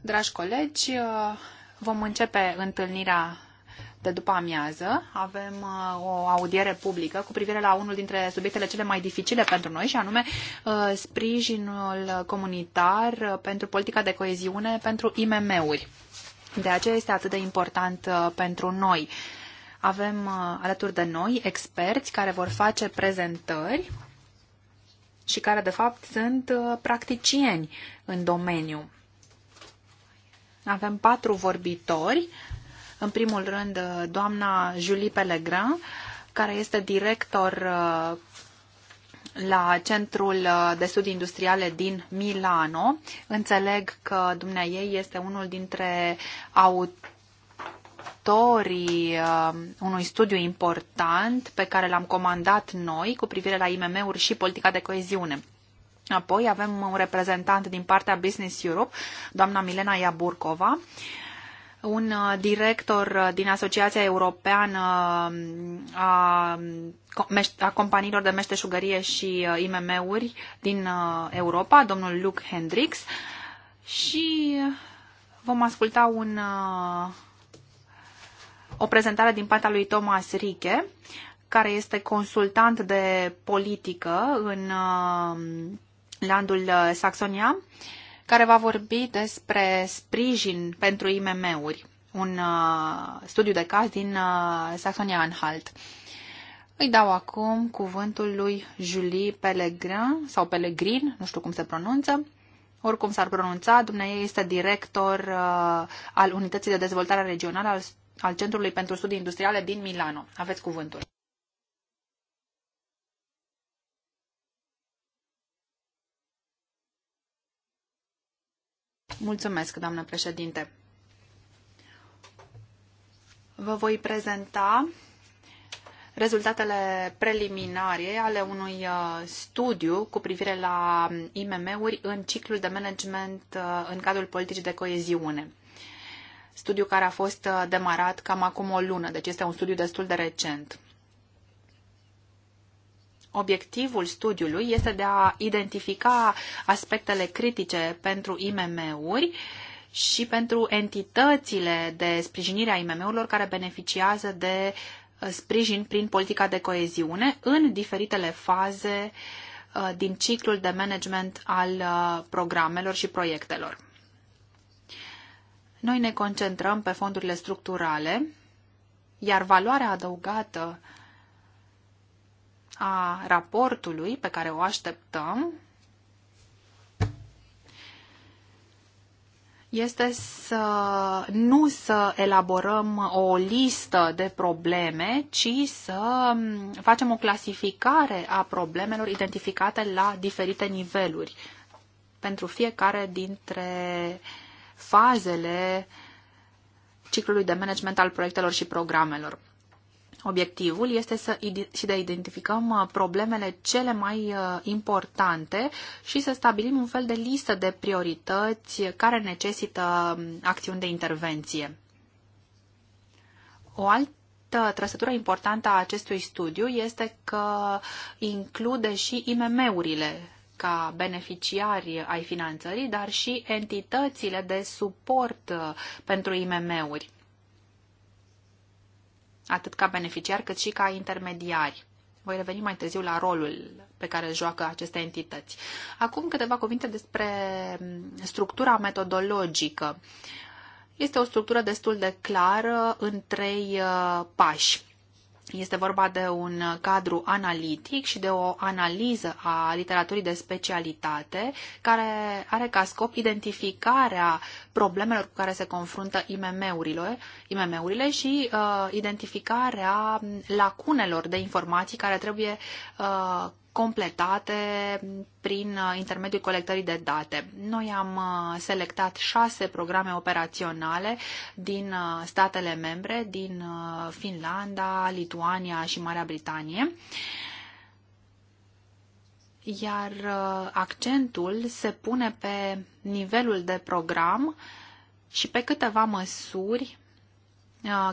Dragi colegi, uh, vom începe întâlnirea de după amiază. Avem uh, o audiere publică cu privire la unul dintre subiectele cele mai dificile pentru noi și anume uh, sprijinul comunitar pentru politica de coeziune pentru IMM-uri. De aceea este atât de important pentru noi. Avem alături de noi experți care vor face prezentări și care de fapt sunt uh, practicieni în domeniu. Avem patru vorbitori. În primul rând, uh, doamna Julie Pellegrin, care este director uh, la Centrul de Studii Industriale din Milano. Înțeleg că dumneai ei este unul dintre aut- autorii uh, unui studiu important pe care l-am comandat noi cu privire la IMM-uri și politica de coeziune. Apoi avem un reprezentant din partea Business Europe, doamna Milena Iaburcova, un uh, director uh, din Asociația Europeană a, a companiilor de meșteșugărie și IMM-uri din Europa, domnul Luke Hendrix, și vom asculta un o prezentare din partea lui Thomas Riche, care este consultant de politică în uh, landul uh, Saxonia, care va vorbi despre sprijin pentru IMM-uri, un uh, studiu de caz din Saxonia-Anhalt. Îi dau acum cuvântul lui Julie Pellegrin sau Pellegrin, nu știu cum se pronunță. Oricum s-ar pronunța, dumneavoastră este director uh, al Unității de Dezvoltare Regională al al Centrului pentru Studii Industriale din Milano. Aveți cuvântul. Mulțumesc, doamnă președinte. Vă voi prezenta rezultatele preliminare ale unui uh, studiu cu privire la um, IMM-uri în ciclul de management uh, în cadrul politicii de coeziune studiu care a fost uh, demarat cam acum o lună, deci este un studiu destul de recent. Obiectivul studiului este de a identifica aspectele critice pentru IMM-uri și pentru entitățile de sprijinire a IMM-urilor care beneficiază de uh, sprijin prin politica de coeziune în diferitele faze uh, din ciclul de management al programelor și proiectelor. Noi ne concentrăm pe fondurile structurale, iar valoarea adăugată a raportului pe care o așteptăm este să nu să elaborăm o listă de probleme, ci să facem o clasificare a problemelor identificate la diferite niveluri pentru fiecare dintre uh, fazele ciclului de management al proiectelor și programelor. Obiectivul este să și de identificăm uh, problemele cele mai uh, importante și să stabilim un fel de listă de priorități care necesită um, acțiuni de intervenție. O altă trăsătură importantă a acestui studiu este că include și IMM-urile ca beneficiari ai finanțării, dar și entitățile de suport uh, pentru IMM-uri, atât ca beneficiari cât și ca intermediari. Voi reveni mai târziu la rolul pe care îl joacă aceste entități. Acum câteva cuvinte despre mm, structura metodologică. Este o structură destul de clară în trei uh, pași. Este vorba de un cadru analitic și de o analiză a literaturii de specialitate care are ca scop identificarea problemelor cu care se confruntă IMM-urile, imm și uh, identificarea lacunelor de informații care trebuie uh, completate prin uh, intermediul colectării de date. Noi am uh, selectat șase programe operaționale din uh, statele membre, din Finlanda, Lituania și Marea Britanie iar accentul se pune pe nivelul de program și pe câteva măsuri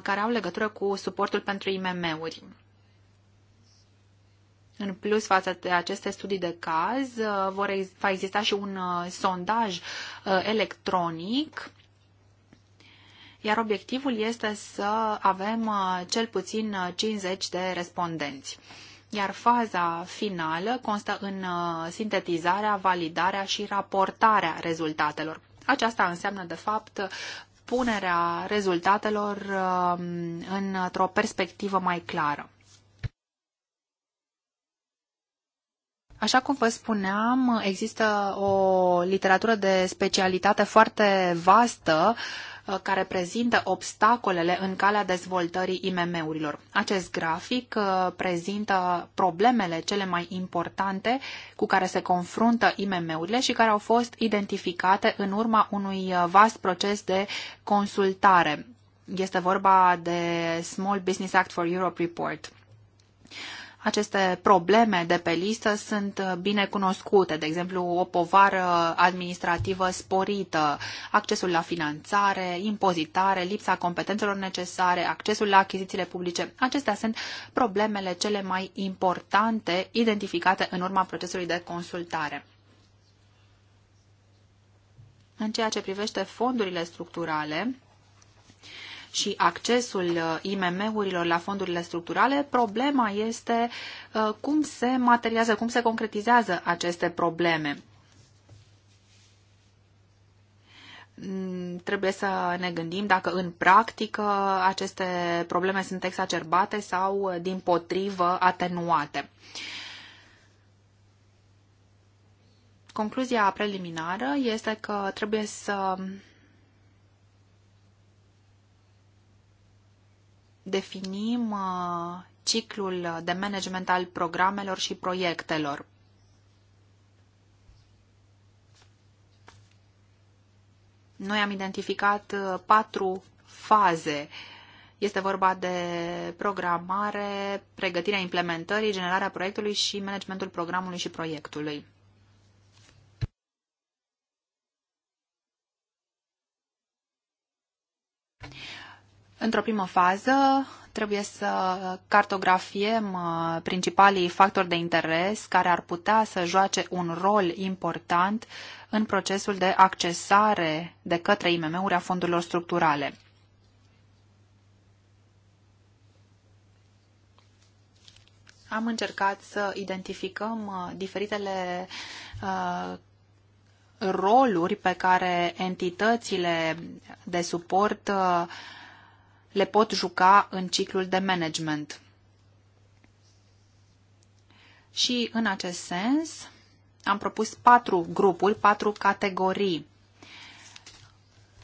care au legătură cu suportul pentru IMM-uri. În plus, față de aceste studii de caz, uh, vor, va exista și un uh, sondaj uh, electronic iar obiectivul este să avem cel puțin 50 de respondenți. Iar faza finală constă în sintetizarea, validarea și raportarea rezultatelor. Aceasta înseamnă, de fapt, punerea rezultatelor um, într-o perspectivă mai clară. Așa cum vă spuneam, există o literatură de specialitate foarte vastă uh, care prezintă obstacolele în calea dezvoltării IMM-urilor. Acest grafic uh, prezintă problemele cele mai importante cu care se confruntă IMM-urile și care au fost identificate în urma unui uh, vast proces de consultare. Este vorba de Small Business Act for Europe Report. Aceste probleme de pe listă sunt uh, bine cunoscute, de exemplu o povară administrativă sporită, accesul la finanțare, impozitare, lipsa competențelor necesare, accesul la achizițiile publice. Acestea sunt problemele cele mai importante identificate în urma procesului de consultare. În ceea ce privește fondurile structurale, și accesul uh, IMM-urilor la fondurile structurale, problema este uh, cum se materiază, cum se concretizează aceste probleme. Mm, trebuie să ne gândim dacă în practică aceste probleme sunt exacerbate sau uh, din potrivă atenuate. Concluzia preliminară este că trebuie să definim uh, ciclul de management al programelor și proiectelor. Noi am identificat uh, patru faze. Este vorba de programare, pregătirea implementării, generarea proiectului și managementul programului și proiectului. Într-o primă fază, trebuie să cartografiem uh, principalii factori de interes care ar putea să joace un rol important în procesul de accesare de către IMM-uri a fondurilor structurale. Am încercat să identificăm uh, diferitele uh, roluri pe care entitățile de suport le pot juca în ciclul de management. Și în acest sens am propus patru grupuri, patru categorii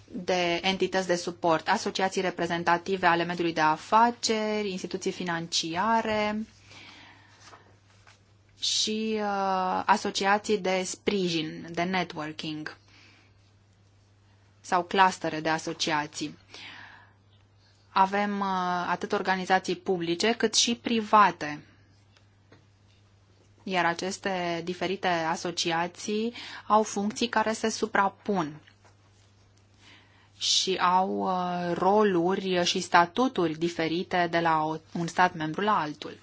de entități de suport, asociații reprezentative ale mediului de afaceri, instituții financiare și uh, asociații de sprijin, de networking sau clustere de asociații. Uh, avem uh, atât organizații publice cât și private. Iar aceste diferite asociații au funcții care se suprapun și au uh, roluri și statuturi diferite de la un stat membru la altul.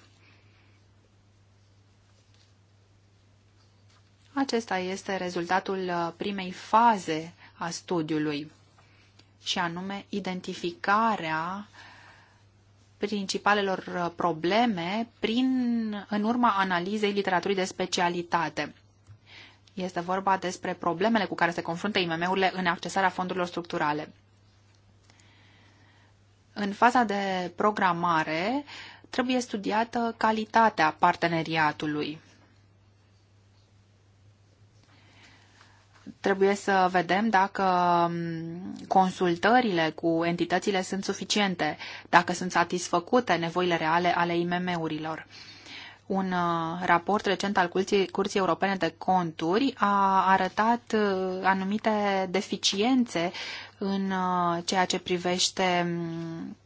Acesta este rezultatul uh, primei faze a studiului și anume identificarea principalelor probleme prin, în urma analizei literaturii de specialitate. Este vorba despre problemele cu care se confruntă IMM-urile în accesarea fondurilor structurale. În faza de programare trebuie studiată calitatea parteneriatului. trebuie să vedem dacă mm, consultările cu entitățile sunt suficiente, dacă sunt satisfăcute nevoile reale ale IMM-urilor. Un uh, raport recent al Curții, Europene de Conturi a arătat uh, anumite deficiențe în uh, ceea ce privește mm,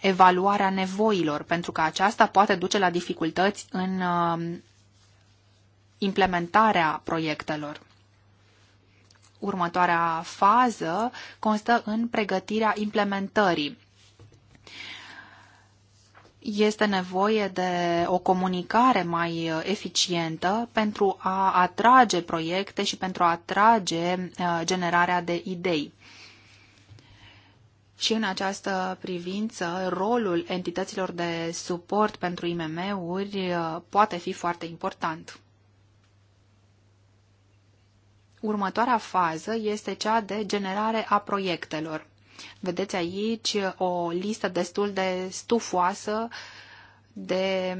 evaluarea nevoilor, pentru că aceasta poate duce la dificultăți în implementarea proiectelor. Următoarea fază constă în pregătirea implementării. Este nevoie de o comunicare mai eficientă pentru a atrage proiecte și pentru a atrage uh, generarea de idei. Și în această privință, rolul entităților de suport pentru IMM-uri uh, poate fi foarte important. Următoarea fază este cea de generare a proiectelor. Vedeți aici o listă destul de stufoasă de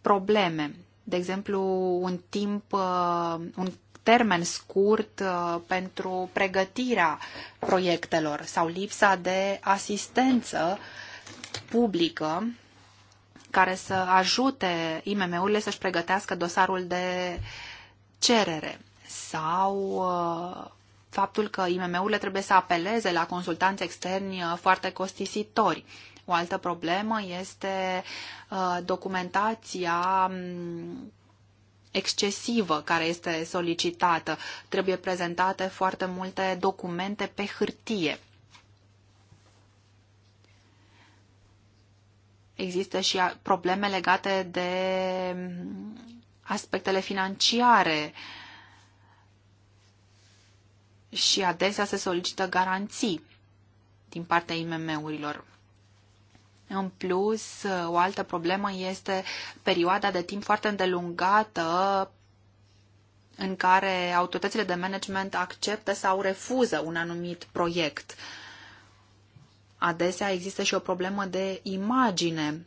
probleme. De exemplu, un timp, uh, un termen scurt uh, pentru pregătirea proiectelor sau lipsa de asistență publică care să ajute IMM-urile să-și pregătească dosarul de cerere sau uh, faptul că IMM-urile trebuie să apeleze la consultanți externi uh, foarte costisitori. O altă problemă este uh, documentația mm, excesivă care este solicitată. Trebuie prezentate foarte multe documente pe hârtie. Există și probleme legate de mm, aspectele financiare și adesea se solicită garanții din partea IMM-urilor. În plus, o altă problemă este perioada de timp foarte îndelungată în care autoritățile de management acceptă sau refuză un anumit proiect. Adesea există și o problemă de imagine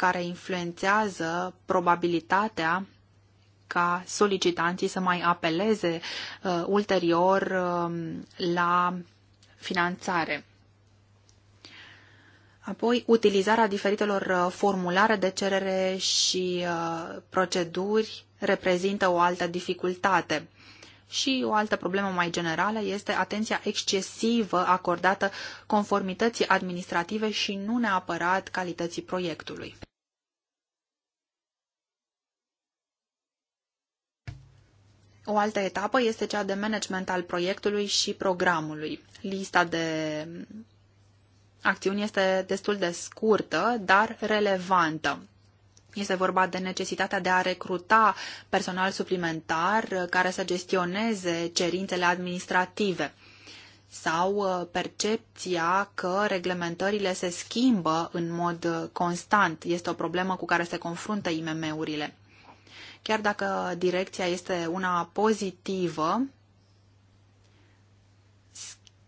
care influențează probabilitatea ca solicitanții să mai apeleze uh, ulterior uh, la finanțare. Apoi, utilizarea diferitelor uh, formulare de cerere și uh, proceduri reprezintă o altă dificultate. Și o altă problemă mai generală este atenția excesivă acordată conformității administrative și nu neapărat calității proiectului. O altă etapă este cea de management al proiectului și programului. Lista de acțiuni este destul de scurtă, dar relevantă. Este vorba de necesitatea de a recruta personal suplimentar uh, care să gestioneze cerințele administrative sau uh, percepția că reglementările se schimbă în mod uh, constant. Este o problemă cu care se confruntă IMM-urile. Chiar dacă direcția este una pozitivă,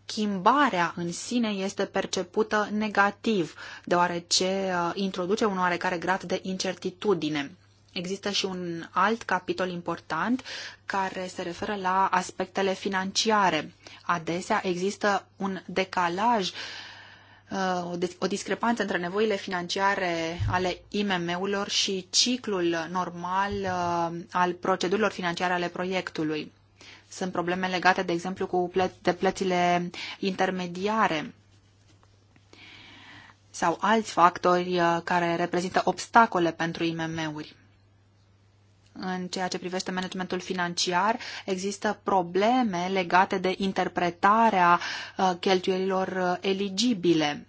schimbarea în sine este percepută negativ, deoarece uh, introduce un oarecare grad de incertitudine. Există și un alt capitol important care se referă la aspectele financiare. Adesea există un decalaj uh, Uh, o discrepanță între nevoile financiare ale IMM-urilor și ciclul normal uh, al procedurilor financiare ale proiectului. Sunt probleme legate, de exemplu, cu plă- de plățile intermediare sau alți factori uh, care reprezintă obstacole pentru IMM-uri în ceea ce privește managementul financiar, există probleme legate de interpretarea uh, cheltuielilor uh, eligibile.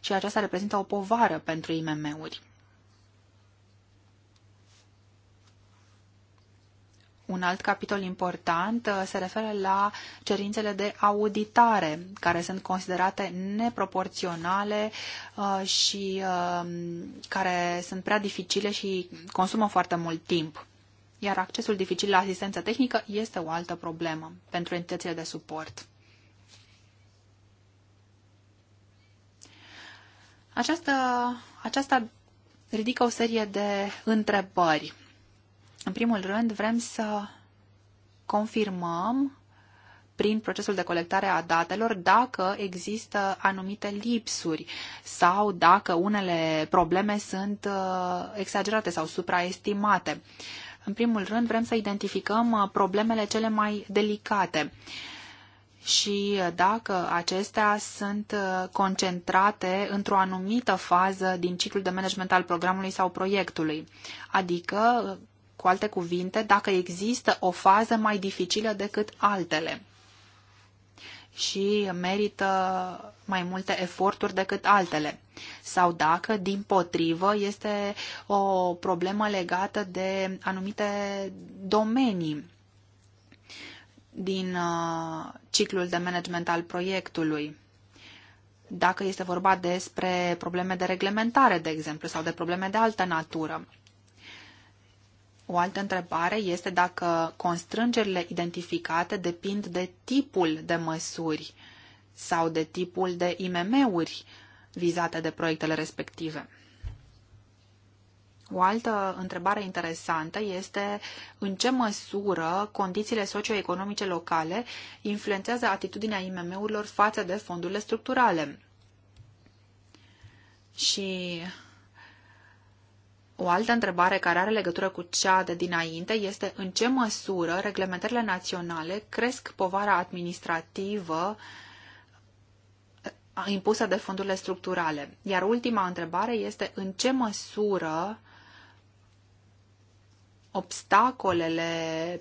Și aceasta reprezintă o povară pentru IMM-uri. Un alt capitol important uh, se referă la cerințele de auditare, care sunt considerate neproporționale uh, și um, care sunt prea dificile și consumă foarte mult timp. Iar accesul dificil la asistență tehnică este o altă problemă pentru entitățile de suport. Această, aceasta ridică o serie de întrebări în primul rând, vrem să confirmăm prin procesul de colectare a datelor dacă există anumite lipsuri sau dacă unele probleme sunt uh, exagerate sau supraestimate. În primul rând, vrem să identificăm uh, problemele cele mai delicate și uh, dacă acestea sunt concentrate într-o anumită fază din ciclul de management al programului sau proiectului, adică cu alte cuvinte, dacă există o fază mai dificilă decât altele și merită mai multe eforturi decât altele. Sau dacă, din potrivă, este o problemă legată de anumite domenii din uh, ciclul de management al proiectului. Dacă este vorba despre probleme de reglementare, de exemplu, sau de probleme de altă natură. O altă întrebare este dacă constrângerile identificate depind de tipul de măsuri sau de tipul de IMM-uri vizate de proiectele respective. O altă întrebare interesantă este în ce măsură condițiile socioeconomice locale influențează atitudinea IMM-urilor față de fondurile structurale. Și o altă întrebare care are legătură cu cea de dinainte este în ce măsură reglementările naționale cresc povara administrativă impusă de fondurile structurale. Iar ultima întrebare este în ce măsură obstacolele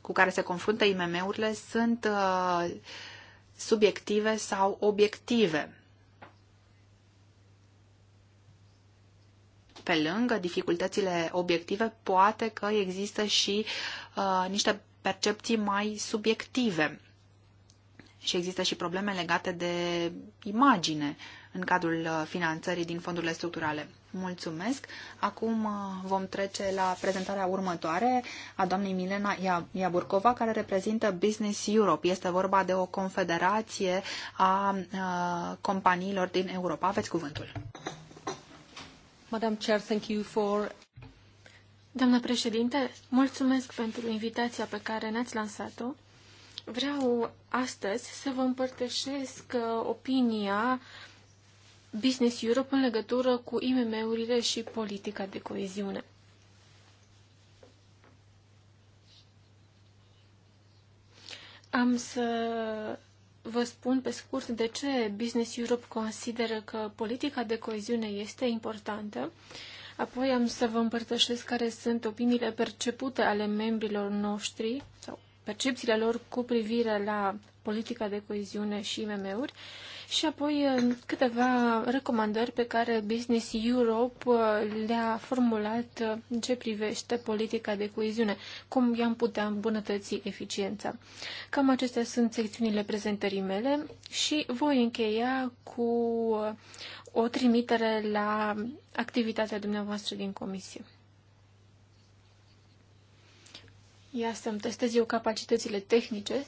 cu care se confruntă IMM-urile sunt uh, subiective sau obiective. pe lângă dificultățile obiective, poate că există și uh, niște percepții mai subiective. Și există și probleme legate de imagine în cadrul uh, finanțării din fondurile structurale. Mulțumesc! Acum uh, vom trece la prezentarea următoare a doamnei Milena Iaburcova, care reprezintă Business Europe. Este vorba de o confederație a uh, companiilor din Europa. Aveți cuvântul! Doamnă președinte, mulțumesc pentru invitația pe care ne-ați lansat-o. Vreau astăzi să vă împărtășesc uh, opinia Business Europe în legătură cu IMM-urile și politica de coeziune. Am să vă spun pe scurt de ce Business Europe consideră că politica de coeziune este importantă. Apoi am să vă împărtășesc care sunt opiniile percepute ale membrilor noștri sau percepțiile lor cu privire la politica de coeziune și IMM-uri și apoi uh, câteva recomandări pe care Business Europe uh, le-a formulat uh, în ce privește politica de coeziune, cum i-am putea îmbunătăți eficiența. Cam acestea sunt secțiunile prezentării mele și voi încheia cu o trimitere la activitatea dumneavoastră din comisie. Ia să-mi testez eu capacitățile tehnice,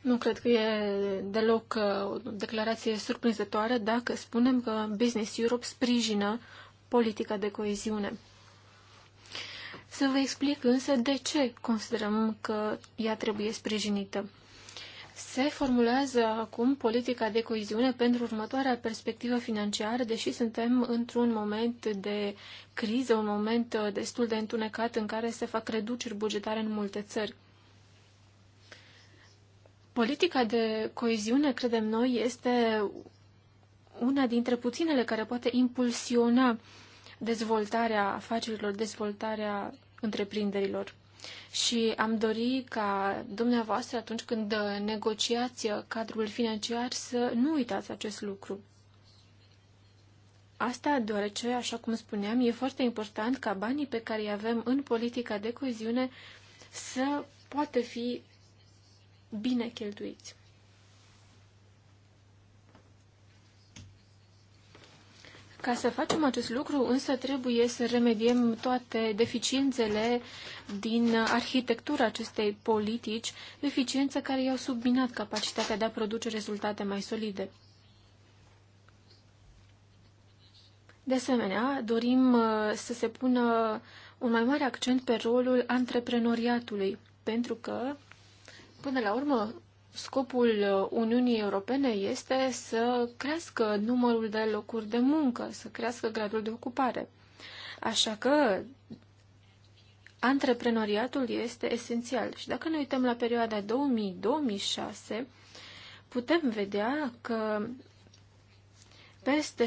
Nu cred că e deloc uh, o declarație surprinzătoare dacă spunem că Business Europe sprijină politica de coeziune. Să vă explic însă de ce considerăm că ea trebuie sprijinită. Se formulează acum politica de coeziune pentru următoarea perspectivă financiară, deși suntem într-un moment de criză, un moment uh, destul de întunecat în care se fac reduceri bugetare în multe țări. Politica de coeziune, credem noi, este una dintre puținele care poate impulsiona dezvoltarea afacerilor, dezvoltarea întreprinderilor. Și am dori ca dumneavoastră, atunci când negociați cadrul financiar, să nu uitați acest lucru. Asta deoarece, așa cum spuneam, e foarte important ca banii pe care îi avem în politica de coeziune să poată fi bine cheltuiți. Ca să facem acest lucru, însă trebuie să remediem toate deficiențele din arhitectura acestei politici, deficiențe care i-au subminat capacitatea de a produce rezultate mai solide. De asemenea, dorim uh, să se pună un mai mare accent pe rolul antreprenoriatului, pentru că Până la urmă, scopul uh, Uniunii Europene este să crească numărul de locuri de muncă, să crească gradul de ocupare. Așa că antreprenoriatul este esențial. Și dacă ne uităm la perioada 2000-2006, putem vedea că peste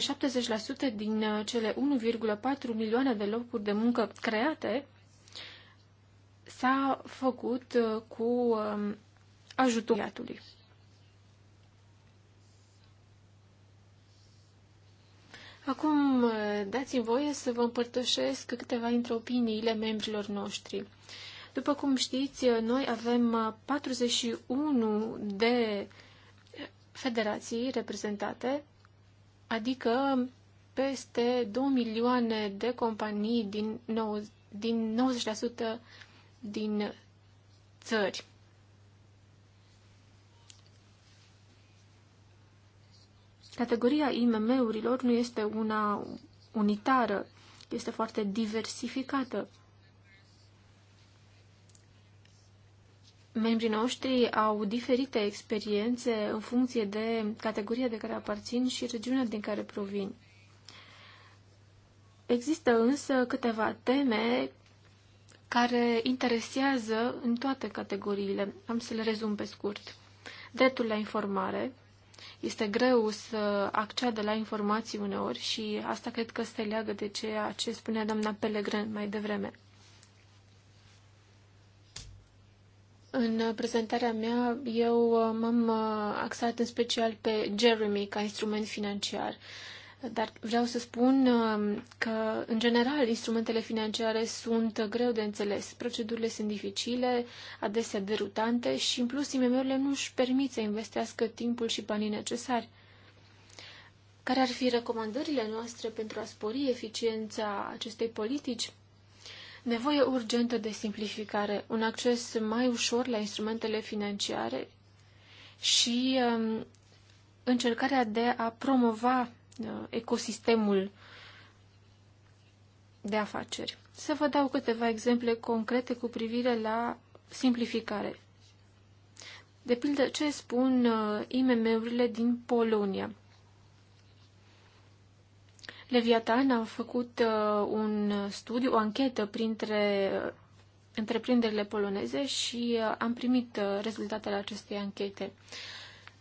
70% din uh, cele 1,4 milioane de locuri de muncă create s-a făcut uh, cu um, ajutorului. Acum dați-mi voie să vă împărtășesc câteva dintre opiniile membrilor noștri. După cum știți, noi avem 41 de federații reprezentate, adică peste 2 milioane de companii din, din 90% din țări. Categoria IMM-urilor nu este una unitară, este foarte diversificată. Membrii noștri au diferite experiențe în funcție de categoria de care aparțin și regiunea din care provin. Există însă câteva teme care interesează în toate categoriile. Am să le rezum pe scurt. Dreptul la informare, este greu să accede la informații uneori și asta cred că se leagă de ceea ce spunea doamna Pelegren mai devreme. În prezentarea mea, eu m-am uh, axat în special pe Jeremy ca instrument financiar dar vreau să spun um, că, în general, instrumentele financiare sunt greu de înțeles. Procedurile sunt dificile, adesea derutante și, în plus, IMM-urile nu își permit să investească timpul și banii necesari. Care ar fi recomandările noastre pentru a spori eficiența acestei politici? Nevoie urgentă de simplificare, un acces mai ușor la instrumentele financiare și um, încercarea de a promova Uh, ecosistemul de afaceri. Să vă dau câteva exemple concrete cu privire la simplificare. De pildă, ce spun uh, IMM-urile din Polonia? Leviatan a făcut uh, un studiu, o anchetă printre întreprinderile poloneze și am primit rezultatele acestei anchete.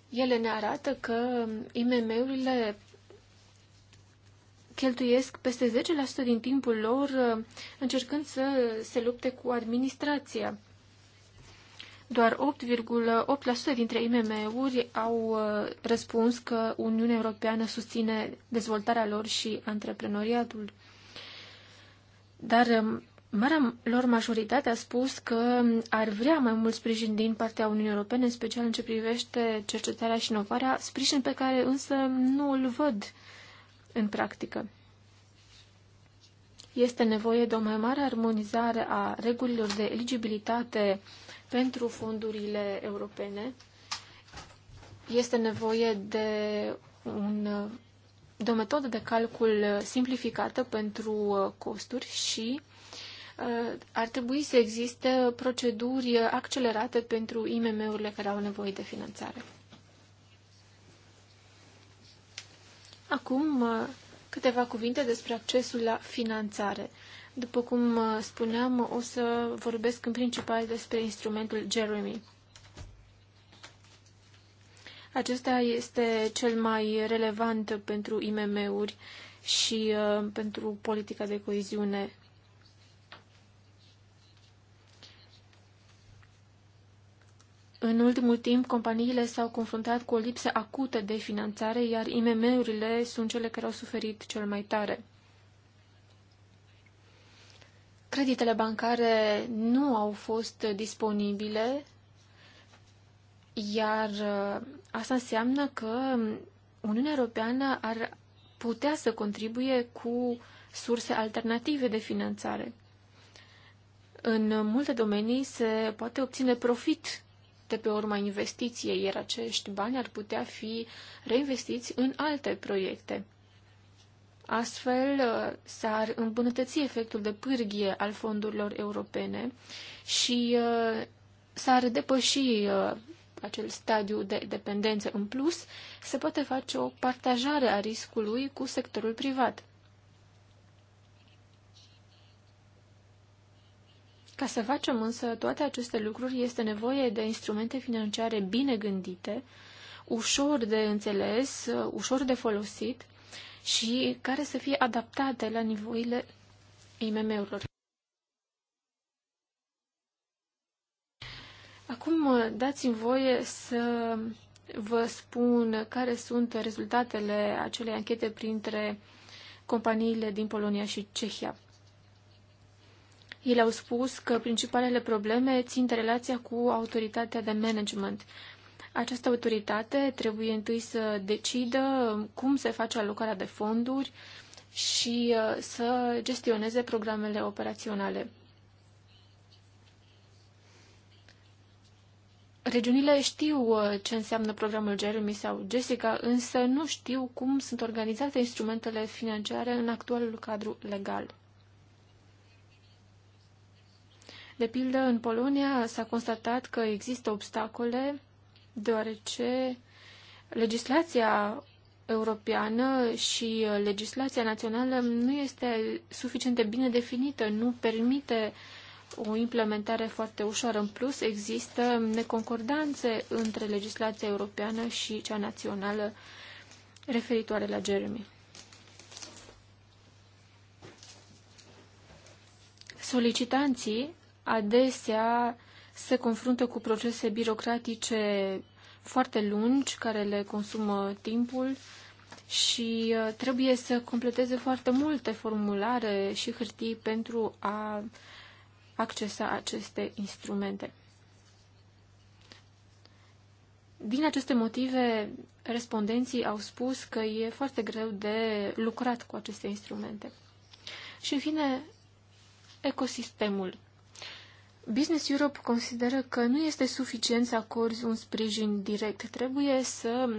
Ele ne arată că um, IMM-urile cheltuiesc peste 10% din timpul lor uh, încercând să se lupte cu administrația. Doar 8,8% dintre IMM-uri au uh, răspuns că Uniunea Europeană susține dezvoltarea lor și antreprenoriatul. Dar um, marea lor majoritate a spus că ar vrea mai mult sprijin din partea Uniunii Europene, în special în ce privește cercetarea și inovarea, sprijin pe care însă nu îl văd în practică. Este nevoie de o mai mare armonizare a regulilor de eligibilitate pentru fondurile europene. Este nevoie de, un, de o metodă de calcul simplificată pentru uh, costuri și uh, ar trebui să existe proceduri accelerate pentru IMM-urile care au nevoie de finanțare. Acum, uh, câteva cuvinte despre accesul la finanțare. După cum uh, spuneam, o să vorbesc în principal despre instrumentul Jeremy. Acesta este cel mai relevant pentru IMM-uri și uh, pentru politica de coeziune În ultimul timp, companiile s-au confruntat cu o lipsă acută de finanțare, iar IMM-urile sunt cele care au suferit cel mai tare. Creditele bancare nu au fost disponibile, iar uh, asta înseamnă că Uniunea Europeană ar putea să contribuie cu surse alternative de finanțare. În multe domenii se poate obține profit de pe urma investiției, iar acești bani ar putea fi reinvestiți în alte proiecte. Astfel, uh, s-ar îmbunătăți efectul de pârghie al fondurilor europene și uh, s-ar depăși uh, acel stadiu de dependență în plus, se poate face o partajare a riscului cu sectorul privat. Ca să facem însă toate aceste lucruri, este nevoie de instrumente financiare bine gândite, ușor de înțeles, ușor de folosit și care să fie adaptate la nivoile IMM-urilor. Acum dați-mi voie să vă spun care sunt rezultatele acelei anchete printre companiile din Polonia și Cehia. Ele au spus că principalele probleme țin de relația cu autoritatea de management. Această autoritate trebuie întâi să decidă cum se face alocarea de fonduri și uh, să gestioneze programele operaționale. Regiunile știu uh, ce înseamnă programul Jeremy sau Jessica, însă nu știu cum sunt organizate instrumentele financiare în actualul cadru legal. De pildă, în Polonia s-a constatat că există obstacole deoarece legislația europeană și legislația națională nu este suficient de bine definită, nu permite o implementare foarte ușoară. În plus, există neconcordanțe între legislația europeană și cea națională referitoare la Jeremy. Solicitanții adesea se confruntă cu procese birocratice foarte lungi, care le consumă timpul și uh, trebuie să completeze foarte multe formulare și hârtii pentru a accesa aceste instrumente. Din aceste motive, respondenții au spus că e foarte greu de lucrat cu aceste instrumente. Și, în fine, ecosistemul. Business Europe consideră că nu este suficient să acorzi un sprijin direct. Trebuie să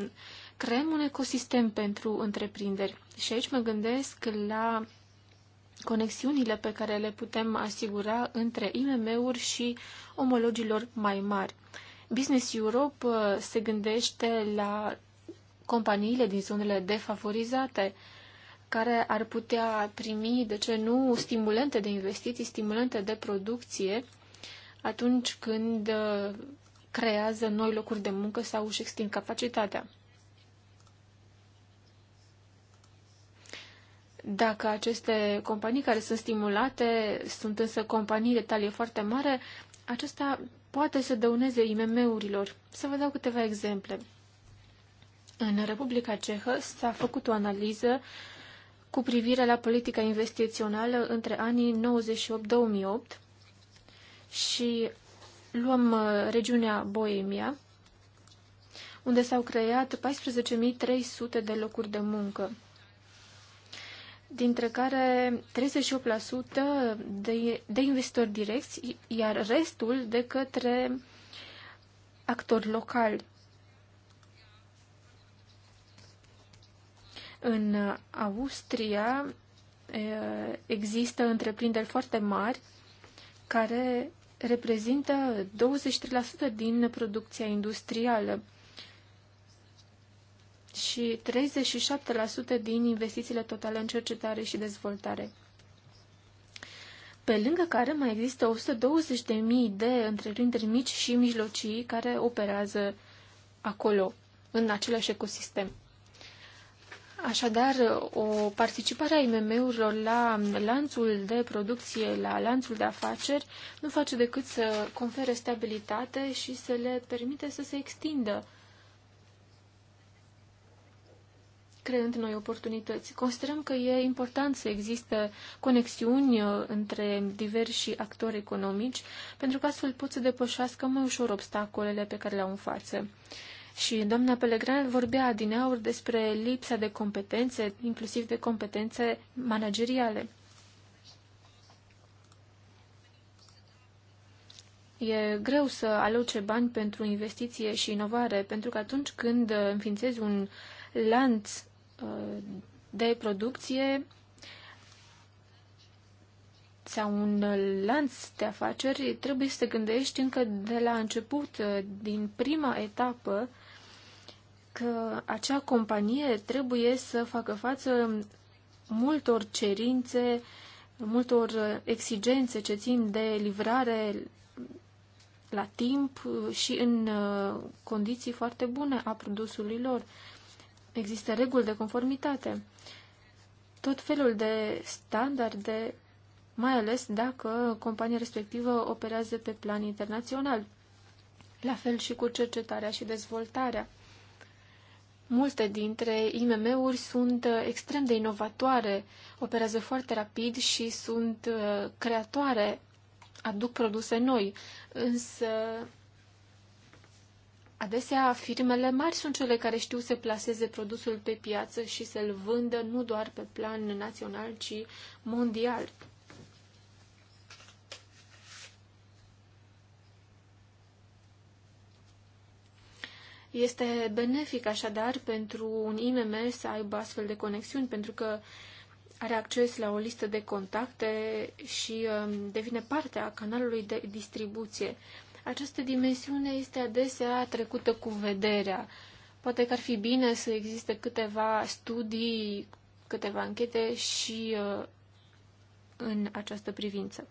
creăm un ecosistem pentru întreprinderi. Și aici mă gândesc la conexiunile pe care le putem asigura între IMM-uri și omologilor mai mari. Business Europe uh, se gândește la companiile din zonele defavorizate care ar putea primi, de ce nu, stimulente de investiții, stimulente de producție atunci când uh, creează noi locuri de muncă sau își extind capacitatea. Dacă aceste companii care sunt stimulate sunt însă companii de talie foarte mare, acesta poate să dăuneze IMM-urilor. Să vă dau câteva exemple. În Republica Cehă s-a făcut o analiză cu privire la politica investițională între anii 98-2008 și luăm uh, regiunea Boemia, unde s-au creat 14.300 de locuri de muncă, dintre care 38% de, de investitori direcți, iar restul de către actori locali. În Austria uh, există întreprinderi foarte mari care reprezintă 23% din producția industrială și 37% din investițiile totale în cercetare și dezvoltare. Pe lângă care mai există 120.000 de întreprinderi mici și mijlocii care operează acolo, în același ecosistem. Așadar, o participare a IMM-urilor la lanțul de producție, la lanțul de afaceri, nu face decât să confere stabilitate și să le permite să se extindă, creând noi oportunități. Considerăm că e important să existe conexiuni uh, între diversi actori economici, pentru că astfel pot să depășească mai ușor obstacolele pe care le au în față. Și doamna Pelegran vorbea din aur despre lipsa de competențe, inclusiv de competențe manageriale. E greu să aloce bani pentru investiție și inovare, pentru că atunci când înființezi un lanț uh, de producție sau un lanț de afaceri, trebuie să te gândești încă de la început, uh, din prima etapă, că acea companie trebuie să facă față multor cerințe, multor exigențe ce țin de livrare la timp și în uh, condiții foarte bune a produsului lor. Există reguli de conformitate. Tot felul de standarde, mai ales dacă compania respectivă operează pe plan internațional. La fel și cu cercetarea și dezvoltarea. Multe dintre IMM-uri sunt uh, extrem de inovatoare, operează foarte rapid și sunt uh, creatoare, aduc produse noi, însă adesea firmele mari sunt cele care știu să plaseze produsul pe piață și să-l vândă nu doar pe plan național, ci mondial. Este benefic așadar pentru un IMM să aibă astfel de conexiuni, pentru că are acces la o listă de contacte și um, devine parte a canalului de distribuție. Această dimensiune este adesea trecută cu vederea. Poate că ar fi bine să existe câteva studii, câteva închete și uh, în această privință.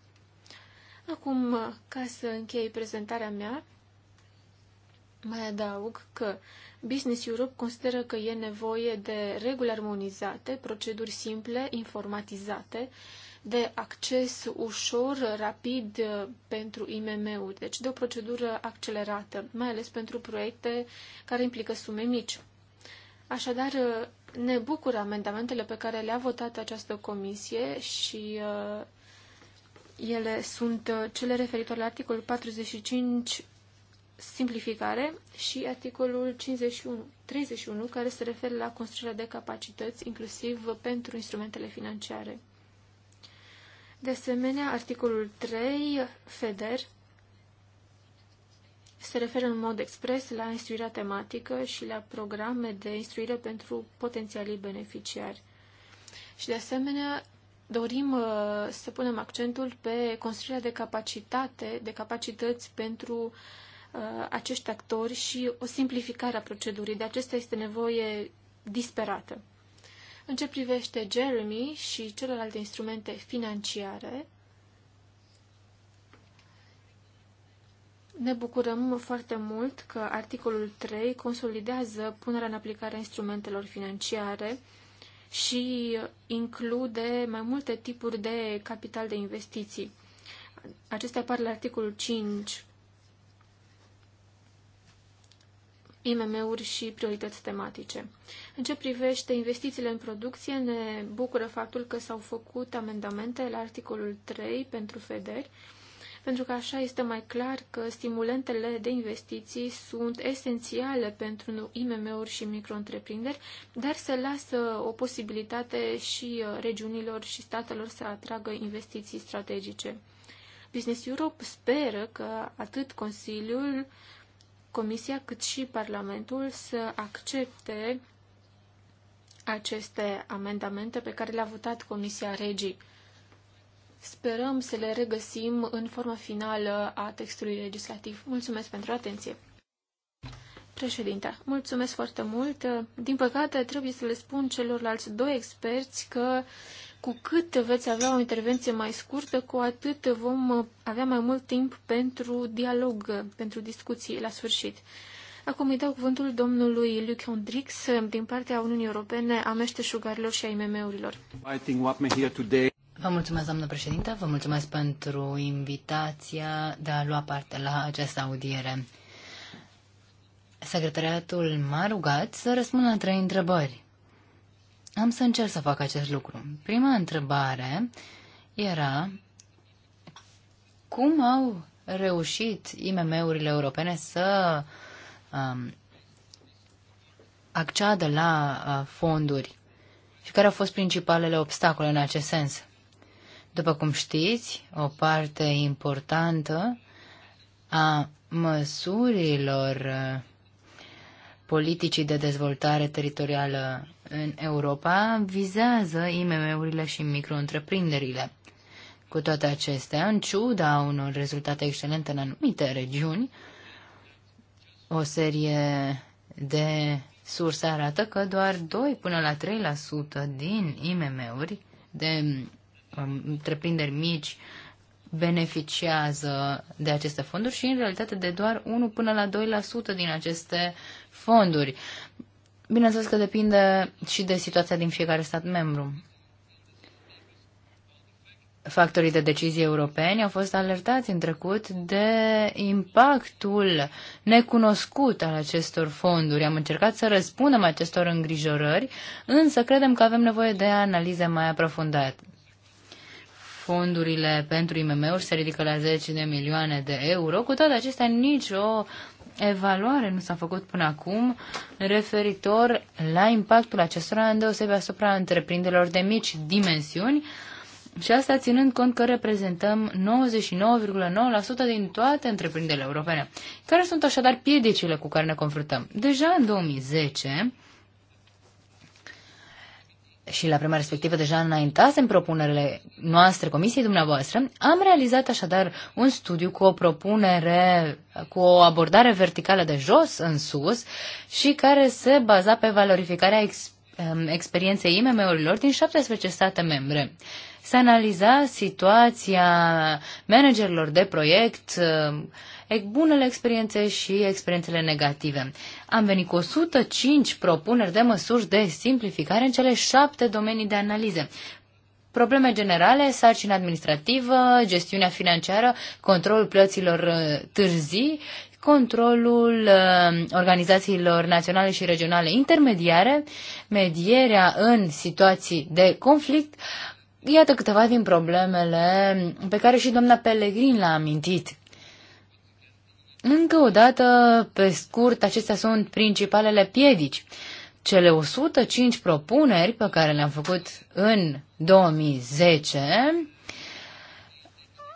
Acum, ca să închei prezentarea mea, mai adaug că Business Europe consideră că e nevoie de reguli armonizate, proceduri simple, informatizate, de acces ușor, rapid uh, pentru IMM-uri, deci de o procedură accelerată, mai ales pentru proiecte care implică sume mici. Așadar, uh, ne bucură amendamentele pe care le-a votat această comisie și uh, ele sunt uh, cele referitoare la articolul 45 simplificare și articolul 51, 31, care se referă la construirea de capacități, inclusiv pentru instrumentele financiare. De asemenea, articolul 3, FEDER, se referă în mod expres la instruirea tematică și la programe de instruire pentru potențialii beneficiari. Și de asemenea, dorim uh, să punem accentul pe construirea de capacitate, de capacități pentru uh, Uh, acești actori și o simplificare a procedurii. De acesta este nevoie disperată. În ce privește Jeremy și celelalte instrumente financiare, Ne bucurăm foarte mult că articolul 3 consolidează punerea în aplicare a instrumentelor financiare și include mai multe tipuri de capital de investiții. Acestea apar la articolul 5 IMM-uri și priorități tematice. În ce privește investițiile în producție, ne bucură faptul că s-au făcut amendamente la articolul 3 pentru FEDER, pentru că așa este mai clar că stimulentele de investiții sunt esențiale pentru IMM-uri și micro-întreprinderi, dar se lasă o posibilitate și uh, regiunilor și statelor să atragă investiții strategice. Business Europe speră că atât Consiliul Comisia cât și Parlamentul să accepte aceste amendamente pe care le-a votat Comisia Regii. Sperăm să le regăsim în forma finală a textului legislativ. Mulțumesc pentru atenție! Președinte, mulțumesc foarte mult. Din păcate, trebuie să le spun celorlalți doi experți că cu cât veți avea o intervenție mai scurtă, cu atât vom avea mai mult timp pentru dialog, pentru discuții la sfârșit. Acum îi dau cuvântul domnului Luc Hondrix din partea Uniunii Europene a meșteșugarilor și a IMM-urilor. Vă mulțumesc, doamnă președinte, vă mulțumesc pentru invitația de a lua parte la această audiere. Secretariatul m-a rugat să răspund la trei întrebări. Am să încerc să fac acest lucru. Prima întrebare era cum au reușit IMM-urile europene să um, acceadă la uh, fonduri și care au fost principalele obstacole în acest sens. După cum știți, o parte importantă a măsurilor uh, politicii de dezvoltare teritorială în Europa vizează IMM-urile și micro-întreprinderile. Cu toate acestea, în ciuda unor rezultate excelente în anumite regiuni, o serie de surse arată că doar 2 până la 3% din IMM-uri, de um, întreprinderi mici, uh, beneficiază de aceste fonduri și în realitate de doar 1 până la 2% din aceste fonduri. Bineînțeles că depinde și de situația din fiecare stat membru. Factorii de decizie europeni au fost alertați în trecut de impactul necunoscut al acestor fonduri. Am încercat să răspundem acestor îngrijorări, însă credem că avem nevoie de analize mai aprofundate fondurile pentru IMM-uri se ridică la 10 de milioane de euro. Cu toate acestea, nicio evaluare nu s-a făcut până acum referitor la impactul acestora îndeosebe asupra întreprinderilor de mici dimensiuni și asta ținând cont că reprezentăm 99,9% din toate întreprinderile europene. Care sunt așadar piedicile cu care ne confruntăm? Deja în 2010, și la vremea respectivă deja înaintasem propunerile noastre, comisiei dumneavoastră, am realizat așadar un studiu cu o propunere, cu o abordare verticală de jos în sus și care se baza pe valorificarea ex- um, experienței IMM-urilor din 17 state membre. Se analiza situația managerilor de proiect, bunele experiențe și experiențele negative. Am venit cu 105 propuneri de măsuri de simplificare în cele șapte domenii de analiză. Probleme generale, sarcina administrativă, gestiunea financiară, controlul plăților uh, târzii, controlul uh, organizațiilor naționale și regionale intermediare, medierea în situații de conflict, Iată câteva din problemele pe care și doamna Pelegrin l-a amintit. Încă o dată, pe scurt, acestea sunt principalele piedici. Cele 105 propuneri pe care le-am făcut în 2010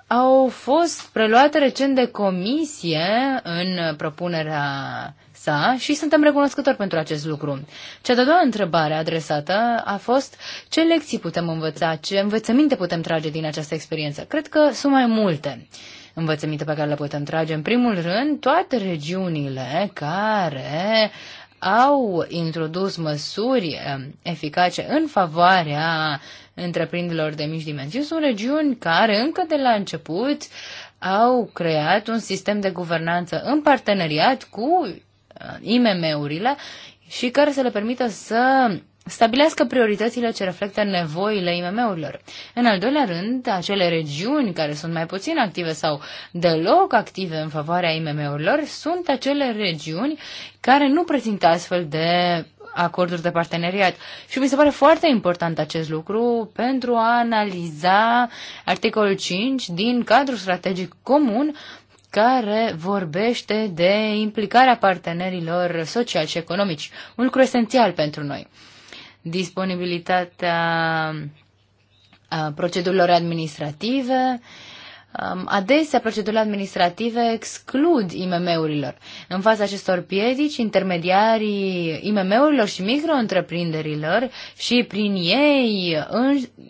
au fost preluate recent de comisie în propunerea sa și suntem recunoscători pentru acest lucru. Cea de-a doua întrebare adresată a fost ce lecții putem învăța, ce învățăminte putem trage din această experiență. Cred că sunt mai multe. Uh, învățăminte pe care le putem trage. În primul rând, toate regiunile care au introdus măsuri eh, eficace în favoarea întreprinderilor de mici dimensiuni sunt regiuni care încă de la început au creat un sistem de guvernanță în parteneriat cu eh, IMM-urile și care să le permită să stabilească prioritățile ce reflectă nevoile IMM-urilor. În al doilea rând, acele regiuni care sunt mai puțin active sau deloc active în favoarea IMM-urilor sunt acele regiuni care nu prezintă astfel de acorduri de parteneriat. Și mi se pare foarte important acest lucru pentru a analiza articolul 5 din cadrul strategic comun care vorbește de implicarea partenerilor sociali și economici, un lucru esențial pentru noi disponibilitatea procedurilor administrative, Um, adesea procedurile administrative exclud IMM-urilor. În fața acestor piedici, intermediarii IMM-urilor și micro-întreprinderilor și prin ei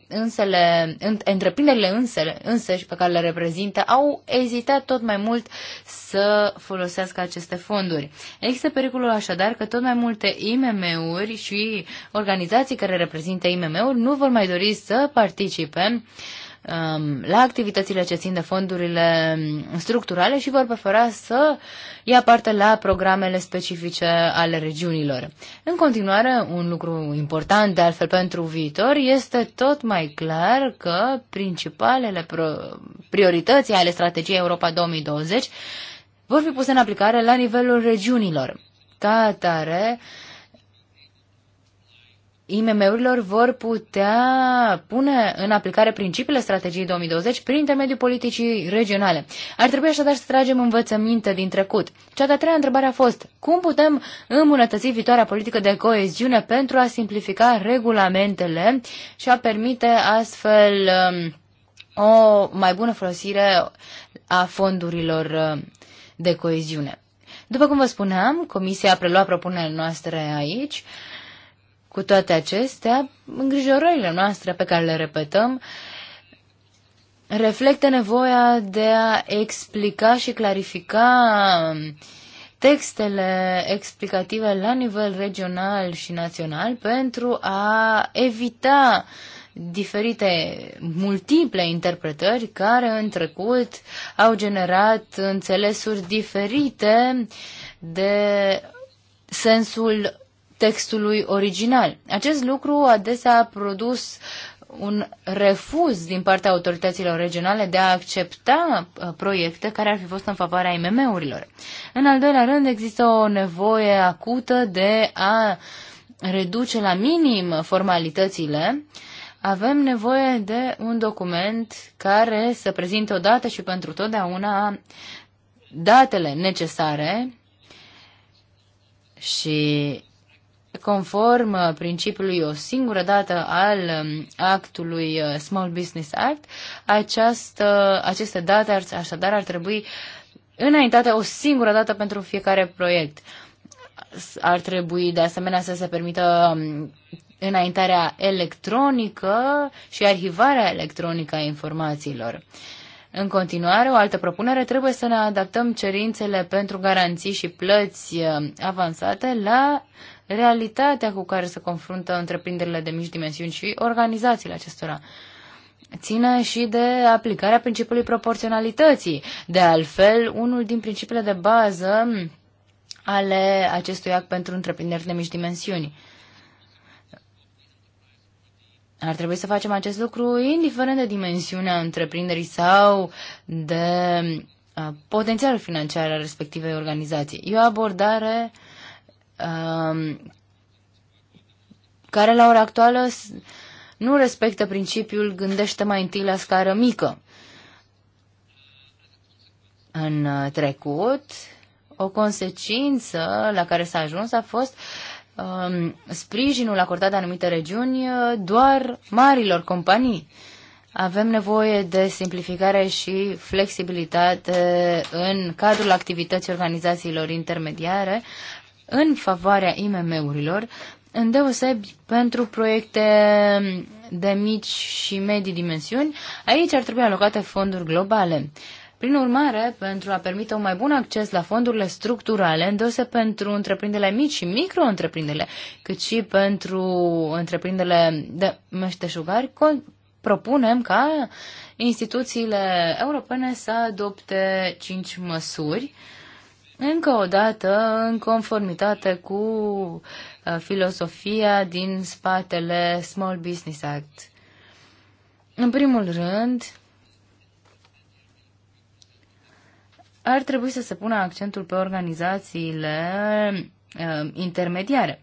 însele, întreprinderile însele, însăși pe care le reprezintă au ezitat tot mai mult să folosească aceste fonduri. Există pericolul așadar că tot mai multe IMM-uri și organizații care reprezintă IMM-uri nu vor mai dori să participe uh, Um, la activitățile ce țin de fondurile um, structurale și vor prefera să ia parte la programele specifice ale regiunilor. În continuare, un lucru important de altfel pentru viitor este tot mai clar că principalele priorități ale strategiei Europa 2020 vor fi puse în aplicare la nivelul regiunilor. Ca atare, uh, IMM-urilor vor putea pune în aplicare principiile strategiei 2020 prin intermediul politicii regionale. Ar trebui așadar să tragem învățăminte din trecut. Cea de-a treia întrebare a fost, cum putem îmbunătăți viitoarea politică de coeziune pentru a simplifica regulamentele și a permite astfel um, o mai bună folosire a fondurilor um, de coeziune? După cum vă spuneam, Comisia a preluat propunerile noastre aici. Cu toate acestea, îngrijorările noastre pe care le repetăm reflectă nevoia de a explica și clarifica textele explicative la nivel regional și național pentru a evita diferite multiple interpretări care în trecut au generat înțelesuri diferite de sensul textului original. Acest lucru adesea a produs un refuz din partea autorităților regionale de a accepta uh, proiecte care ar fi fost în favoarea IMM-urilor. În al doilea rând, există o nevoie acută de a reduce la minim formalitățile. Avem nevoie de un document care să prezinte odată și pentru totdeauna datele necesare și conform uh, principiului o singură dată al um, actului uh, Small Business Act, această, aceste date ar, așadar ar trebui înaintate o singură dată pentru fiecare proiect. Ar trebui de asemenea să se permită um, înaintarea electronică și arhivarea electronică a informațiilor. În continuare, o altă propunere trebuie să ne adaptăm cerințele pentru garanții și plăți um, avansate la realitatea cu care se confruntă întreprinderile de mici dimensiuni și organizațiile acestora. Ține și de aplicarea principiului proporționalității. De altfel, unul din principiile de bază ale acestui act pentru întreprinderi de mici dimensiuni. Ar trebui să facem acest lucru indiferent de dimensiunea întreprinderii sau de uh, potențialul financiar al respectivei organizații. E o abordare Um, care la ora actuală nu respectă principiul gândește mai întâi la scară mică. În uh, trecut, o consecință la care s-a ajuns a fost um, sprijinul acordat de anumite regiuni uh, doar marilor companii. Avem nevoie de simplificare și flexibilitate în cadrul activității organizațiilor intermediare, în favoarea IMM-urilor, îndeosebi pentru proiecte de mici și medii dimensiuni, aici ar trebui alocate fonduri globale. Prin urmare, pentru a permite un mai bun acces la fondurile structurale, îndose pentru întreprinderile mici și micro-întreprinderile, cât și pentru întreprinderile de meșteșugari, propunem ca instituțiile europene să adopte cinci măsuri uh, încă o dată în conformitate cu uh, filosofia din spatele Small Business Act. În primul rând, ar trebui să se pună accentul pe organizațiile uh, intermediare.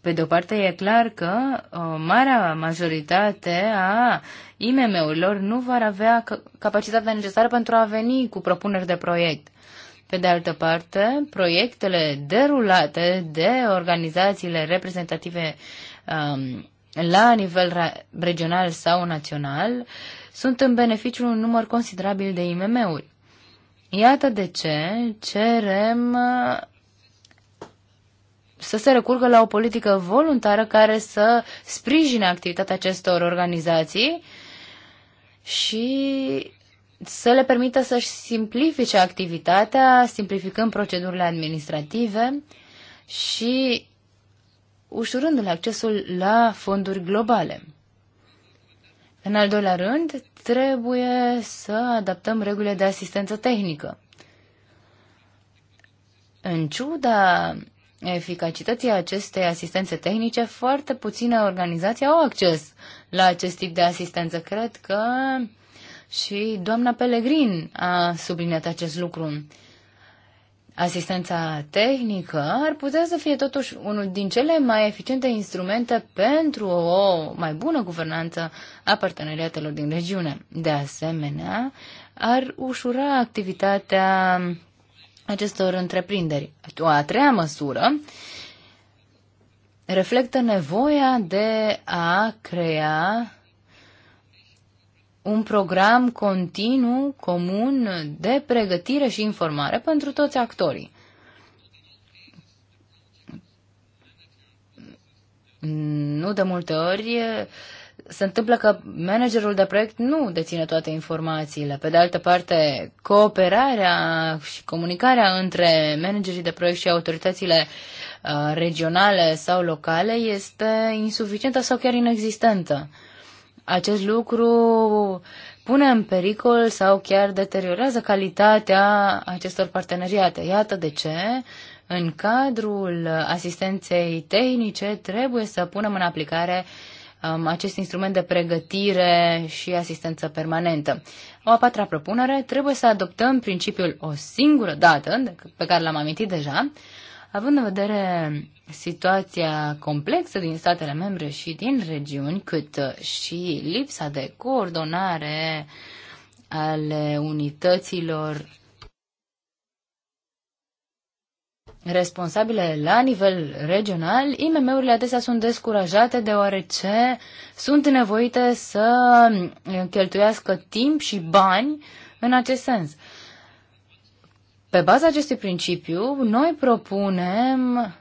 Pe de o parte, e clar că o uh, marea majoritate a IMM-urilor nu vor avea capacitatea necesară pentru a veni cu propuneri de proiect. Pe de altă parte, proiectele derulate de organizațiile reprezentative um, la nivel regional sau național sunt în beneficiul un număr considerabil de IMM-uri. Iată de ce cerem uh, să se recurgă la o politică voluntară care să sprijine activitatea acestor organizații și să le permită să-și simplifice activitatea, simplificând procedurile administrative și ușurându-le accesul la fonduri globale. În al doilea rând, trebuie să adaptăm regulile de asistență tehnică. În ciuda eficacității acestei asistențe tehnice, foarte puține organizații au acces la acest tip de asistență. Cred că și doamna Pelegrin a subliniat acest lucru. Asistența tehnică ar putea să fie totuși unul din cele mai eficiente instrumente pentru o mai bună guvernanță a parteneriatelor din regiune. De asemenea, ar ușura activitatea acestor întreprinderi. O a treia măsură reflectă nevoia de a crea un program continuu, comun, de pregătire și informare pentru toți actorii. Nu de multe ori se întâmplă că managerul de proiect nu deține toate informațiile. Pe de altă parte, cooperarea și comunicarea între managerii de proiect și autoritățile uh, regionale sau locale este insuficientă sau chiar inexistentă. Uh, acest lucru pune în pericol sau chiar deteriorează calitatea acestor parteneriate. Iată de ce, în cadrul asistenței tehnice, trebuie să punem în aplicare um, acest instrument de pregătire și asistență permanentă. O a patra propunere, trebuie să adoptăm principiul o singură dată, pe care l-am amintit deja, Având în vedere situația complexă din statele membre și din regiuni, cât și lipsa de coordonare ale unităților responsabile la nivel regional, IMM-urile adesea sunt descurajate deoarece sunt nevoite să cheltuiască timp și bani în acest sens. Pe baza acestui principiu, noi propunem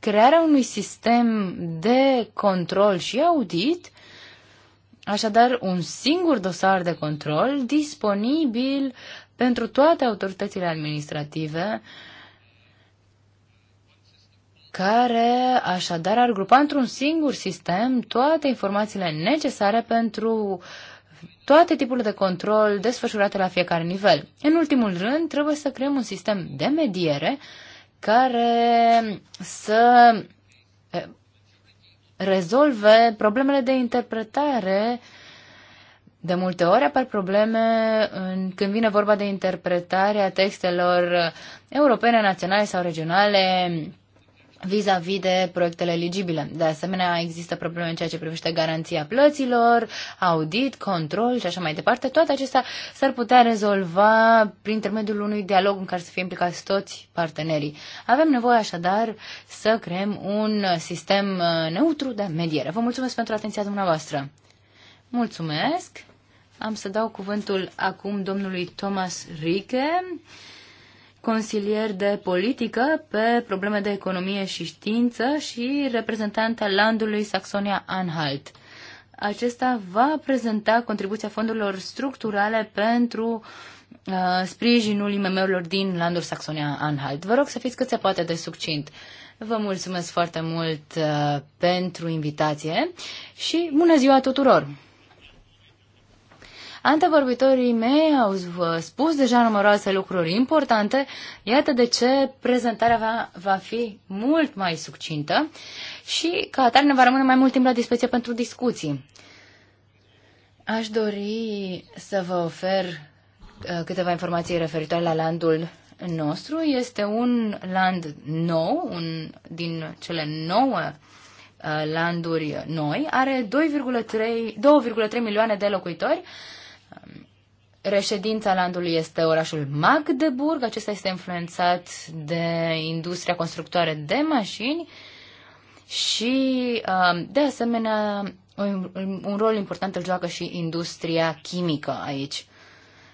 crearea unui sistem de control și audit, așadar un singur dosar de control disponibil pentru toate autoritățile administrative, care așadar ar grupa într-un singur sistem toate informațiile necesare pentru toate tipurile de control desfășurate la fiecare nivel. În ultimul rând, trebuie să creăm un sistem de mediere care să eh, rezolve problemele de interpretare. De multe ori apar probleme în, când vine vorba de interpretarea textelor europene, naționale sau regionale vis-a-vis -vis de proiectele eligibile. De asemenea, există probleme în ceea ce privește garanția plăților, audit, control și așa mai departe. Toate acestea s-ar putea rezolva prin intermediul unui dialog în care să fie implicați toți partenerii. Avem nevoie așadar să creăm un sistem uh, neutru de mediere. Vă mulțumesc pentru atenția dumneavoastră. Mulțumesc. Am să dau cuvântul acum domnului Thomas Rieke consilier de politică pe probleme de economie și știință și reprezentant al landului Saxonia-Anhalt. Acesta va prezenta contribuția fondurilor structurale pentru uh, sprijinul IMM-urilor din landul Saxonia-Anhalt. Vă rog să fiți cât se poate de succint. Vă mulțumesc foarte mult uh, pentru invitație și bună ziua tuturor! Antevorbitorii mei au spus deja numeroase lucruri importante, iată de ce prezentarea va, va fi mult mai succintă și ca atare ne va rămâne mai mult timp la dispoziție pentru discuții. Aș dori să vă ofer uh, câteva informații referitoare la landul nostru. Este un land nou, un din cele nouă uh, landuri noi, are 2,3 milioane de locuitori Reședința landului este orașul Magdeburg, acesta este influențat de industria constructoare de mașini și, uh, de asemenea, un rol important îl joacă și industria chimică aici.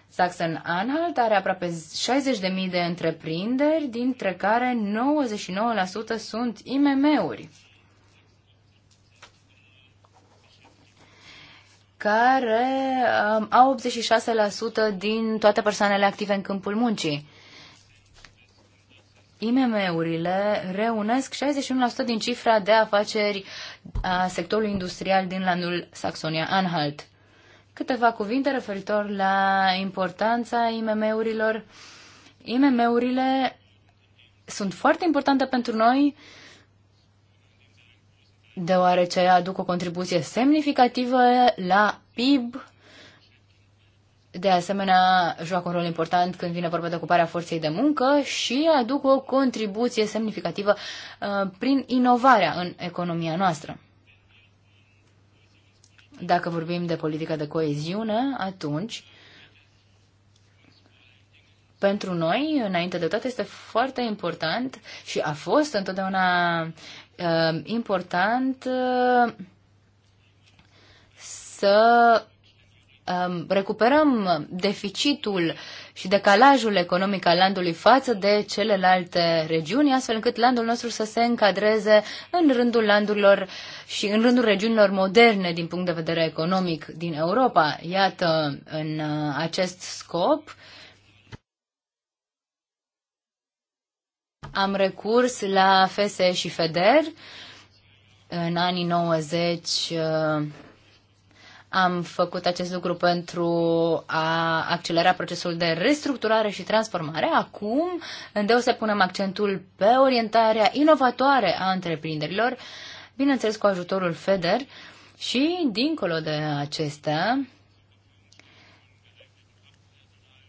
Saxon-Anhalt are aproape 60.000 de întreprinderi, dintre care 99% sunt IMM-uri. care um, au 86% din toate persoanele active în câmpul muncii. IMM-urile reunesc 61% din cifra de afaceri a sectorului industrial din landul Saxonia-Anhalt. Câteva cuvinte referitor la importanța IMM-urilor. IMM-urile sunt foarte importante pentru noi deoarece aduc o contribuție semnificativă la PIB. De asemenea, joacă un rol important când vine vorba de ocuparea forței de muncă și aduc o contribuție semnificativă uh, prin inovarea în economia noastră. Dacă vorbim de politică de coeziune, atunci pentru noi, înainte de toate, este foarte important și a fost întotdeauna Um, important uh, să um, recuperăm deficitul și decalajul economic al landului față de celelalte regiuni, astfel încât landul nostru să se încadreze în rândul landurilor și în rândul regiunilor moderne din punct de vedere economic din Europa. Iată, în uh, acest scop, Am recurs la FSE și FEDER. În anii 90 uh, am făcut acest lucru pentru a accelera procesul de restructurare și transformare. Acum, îndeu să punem accentul pe orientarea inovatoare a întreprinderilor, bineînțeles cu ajutorul FEDER și, dincolo de acestea,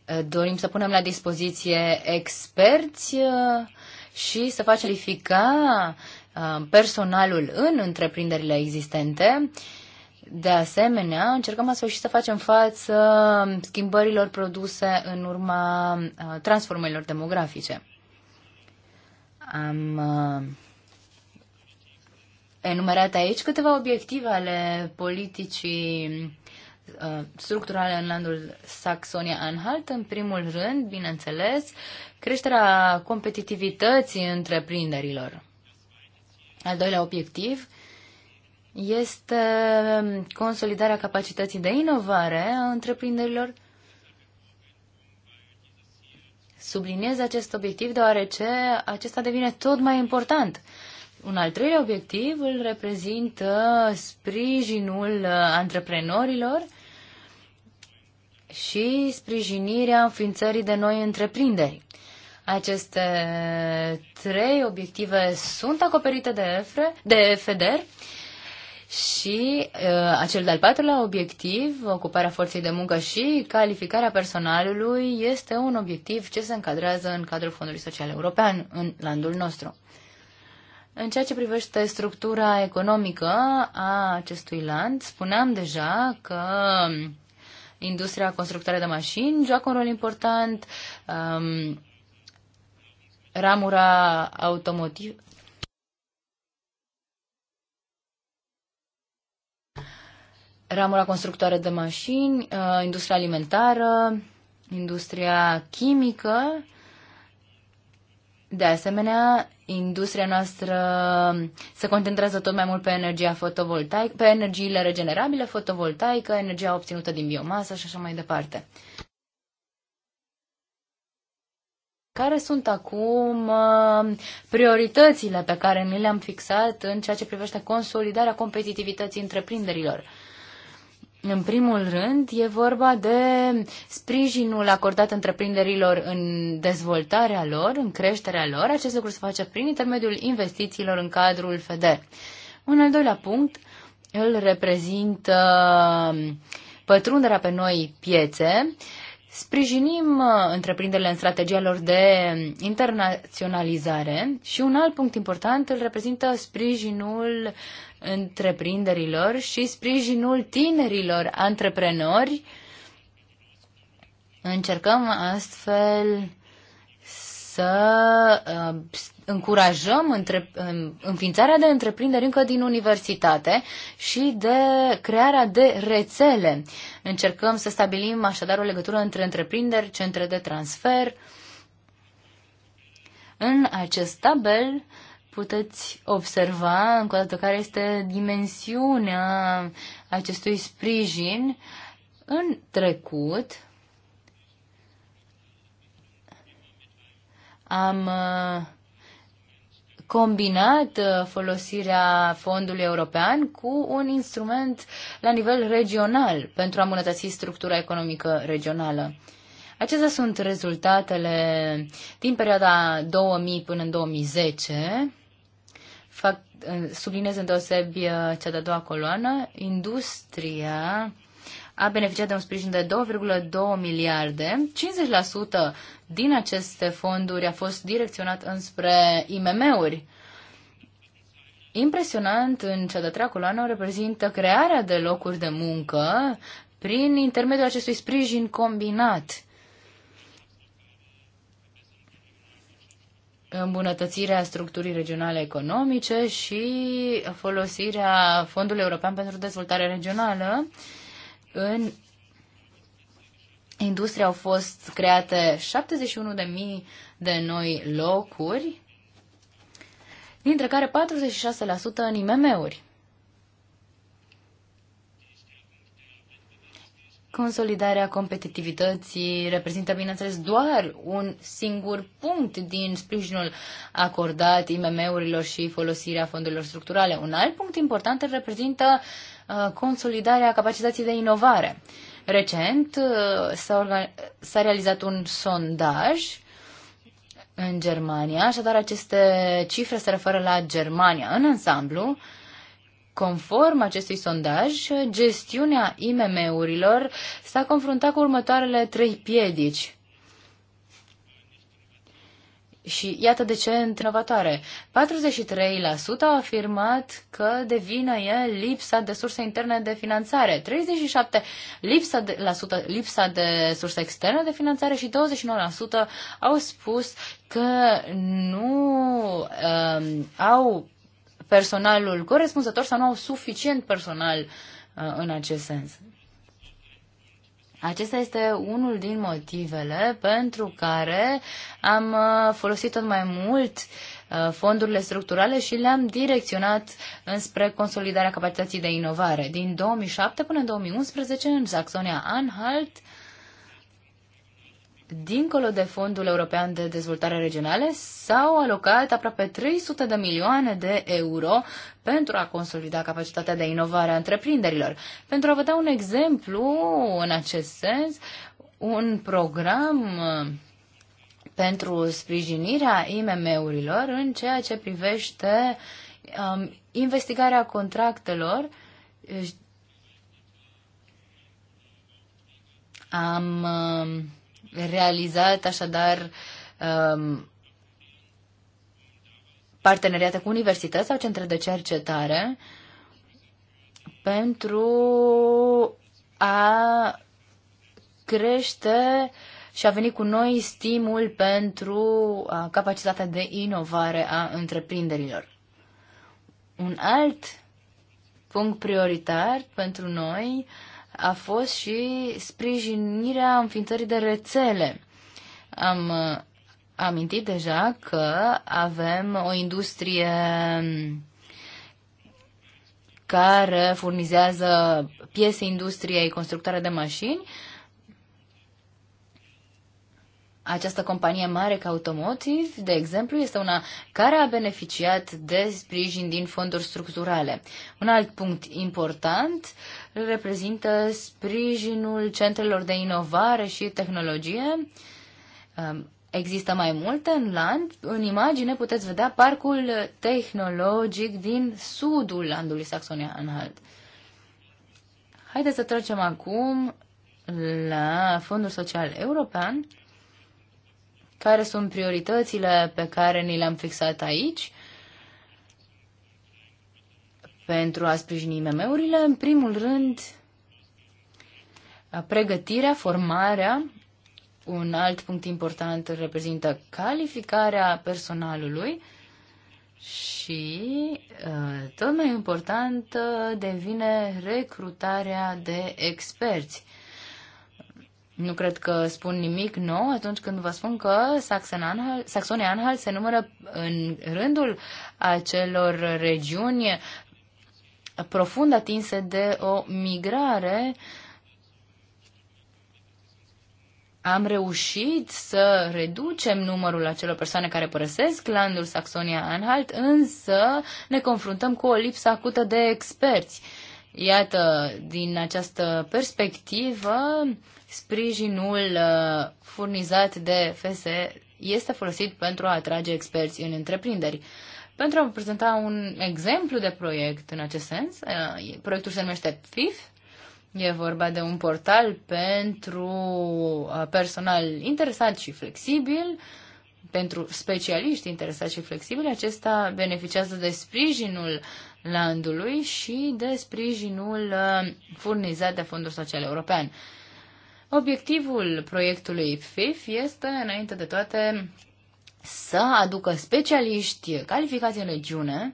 uh, dorim să punem la dispoziție experți uh, și să face califica uh, personalul în întreprinderile existente. De asemenea, încercăm astfel și să facem față schimbărilor produse în urma uh, transformărilor demografice. Am uh, enumerat aici câteva obiective ale politicii Uh, structurale în landul Saxonia-Anhalt, în primul rând, bineînțeles, creșterea competitivității întreprinderilor. Al doilea obiectiv este consolidarea capacității de inovare a întreprinderilor. Subliniez acest obiectiv deoarece acesta devine tot mai important. Un al treilea obiectiv îl reprezintă sprijinul uh, antreprenorilor și sprijinirea înființării de noi întreprinderi. Aceste trei obiective sunt acoperite de, EFRE, de FEDER și uh, acel de-al patrulea obiectiv, ocuparea forței de muncă și calificarea personalului, este un obiectiv ce se încadrează în cadrul Fondului Social European în landul nostru. În ceea ce privește structura economică a acestui land, spuneam deja că industria constructoare de mașini joacă un rol important, um, ramura automotiv, ramura constructoare de mașini, uh, industria alimentară, industria chimică. De asemenea, industria noastră se concentrează tot mai mult pe energia fotovoltaică, pe energiile regenerabile, fotovoltaică, energia obținută din biomasă și așa mai departe. Care sunt acum uh, prioritățile pe care ni le-am fixat în ceea ce privește consolidarea competitivității întreprinderilor? În primul rând, e vorba de sprijinul acordat întreprinderilor în dezvoltarea lor, în creșterea lor. Acest lucru se face prin intermediul investițiilor în cadrul FEDER. Un al doilea punct îl reprezintă pătrunderea pe noi piețe. Sprijinim uh, întreprinderile în strategia lor de internaționalizare și un alt punct important îl reprezintă sprijinul întreprinderilor și sprijinul tinerilor antreprenori. Încercăm astfel să uh, încurajăm între, înființarea de întreprinderi încă din universitate și de crearea de rețele. Încercăm să stabilim așadar o legătură între întreprinderi, centre de transfer. În acest tabel puteți observa încă o dată care este dimensiunea acestui sprijin în trecut. Am uh, combinat uh, folosirea fondului european cu un instrument la nivel regional pentru a îmbunătăți structura economică regională. Acestea sunt rezultatele din perioada 2000 până în 2010 fac, sublinez îndeosebi uh, cea de-a doua coloană, industria a beneficiat de un sprijin de 2,2 miliarde. 50% din aceste fonduri a fost direcționat înspre IMM-uri. Impresionant în cea de-a treia coloană reprezintă crearea de locuri de muncă prin intermediul acestui sprijin combinat. îmbunătățirea structurii regionale economice și folosirea Fondului European pentru Dezvoltare Regională. În industrie au fost create 71.000 de noi locuri, dintre care 46% în IMM-uri. Consolidarea competitivității reprezintă, bineînțeles, doar un singur punct din sprijinul acordat IMM-urilor și folosirea fondurilor structurale. Un alt punct important reprezintă uh, consolidarea capacității de inovare. Recent uh, s-a, realizat un sondaj în Germania, așadar aceste cifre se referă la Germania în ansamblu Conform acestui sondaj, gestiunea IMM-urilor s-a confruntat cu următoarele trei piedici. Și iată de ce întrebatoare. 43% au afirmat că de vină e lipsa de surse interne de finanțare, 37% lipsa de, la sută, lipsa de surse externe de finanțare și 29% au spus că nu um, au personalul corespunzător sau nu au suficient personal uh, în acest sens. Acesta este unul din motivele pentru care am uh, folosit tot mai mult uh, fondurile structurale și le-am direcționat înspre consolidarea capacității de inovare. Din 2007 până în 2011, în Saxonia-Anhalt, dincolo de Fondul European de Dezvoltare Regională, s-au alocat aproape 300 de milioane de euro pentru a consolida capacitatea de inovare a întreprinderilor. Pentru a vă da un exemplu în acest sens, un program uh, pentru sprijinirea IMM-urilor în ceea ce privește um, investigarea contractelor am um, realizat așadar um, parteneriate cu universități sau centre de cercetare pentru a crește și a venit cu noi stimul pentru uh, capacitatea de inovare a întreprinderilor. Un alt punct prioritar pentru noi uh, a fost și sprijinirea înființării de rețele. Am uh, amintit deja că avem o industrie um, care furnizează piese industriei constructoare de mașini. Această companie mare ca Automotive, de exemplu, este una care a beneficiat de sprijin din fonduri structurale. Un alt punct important uh, reprezintă sprijinul centrelor de inovare și tehnologie. Um, există mai multe în land. În imagine puteți vedea parcul tehnologic din sudul landului Saxonia-Anhalt. Haideți să trecem acum la Fondul Social European. Care sunt prioritățile pe care ni le-am fixat aici? pentru a sprijini IMM-urile, în primul rând, pregătirea, formarea. Un alt punct important reprezintă calificarea personalului și, uh, tot mai important, devine recrutarea de experți. Nu cred că spun nimic nou atunci când vă spun că Saxonia-Anhalt se numără în rândul acelor regiuni profund atinse de o migrare, am reușit să reducem numărul acelor persoane care părăsesc landul Saxonia-Anhalt, însă ne confruntăm cu o lipsă acută de experți. Iată, din această perspectivă, sprijinul uh, furnizat de FSE este folosit pentru a atrage experți în întreprinderi. Pentru a vă prezenta un exemplu de proiect în acest sens, uh, proiectul se numește FIF, E vorba de un portal pentru uh, personal interesat și flexibil, pentru specialiști interesați și flexibili. Acesta beneficiază de sprijinul landului și de sprijinul uh, furnizat de Fondul Social European. Obiectivul proiectului FIF este, înainte de toate, să aducă specialiști calificați în regiune,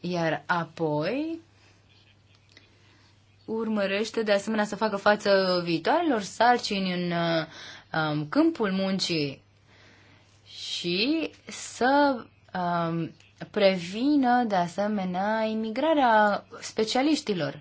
iar apoi urmărește de asemenea să facă față viitoarelor sarcini în um, câmpul muncii și să um, prevină de asemenea imigrarea specialiștilor.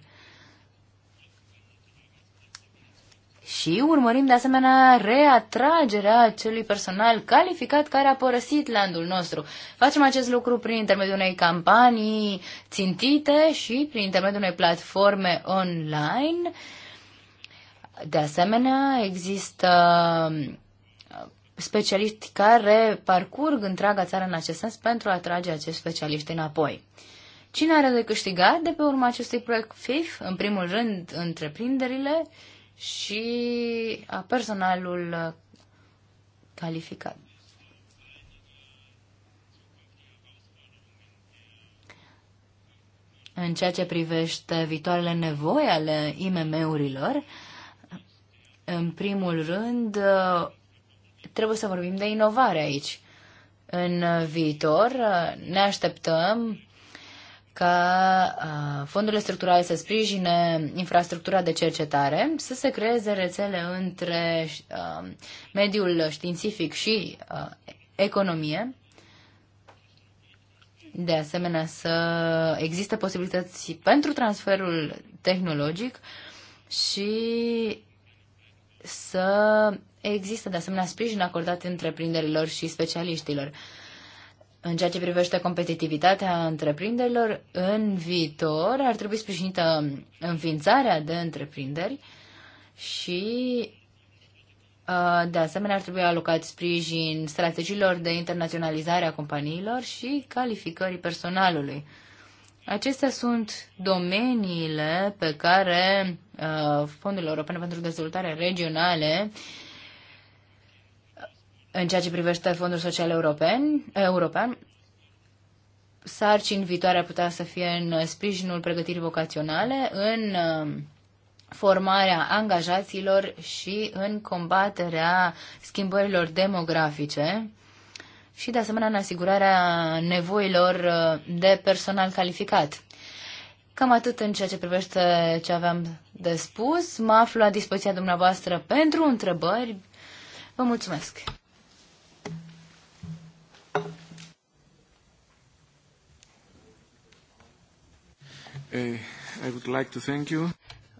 Și urmărim de asemenea reatragerea acelui personal calificat care a părăsit landul nostru. Facem acest lucru prin intermediul unei campanii țintite și prin intermediul unei platforme online. De asemenea, există uh, specialiști care parcurg întreaga țară în acest sens pentru a atrage acești specialiști înapoi. Cine are de câștigat de pe urma acestui proiect FIF? În primul rând, întreprinderile, și a personalul uh, calificat. În ceea ce privește viitoarele nevoi ale IMM-urilor, în primul rând, uh, trebuie să vorbim de inovare aici. În viitor uh, ne așteptăm ca fondurile structurale să sprijine infrastructura de cercetare, să se creeze rețele între mediul științific și economie. De asemenea, să existe posibilități pentru transferul tehnologic și să există, de asemenea, sprijin acordat întreprinderilor și specialiștilor. Uh, în ceea ce privește competitivitatea întreprinderilor, în viitor ar trebui sprijinită înființarea de întreprinderi și uh, de asemenea, ar trebui alocat sprijin strategiilor de internaționalizare a companiilor și calificării personalului. Acestea sunt domeniile pe care uh, Fondul European pentru Dezvoltare Regionale în ceea ce privește Fondul Social European, European sarcini viitoare ar putea să fie în sprijinul pregătirii vocaționale, în um, formarea angajaților și în combaterea schimbărilor demografice și, de asemenea, în asigurarea nevoilor uh, de personal calificat. Cam atât în ceea ce privește ce aveam de spus. Mă aflu la dispoziția dumneavoastră pentru întrebări. Vă mulțumesc! I would like to thank you.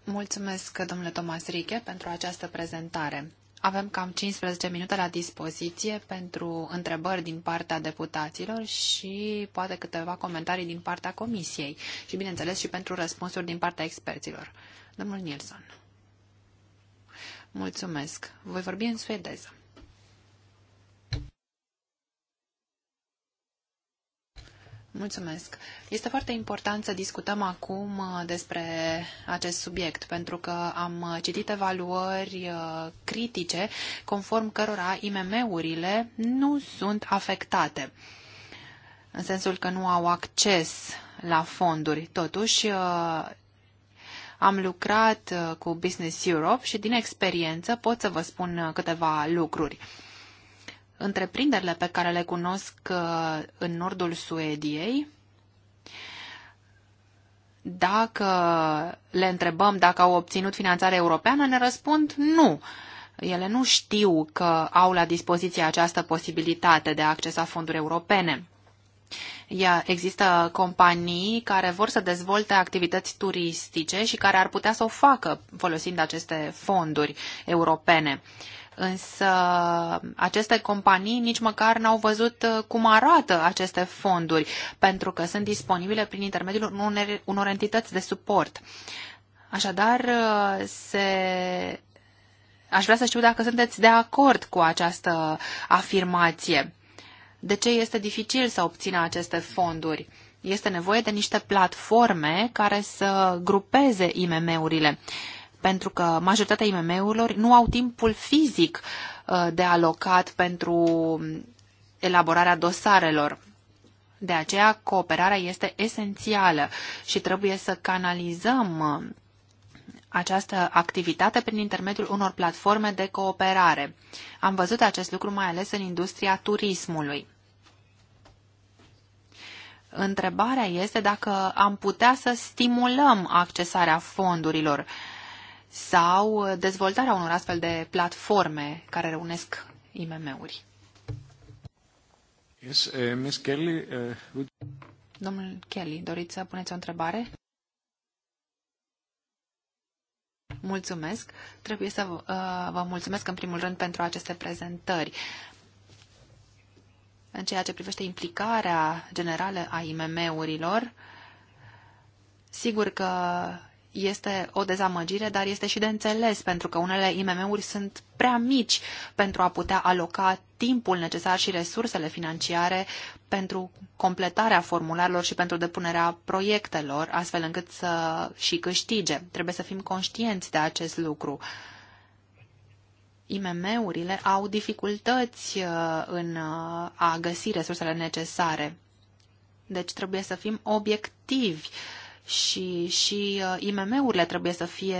Mulțumesc, domnule Tomas Riche, pentru această prezentare. Avem cam 15 minute la dispoziție pentru întrebări din partea deputaților și poate câteva comentarii din partea comisiei și, bineînțeles, și pentru răspunsuri din partea experților. Domnul Nilsson. Mulțumesc. Voi vorbi în suedeză. Mulțumesc. Este foarte important să discutăm acum uh, despre acest subiect, pentru că am uh, citit evaluări uh, critice conform cărora IMM-urile nu sunt afectate, în sensul că nu au acces la fonduri. Totuși, am lucrat cu Business Europe și din experiență pot să vă spun câteva lucruri. Întreprinderile pe care le cunosc uh, în nordul Suediei, dacă le întrebăm dacă au obținut finanțare europeană, ne răspund nu. Ele nu știu că au la dispoziție această posibilitate de a accesa fonduri europene. Ia, există companii care vor să dezvolte activități turistice și care ar putea să o facă folosind aceste fonduri europene. Însă aceste companii nici măcar n-au văzut uh, cum arată aceste fonduri, pentru că sunt disponibile prin intermediul unor, unor entități de suport. Așadar, uh, se Aș vrea să știu dacă sunteți de acord cu această afirmație. De ce este dificil să obțină aceste fonduri? Este nevoie de niște platforme care să grupeze IMM-urile pentru că majoritatea IMM-urilor nu au timpul fizic uh, de alocat pentru elaborarea dosarelor. De aceea, cooperarea este esențială și trebuie să canalizăm uh, această activitate prin intermediul unor platforme de cooperare. Am văzut acest lucru mai ales în industria turismului. Întrebarea este dacă am putea să stimulăm accesarea fondurilor sau dezvoltarea unor astfel de platforme care reunesc IMM-uri. Yes, uh, Ms. Kelly, uh, would... Domnul Kelly, doriți să puneți o întrebare? Mulțumesc. Trebuie să uh, vă mulțumesc în primul rând pentru aceste prezentări. În ceea ce privește implicarea generală a IMM-urilor, sigur că este o dezamăgire, dar este și de înțeles, pentru că unele IMM-uri sunt prea mici pentru a putea aloca timpul necesar și resursele financiare pentru completarea formularilor și pentru depunerea proiectelor, astfel încât să și câștige. Trebuie să fim conștienți de acest lucru. IMM-urile au dificultăți uh, în uh, a găsi resursele necesare. Deci trebuie să fim obiectivi și, și uh, IMM-urile trebuie să fie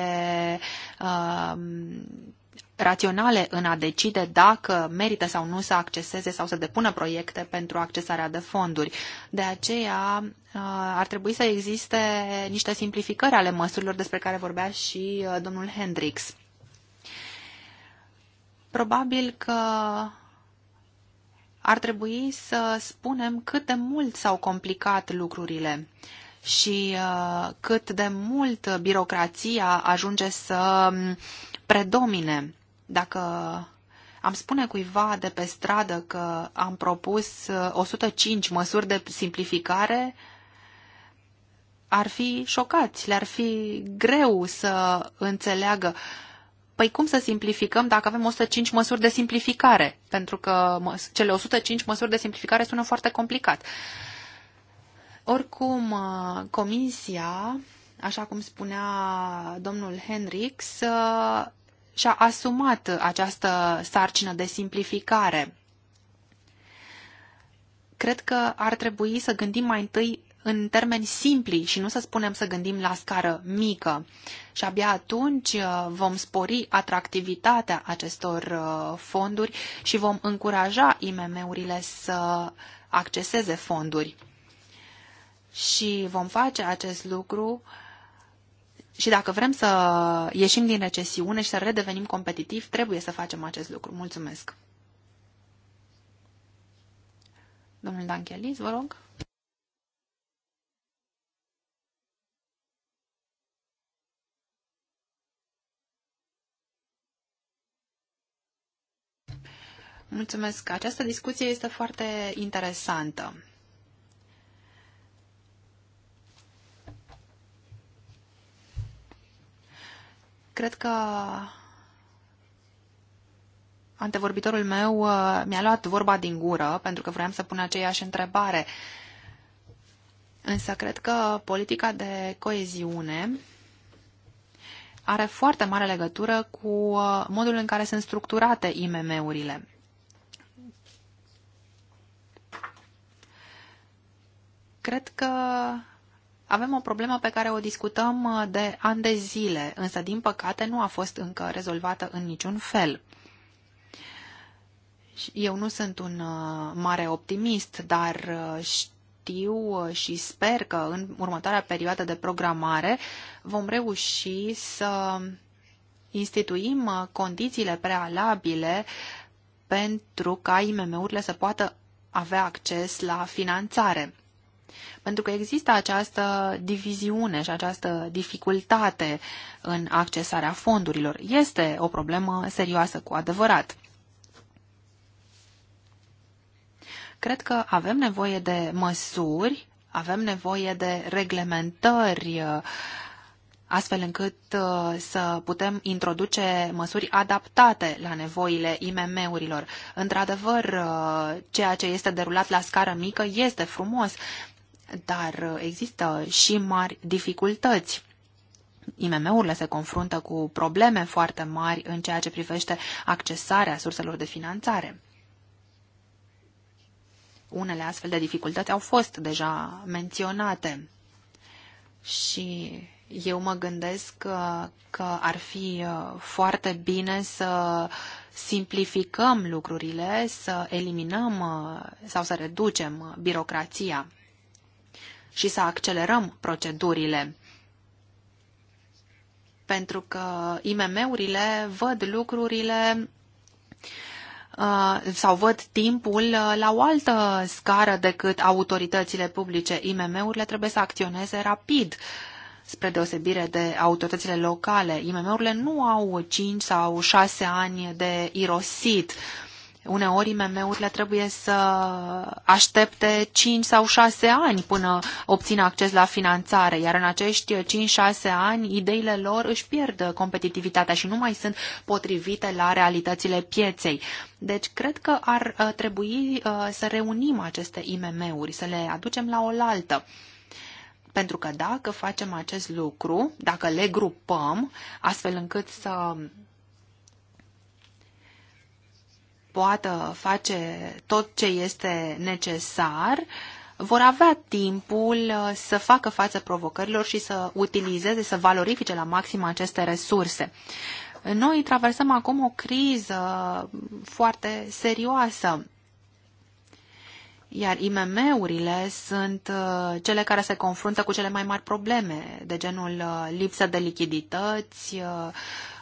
uh, raționale în a decide dacă merită sau nu să acceseze sau să depună proiecte pentru accesarea de fonduri. De aceea uh, ar trebui să existe niște simplificări ale măsurilor despre care vorbea și uh, domnul Hendrix. Probabil că ar trebui să spunem cât de mult s-au complicat lucrurile. Uh, și uh, cât de mult birocrația ajunge să um, predomine. Dacă am spune cuiva de pe stradă că am propus 105 uh, măsuri de simplificare, ar fi șocați, le-ar fi greu să înțeleagă. Păi cum să simplificăm dacă avem 105 măsuri de simplificare? Pentru că cele 105 măsuri de simplificare sună foarte complicat. Oricum, uh, comisia, așa cum spunea domnul Henrix, uh, și-a asumat această sarcină de simplificare. Cred că ar trebui să gândim mai întâi în termeni simpli și nu să spunem să gândim la scară mică. Și abia atunci uh, vom spori atractivitatea acestor fonduri și vom încuraja IMM-urile să acceseze fonduri și vom face acest lucru și dacă vrem să ieșim din recesiune și să redevenim competitivi, trebuie să facem acest lucru. Mulțumesc! Domnul Danchelis, vă rog. Mulțumesc! Această discuție este foarte interesantă. Cred că antevorbitorul meu uh, mi-a luat vorba din gură pentru că vroiam să pun aceeași întrebare. Însă cred că politica de coeziune are foarte mare legătură cu uh, modul în care sunt structurate IMM-urile. Cred că avem o problemă pe care o discutăm uh, de ani de zile, însă din păcate nu a fost încă rezolvată în niciun fel. Eu nu sunt un uh, mare optimist, dar uh, știu și sper că în următoarea perioadă de programare vom reuși să instituim condițiile prealabile pentru ca IMM-urile să poată avea acces la finanțare. Pentru că există această diviziune și această dificultate în accesarea fondurilor. Este o problemă serioasă cu adevărat. Cred că avem nevoie de măsuri, avem nevoie de reglementări astfel încât să putem introduce măsuri adaptate la nevoile IMM-urilor. Într-adevăr, ceea ce este derulat la scară mică este frumos, dar uh, există și mari dificultăți. IMM-urile se confruntă cu probleme foarte mari în ceea ce privește accesarea surselor de finanțare. Unele astfel de dificultăți au fost deja menționate și eu mă gândesc că, uh, că ar fi uh, foarte bine să simplificăm lucrurile, să eliminăm sau să reducem birocrația și să accelerăm procedurile. Pentru că IMM-urile văd lucrurile uh, sau văd timpul uh, la o altă scară decât autoritățile publice. IMM-urile trebuie să acționeze rapid spre deosebire de autoritățile locale. IMM-urile nu au 5 sau 6 ani de irosit. Uh, Uneori IMM-urile trebuie să aștepte 5 sau 6 ani până obțin acces la finanțare, iar în acești 5-6 ani ideile lor își pierd competitivitatea și nu mai sunt potrivite la realitățile pieței. Deci cred că ar uh, trebui uh, să reunim aceste IMM-uri, să le aducem la oaltă. Pentru că dacă facem acest lucru, dacă le grupăm, astfel încât să poată face tot ce este necesar, vor avea timpul uh, să facă față provocărilor și să utilizeze, să valorifice la maxim aceste resurse. Noi traversăm acum o criză foarte serioasă iar IMM-urile sunt uh, cele care se confruntă cu cele mai mari probleme, de genul uh, lipsă de lichidități,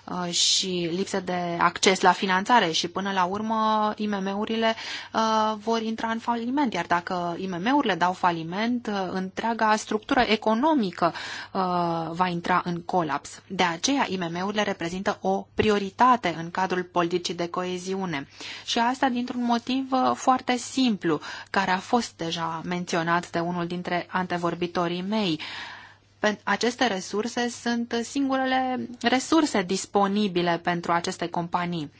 Uh, și lipsă de acces la finanțare și până la urmă IMM-urile uh, vor intra în faliment, iar dacă IMM-urile dau faliment, uh, întreaga structură economică va intra în colaps. De aceea IMM-urile reprezintă o prioritate în cadrul politicii de coeziune și asta dintr-un motiv foarte simplu, care a fost deja menționat de unul dintre antevorbitorii mei. Uh, aceste resurse sunt singurele resurse disponibile pentru aceste companii.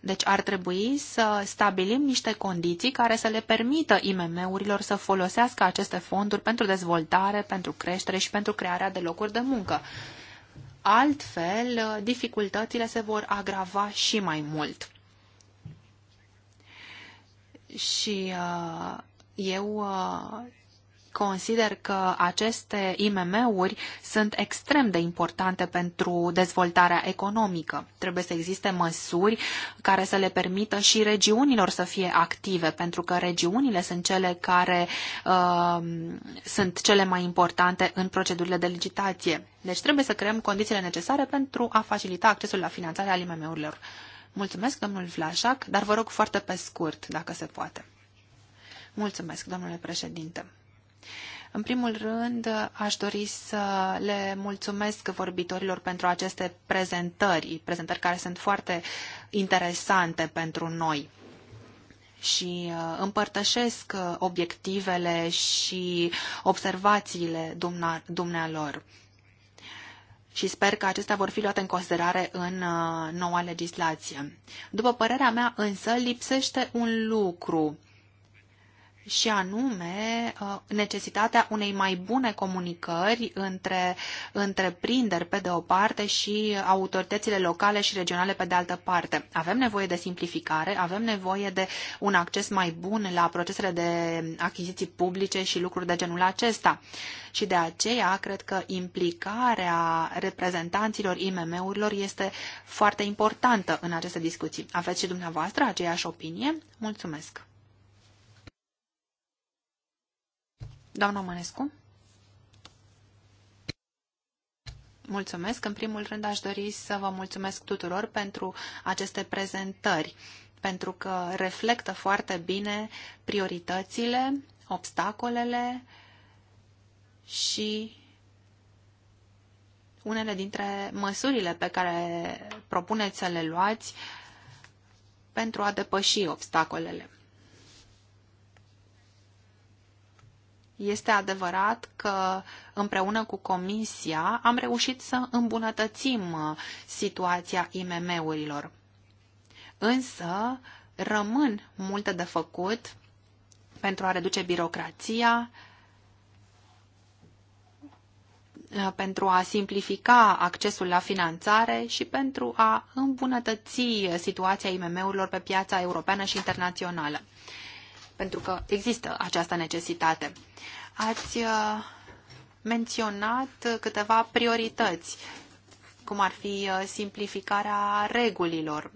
Deci ar trebui să stabilim niște condiții care să le permită IMM-urilor să folosească aceste fonduri pentru dezvoltare, pentru creștere și pentru crearea de locuri de muncă. Altfel, dificultățile se vor agrava și mai mult. Și uh, eu uh, consider că aceste IMM-uri sunt extrem de importante pentru dezvoltarea economică. Trebuie să existe măsuri care să le permită și regiunilor să fie active, pentru că regiunile sunt cele care uh, sunt cele mai importante în procedurile de licitație. Deci trebuie să creăm condițiile necesare pentru a facilita accesul la finanțare al IMM-urilor. Mulțumesc, domnul Vlașac, dar vă rog foarte pe scurt, dacă se poate. Mulțumesc, domnule președinte. În primul rând, aș dori să le mulțumesc vorbitorilor pentru aceste prezentări, prezentări care sunt foarte interesante pentru noi și uh, împărtășesc uh, obiectivele și observațiile dumnealor. Și sper că acestea vor fi luate în considerare în uh, noua legislație. După părerea mea, însă, lipsește un lucru și anume uh, necesitatea unei mai bune comunicări între întreprinderi pe de o parte și autoritățile locale și regionale pe de altă parte. Avem nevoie de simplificare, avem nevoie de un acces mai bun la procesele de achiziții publice și lucruri de genul acesta. Și de aceea cred că implicarea reprezentanților IMM-urilor este foarte importantă în aceste discuții. Aveți și dumneavoastră aceeași opinie? Mulțumesc! Doamna Mănescu? Mulțumesc. În primul rând aș dori să vă mulțumesc tuturor pentru aceste prezentări, pentru că reflectă foarte bine prioritățile, obstacolele și unele dintre măsurile pe care propuneți să le luați pentru a depăși obstacolele. Este adevărat că împreună cu Comisia am reușit să îmbunătățim uh, situația IMM-urilor. Însă rămân multe de făcut pentru a reduce birocrația, uh, pentru a simplifica accesul la finanțare și pentru a îmbunătăți uh, situația IMM-urilor pe piața europeană și internațională pentru că există această necesitate. Ați uh, menționat câteva priorități, cum ar fi uh, simplificarea regulilor,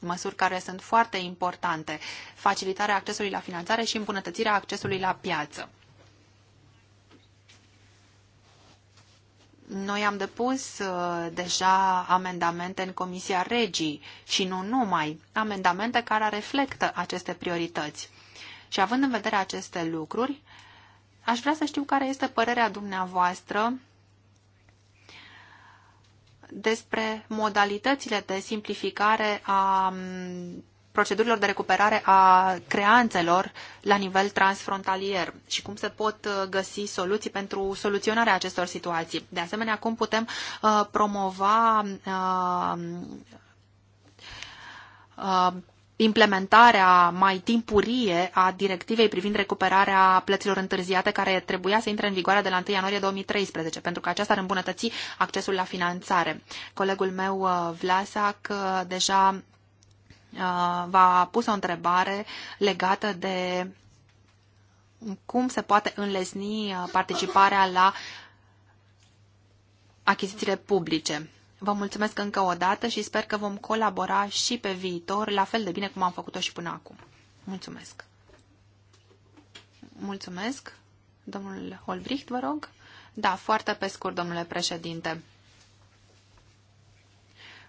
măsuri care sunt foarte importante, facilitarea accesului la finanțare și îmbunătățirea accesului la piață. Noi am depus uh, deja amendamente în Comisia Regii și nu numai, amendamente care reflectă aceste priorități. Și având în vedere aceste lucruri, aș vrea să știu care este părerea dumneavoastră despre modalitățile de simplificare a procedurilor de recuperare a creanțelor la nivel transfrontalier și cum se pot uh, găsi soluții pentru soluționarea acestor situații. De asemenea, cum putem uh, promova uh, implementarea mai timpurie a directivei privind recuperarea plăților întârziate care trebuia să intre în vigoare de la 1 ianuarie 2013, pentru că aceasta ar îmbunătăți accesul la finanțare. Colegul meu, uh, Vlasac, uh, deja uh, v-a pus o întrebare legată de cum se poate înlesni participarea la achizițiile publice. Vă mulțumesc încă o dată și sper că vom colabora și pe viitor, la fel de bine cum am făcut-o și până acum. Mulțumesc! Mulțumesc! Domnul Holbricht, vă rog. Da, foarte pe scurt, domnule președinte.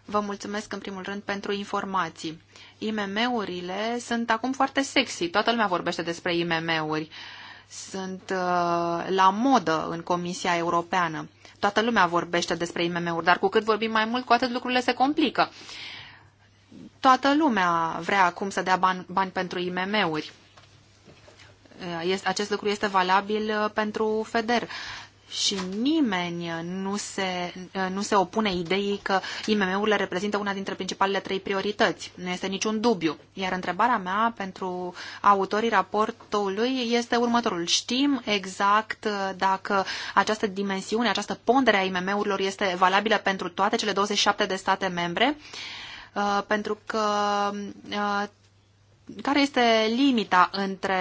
Vă mulțumesc în primul rând pentru informații. IMM-urile sunt acum foarte sexy. Toată lumea vorbește despre IMM-uri. Uh, sunt uh, la modă în Comisia Europeană. Toată lumea vorbește despre IMM-uri, dar cu cât vorbim mai mult, cu atât lucrurile se complică. Toată lumea vrea acum să dea bani, bani pentru IMM-uri. Uh, acest lucru este valabil uh, pentru FEDER și nimeni nu se, nu se opune ideii că IMM-urile reprezintă una dintre principalele trei priorități. Nu este niciun dubiu. Iar întrebarea mea pentru autorii raportului este următorul. Știm exact dacă această dimensiune, această pondere a IMM-urilor este valabilă pentru toate cele 27 de state membre? Uh, pentru că uh, care este limita între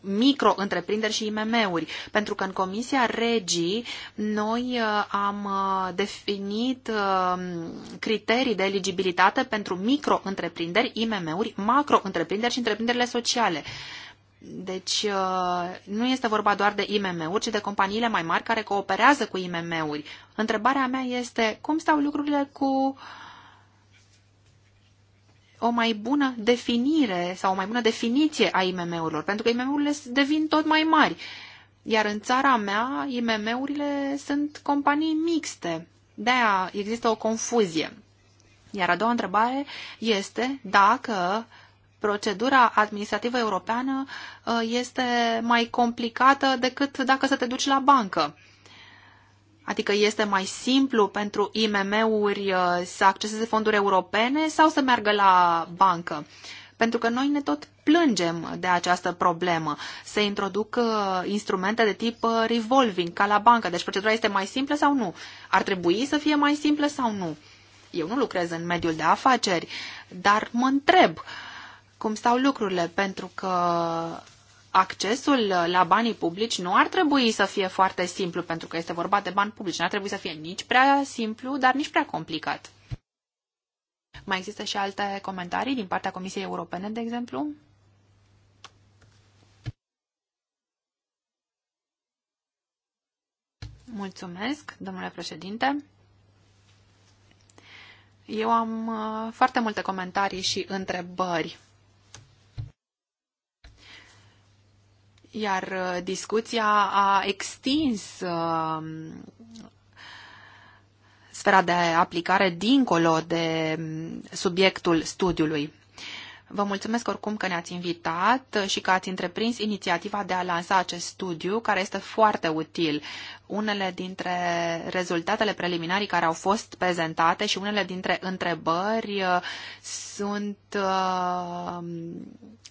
micro-întreprinderi și IMM-uri? Pentru că în Comisia Regii noi uh, am uh, definit um, criterii de eligibilitate pentru micro-întreprinderi, IMM-uri, macro-întreprinderi și întreprinderile sociale. Deci uh, nu este vorba doar de IMM-uri, ci de companiile mai mari care cooperează cu IMM-uri. Întrebarea mea este cum stau lucrurile cu uh, o mai bună definire sau o mai bună definiție a IMM-urilor, pentru că IMM-urile devin tot mai mari. Iar în țara mea, IMM-urile sunt companii mixte. De-aia există o confuzie. Iar a doua întrebare este dacă procedura administrativă europeană uh, este mai complicată decât dacă să te duci la bancă. Adică este mai simplu pentru IMM-uri uh, să acceseze fonduri europene sau să meargă la bancă? Pentru că noi ne tot plângem de această problemă. Se introduc uh, instrumente de tip uh, revolving, ca la bancă. Deci procedura este mai simplă sau nu? Ar trebui să fie mai simplă sau nu? Eu nu lucrez în mediul de afaceri, dar mă întreb cum stau lucrurile, pentru că accesul uh, la banii publici nu ar trebui să fie foarte simplu, pentru că este vorba de bani publici. Nu ar trebui să fie nici prea simplu, dar nici prea complicat. Mai există și alte comentarii din partea Comisiei Europene, de exemplu? Mulțumesc, domnule președinte. Eu am uh, foarte multe comentarii și întrebări Iar uh, discuția a extins um, sfera de aplicare dincolo de um, subiectul studiului. Vă mulțumesc oricum că ne-ați invitat și că ați întreprins inițiativa de a lansa acest studiu, care este foarte util. Unele dintre rezultatele preliminarii care au fost prezentate și unele dintre întrebări uh, sunt uh,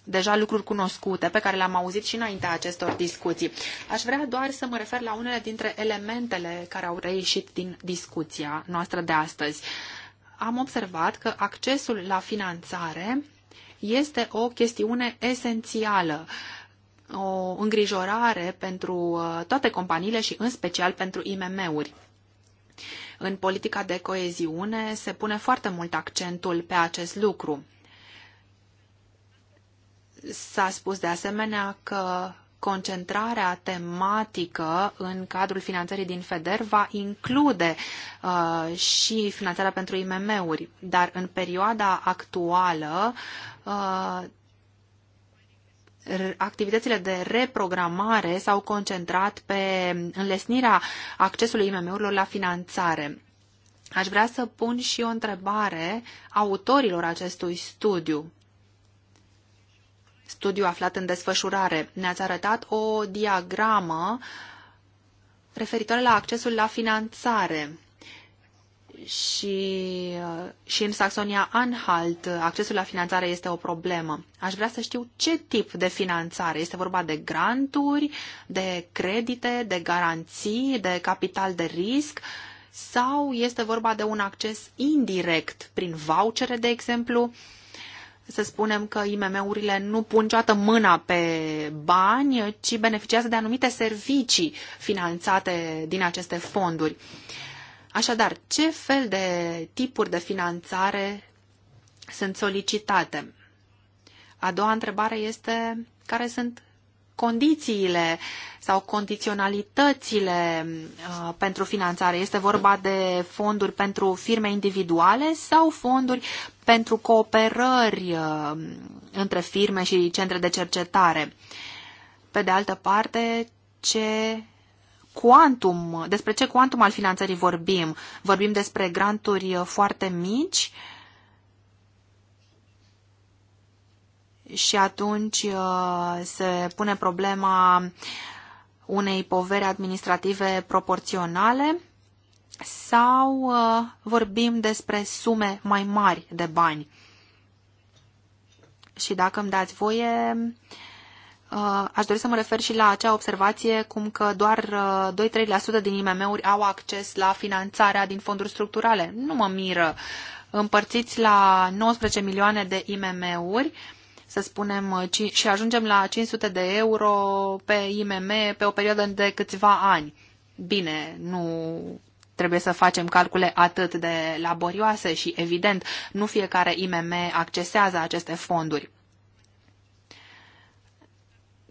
deja lucruri cunoscute pe care le-am auzit și înaintea acestor discuții. Aș vrea doar să mă refer la unele dintre elementele care au reieșit din discuția noastră de astăzi. Am observat că accesul la finanțare este o chestiune esențială o îngrijorare pentru uh, toate companiile și în special pentru IMM-uri. În politica de coeziune se pune foarte mult accentul pe acest lucru. S-a spus de asemenea că concentrarea tematică în cadrul finanțării din FEDER va include uh, și finanțarea pentru IMM-uri, dar în perioada actuală uh, activitățile de reprogramare s-au concentrat pe înlesnirea accesului IMM-urilor la finanțare. Aș vrea să pun și o întrebare autorilor acestui studiu studiu aflat în desfășurare. Ne-ați arătat o diagramă referitoare la accesul la finanțare și, și în Saxonia-Anhalt accesul la finanțare este o problemă. Aș vrea să știu ce tip de finanțare. Este vorba de granturi, de credite, de garanții, de capital de risc sau este vorba de un acces indirect prin vouchere, de exemplu, să spunem că IMM-urile nu pun niciodată mâna pe bani, ci beneficiază de anumite servicii finanțate din aceste fonduri. Așadar, ce fel de tipuri de finanțare sunt solicitate? A doua întrebare este care sunt condițiile sau condiționalitățile uh, pentru finanțare? Este vorba de fonduri pentru firme individuale sau fonduri pentru cooperări uh, între firme și centre de cercetare? Pe de altă parte, ce quantum, despre ce quantum al finanțării vorbim? Vorbim despre granturi foarte mici uh, și atunci uh, se pune problema unei poveri administrative proporționale sau uh, vorbim despre sume mai mari de bani. Și dacă îmi dați voie, uh, aș dori să mă refer și la acea observație cum că doar 2-3% din IMM-uri au acces la finanțarea din fonduri structurale. Nu mă miră. Împărțiți la 19 milioane de IMM-uri, să spunem, uh, și ajungem la 500 de euro pe IMM pe o perioadă de câțiva ani. Bine, nu trebuie să facem calcule atât de laborioase și, evident, nu fiecare IMM accesează aceste fonduri.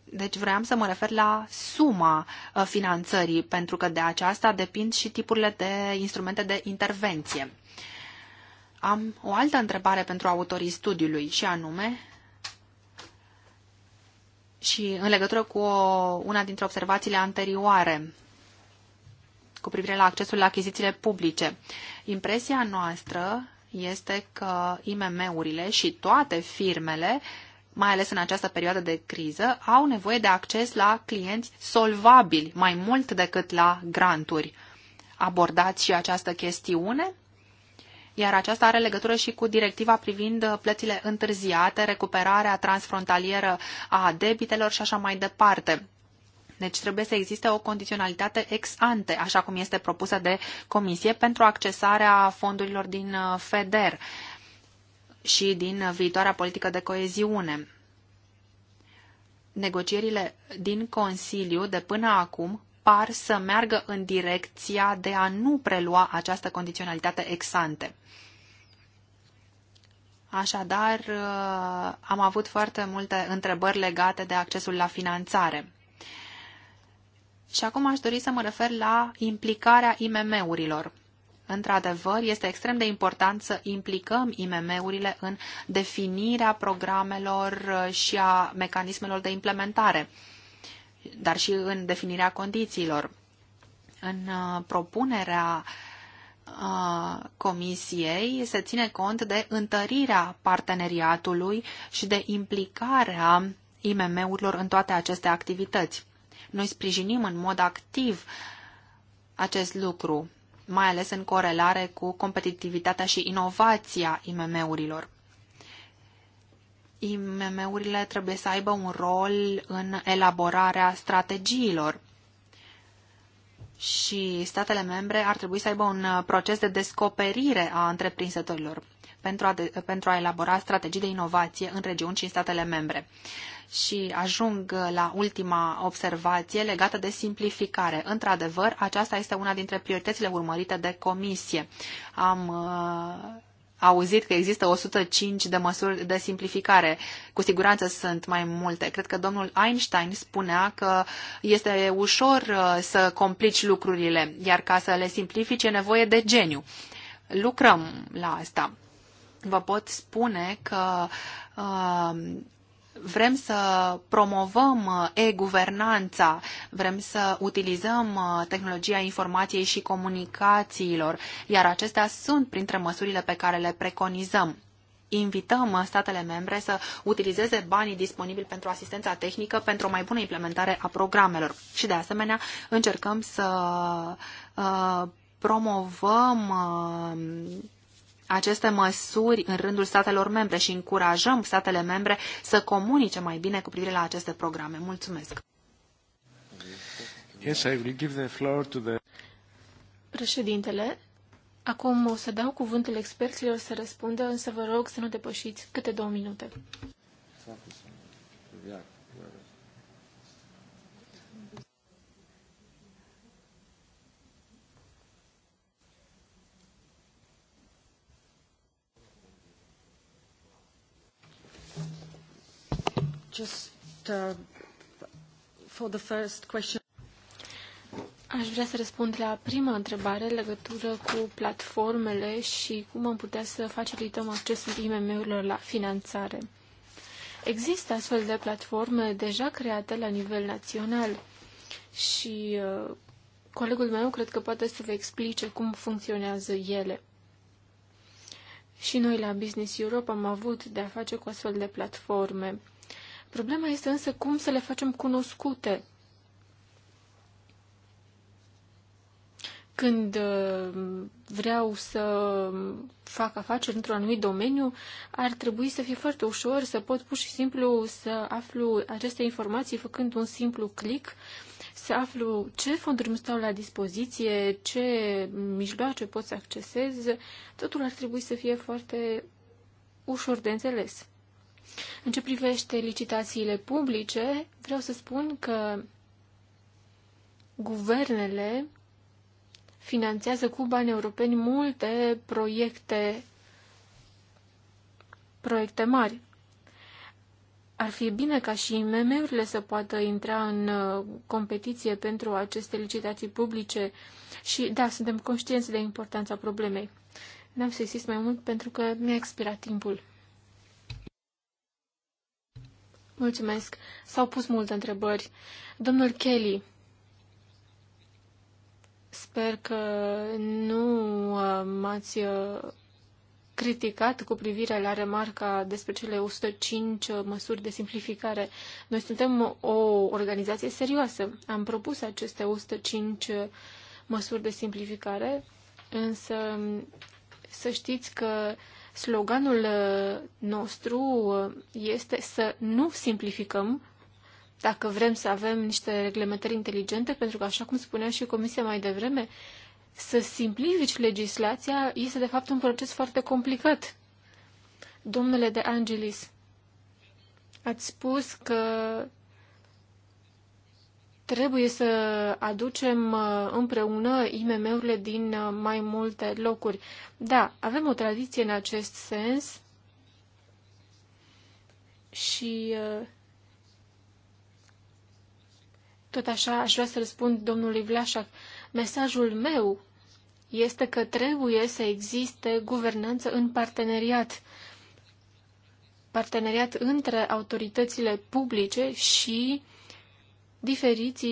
Deci vreau să mă refer la suma uh, finanțării, pentru că de aceasta depind și tipurile de instrumente de intervenție. Am o altă întrebare pentru autorii studiului și anume, și în legătură cu o, una dintre observațiile anterioare cu privire la accesul la achizițiile publice, impresia noastră este că IMM-urile și toate firmele, mai ales în această perioadă de criză, au nevoie de acces la clienți solvabili mai mult decât la granturi. Abordați și această chestiune? iar aceasta are legătură și cu directiva privind uh, plățile întârziate, recuperarea transfrontalieră a debitelor și așa mai departe. Deci trebuie să existe o condiționalitate ex ante, așa cum este propusă de Comisie, pentru accesarea fondurilor din uh, FEDER și din viitoarea politică de coeziune. Negocierile din Consiliu de până acum par să meargă în direcția de a nu prelua această condiționalitate ex-ante. Așadar, uh, am avut foarte multe întrebări legate de accesul la finanțare. Și acum aș dori să mă refer la implicarea IMM-urilor. Într-adevăr, este extrem de important să implicăm IMM-urile în definirea programelor uh, și a mecanismelor de implementare dar și în definirea condițiilor. În uh, propunerea uh, Comisiei se ține cont de întărirea parteneriatului și de implicarea IMM-urilor în toate aceste activități. Noi sprijinim în mod activ acest lucru, mai ales în corelare cu competitivitatea și inovația IMM-urilor. IMM-urile trebuie să aibă un rol în elaborarea strategiilor și statele membre ar trebui să aibă un uh, proces de descoperire a întreprinzătorilor pentru a, de, pentru a elabora strategii de inovație în regiuni și în statele membre. Și ajung uh, la ultima observație legată de simplificare. Într-adevăr, aceasta este una dintre prioritățile urmărite de comisie. Am uh, auzit că există 105 de măsuri de simplificare. Cu siguranță sunt mai multe. Cred că domnul Einstein spunea că este ușor uh, să complici lucrurile, iar ca să le simplifici e nevoie de geniu. Lucrăm la asta. Vă pot spune că uh, vrem să promovăm uh, e-guvernanța, vrem să utilizăm uh, tehnologia informației și comunicațiilor, iar acestea sunt printre măsurile pe care le preconizăm. Invităm uh, statele membre să utilizeze banii disponibili pentru asistența tehnică pentru o mai bună implementare a programelor. Și de asemenea încercăm să uh, promovăm uh, aceste măsuri în rândul statelor membre și încurajăm statele membre să comunice mai bine cu privire la aceste programe. Mulțumesc! Yes, I will give the floor to the... Președintele, acum o să dau cuvântul experților să răspundă, însă vă rog să nu depășiți câte două minute. Focus. Just uh, for the first question. Aș vrea să răspund la prima întrebare legătură cu platformele și cum am putea să facilităm accesul IMM-urilor la finanțare. Există astfel de platforme deja create la nivel național și uh, colegul meu cred că poate să vă explice cum funcționează ele. Și noi la Business Europe am avut de-a face cu astfel de platforme Problema este însă cum să le facem cunoscute. Când uh, vreau să fac afaceri într-un anumit domeniu, ar trebui să fie foarte ușor să pot pur și simplu să aflu aceste informații făcând un simplu click, să aflu ce fonduri îmi stau la dispoziție, ce mijloace pot să accesez. Totul ar trebui să fie foarte ușor de înțeles. În ce privește licitațiile publice, vreau să spun că guvernele finanțează cu bani europeni multe proiecte, proiecte mari. Ar fi bine ca și mm urile să poată intra în uh, competiție pentru aceste licitații publice și, da, suntem conștienți de importanța problemei. N-am să insist mai mult pentru că mi-a expirat timpul. Mulțumesc. S-au pus multe întrebări. Domnul Kelly, sper că nu uh, m-ați uh, criticat cu privire la remarca despre cele 105 uh, măsuri de simplificare. Noi suntem o organizație serioasă. Am propus aceste 105 măsuri de simplificare, însă să știți că Sloganul uh, nostru uh, este să nu simplificăm dacă vrem să avem niște reglementări inteligente, pentru că, așa cum spunea și Comisia mai devreme, să simplifici legislația este, de fapt, un proces foarte complicat. Domnule de Angelis, ați spus că Trebuie să aducem uh, împreună IMM-urile din uh, mai multe locuri. Da, avem o tradiție în acest sens și uh, tot așa aș vrea să răspund domnului Vlașac. Mesajul meu este că trebuie să existe guvernanță în parteneriat. Parteneriat între autoritățile publice și uh, diferiți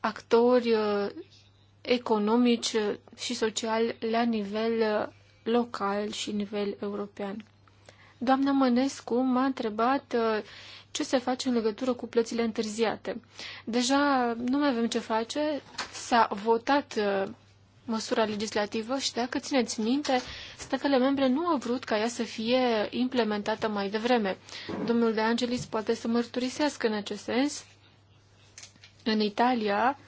actori uh, economici și sociali la nivel uh, local și nivel european. Doamna Mănescu m-a întrebat uh, ce se face în legătură cu plățile întârziate. Deja nu mai avem ce face, s-a votat măsura legislativă și dacă țineți minte, statele membre nu au vrut ca ea să fie implementată mai devreme. Domnul De Angelis poate să mărturisească în acest sens, în Italia,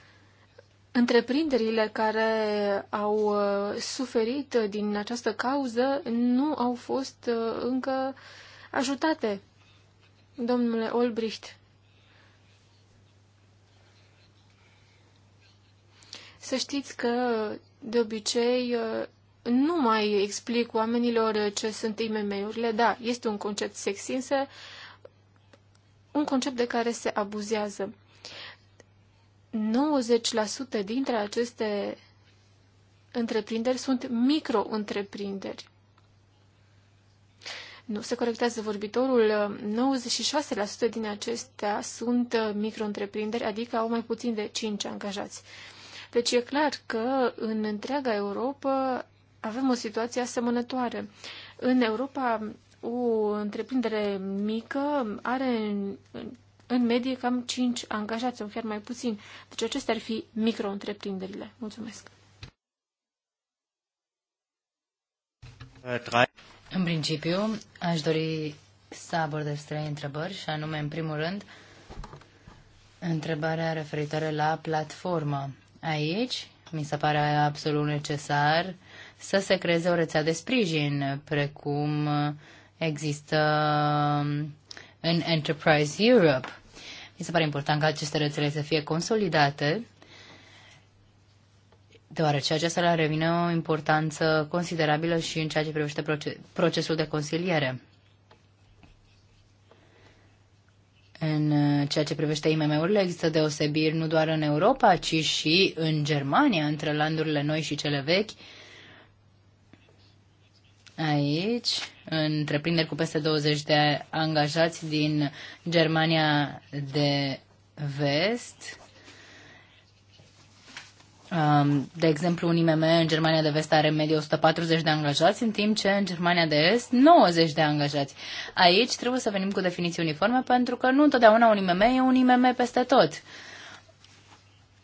întreprinderile care au uh, suferit din această cauză nu au fost uh, încă ajutate. Domnule Olbricht, să știți că de obicei uh, nu mai explic oamenilor ce sunt IMM-urile. Da, este un concept sexy, însă un concept de care se abuzează. 90% dintre aceste întreprinderi sunt micro-întreprinderi. Nu se corectează vorbitorul, 96% din acestea sunt uh, micro-întreprinderi, adică au mai puțin de 5 angajați. Deci e clar că în întreaga Europa avem o situație asemănătoare. În Europa, o întreprindere mică are în medie cam 5 angajați sau chiar mai puțin. Deci acestea ar fi micro-întreprinderile. Mulțumesc! În principiu, aș dori să abordez trei întrebări și anume, în primul rând, întrebarea referitoare la platformă. Aici, mi se pare absolut necesar să se creeze o rețea de sprijin, precum există în Enterprise Europe. Mi se pare important ca aceste rețele să fie consolidate, deoarece aceasta le revine o importanță considerabilă și în ceea ce privește procesul de consiliere. În ceea ce privește IMM-urile, există deosebiri nu doar în Europa, ci și în Germania, între landurile noi și cele vechi, aici, întreprinderi cu peste 20 de angajați din Germania de vest. Um, de exemplu, un IMM în Germania de vest are medie 140 de angajați, în timp ce în Germania de est 90 de angajați. Aici trebuie să venim cu definiții uniforme, pentru că nu întotdeauna un IMM e un IMM peste tot.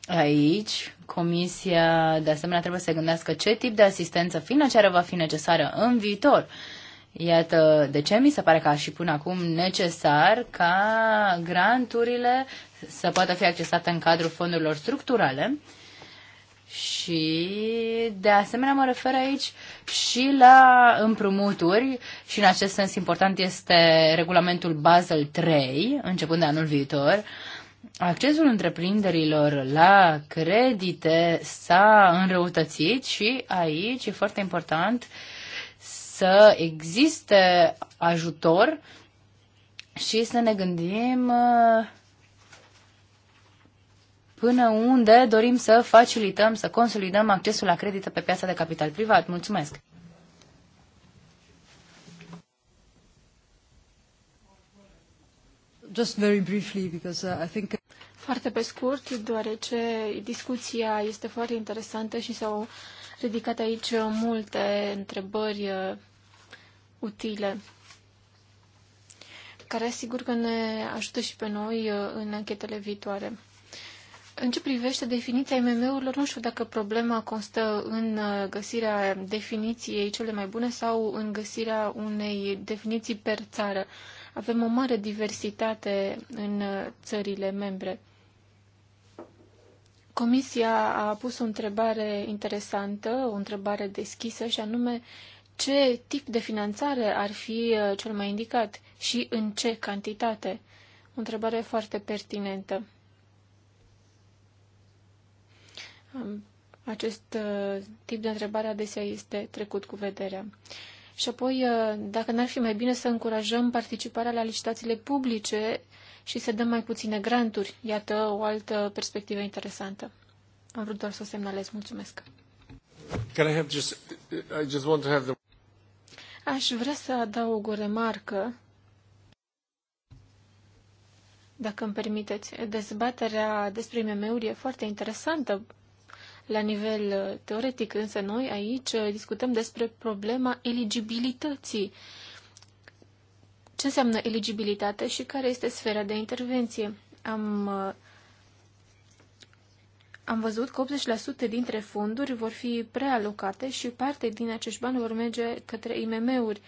Aici Comisia, de asemenea, trebuie să se gândească ce tip de asistență financiară va fi necesară în viitor. Iată de ce mi se pare că și până acum necesar ca granturile să poată fi accesate în cadrul fondurilor structurale și de asemenea mă refer aici și la împrumuturi și în acest sens important este regulamentul Basel 3 începând de anul viitor uh, accesul întreprinderilor la credite s-a înrăutățit și aici e foarte important să existe ajutor și să ne gândim uh, până unde dorim să facilităm, să consolidăm accesul la credite pe piața de capital privat. Mulțumesc! just very briefly, because uh, I think... Foarte pe scurt, deoarece discuția este foarte interesantă și s-au ridicat aici uh, multe întrebări uh, utile, care sigur că ne ajută și pe noi uh, în anchetele viitoare. În ce privește definiția IMM-urilor, nu știu dacă problema constă în găsirea definiției cele mai bune sau în găsirea unei definiții per țară. Avem o mare diversitate în uh, țările membre. Comisia a pus o întrebare interesantă, o întrebare deschisă și anume ce tip de finanțare ar fi uh, cel mai indicat și în ce cantitate. O întrebare foarte pertinentă. Acest uh, tip de întrebare adesea este trecut cu vederea. Și apoi, uh, dacă n-ar fi mai bine să încurajăm participarea la licitațiile publice și să dăm mai puține granturi, iată o altă perspectivă interesantă. Am vrut doar să o semnalez. Mulțumesc. Can I have just, I just want to have the... Aș vrea să adaug o remarcă, dacă îmi permiteți. Dezbaterea despre IMM-uri e foarte interesantă la nivel uh, teoretic, însă, noi aici uh, discutăm despre problema eligibilității. Ce înseamnă eligibilitate și care este sfera de intervenție? Am, uh, am văzut că 80% dintre fonduri vor fi prealocate și parte din acești bani vor merge către IMM-uri.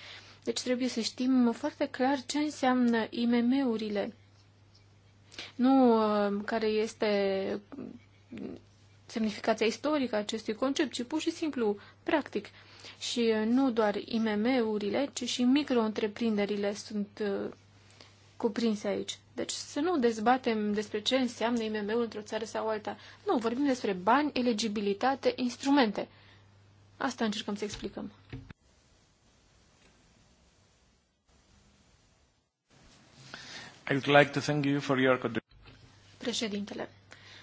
Deci trebuie să știm foarte clar ce înseamnă IMM-urile. Nu care este semnificația istorică a acestui concept, ci pur și simplu practic. Și uh, nu doar IMM-urile, ci și micro-întreprinderile sunt uh, cuprinse aici. Deci să nu dezbatem despre ce înseamnă IMM-ul într-o țară sau alta. Nu, vorbim despre bani, elegibilitate, instrumente. Asta încercăm să explicăm. I would like to thank you for your... Președintele,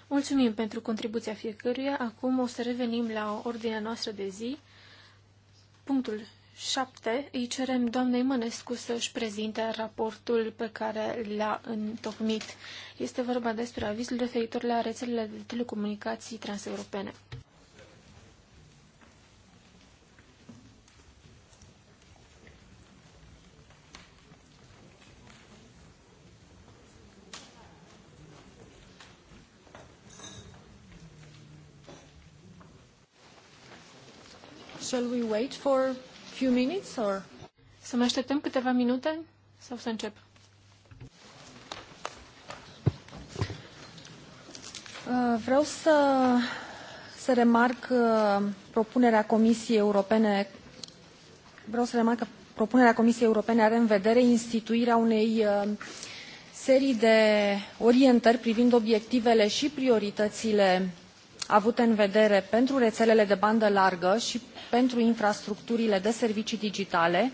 Mulțumim pentru contribuția fiecăruia. Acum o să revenim la ordinea noastră de zi. Punctul 7. Îi cerem doamnei Mănescu să-și prezinte raportul pe care l-a întocmit. Este vorba despre avizul referitor la rețelele de telecomunicații transeuropene. Shall we wait for few minutes or? Să mai așteptăm câteva minute sau să încep? Uh, vreau să, să remarc uh, propunerea Comisiei Europene vreau să remarc că propunerea Comisiei Europene are în vedere instituirea unei uh, serii de orientări privind obiectivele și prioritățile avute în vedere pentru rețelele de bandă largă și pentru infrastructurile de servicii digitale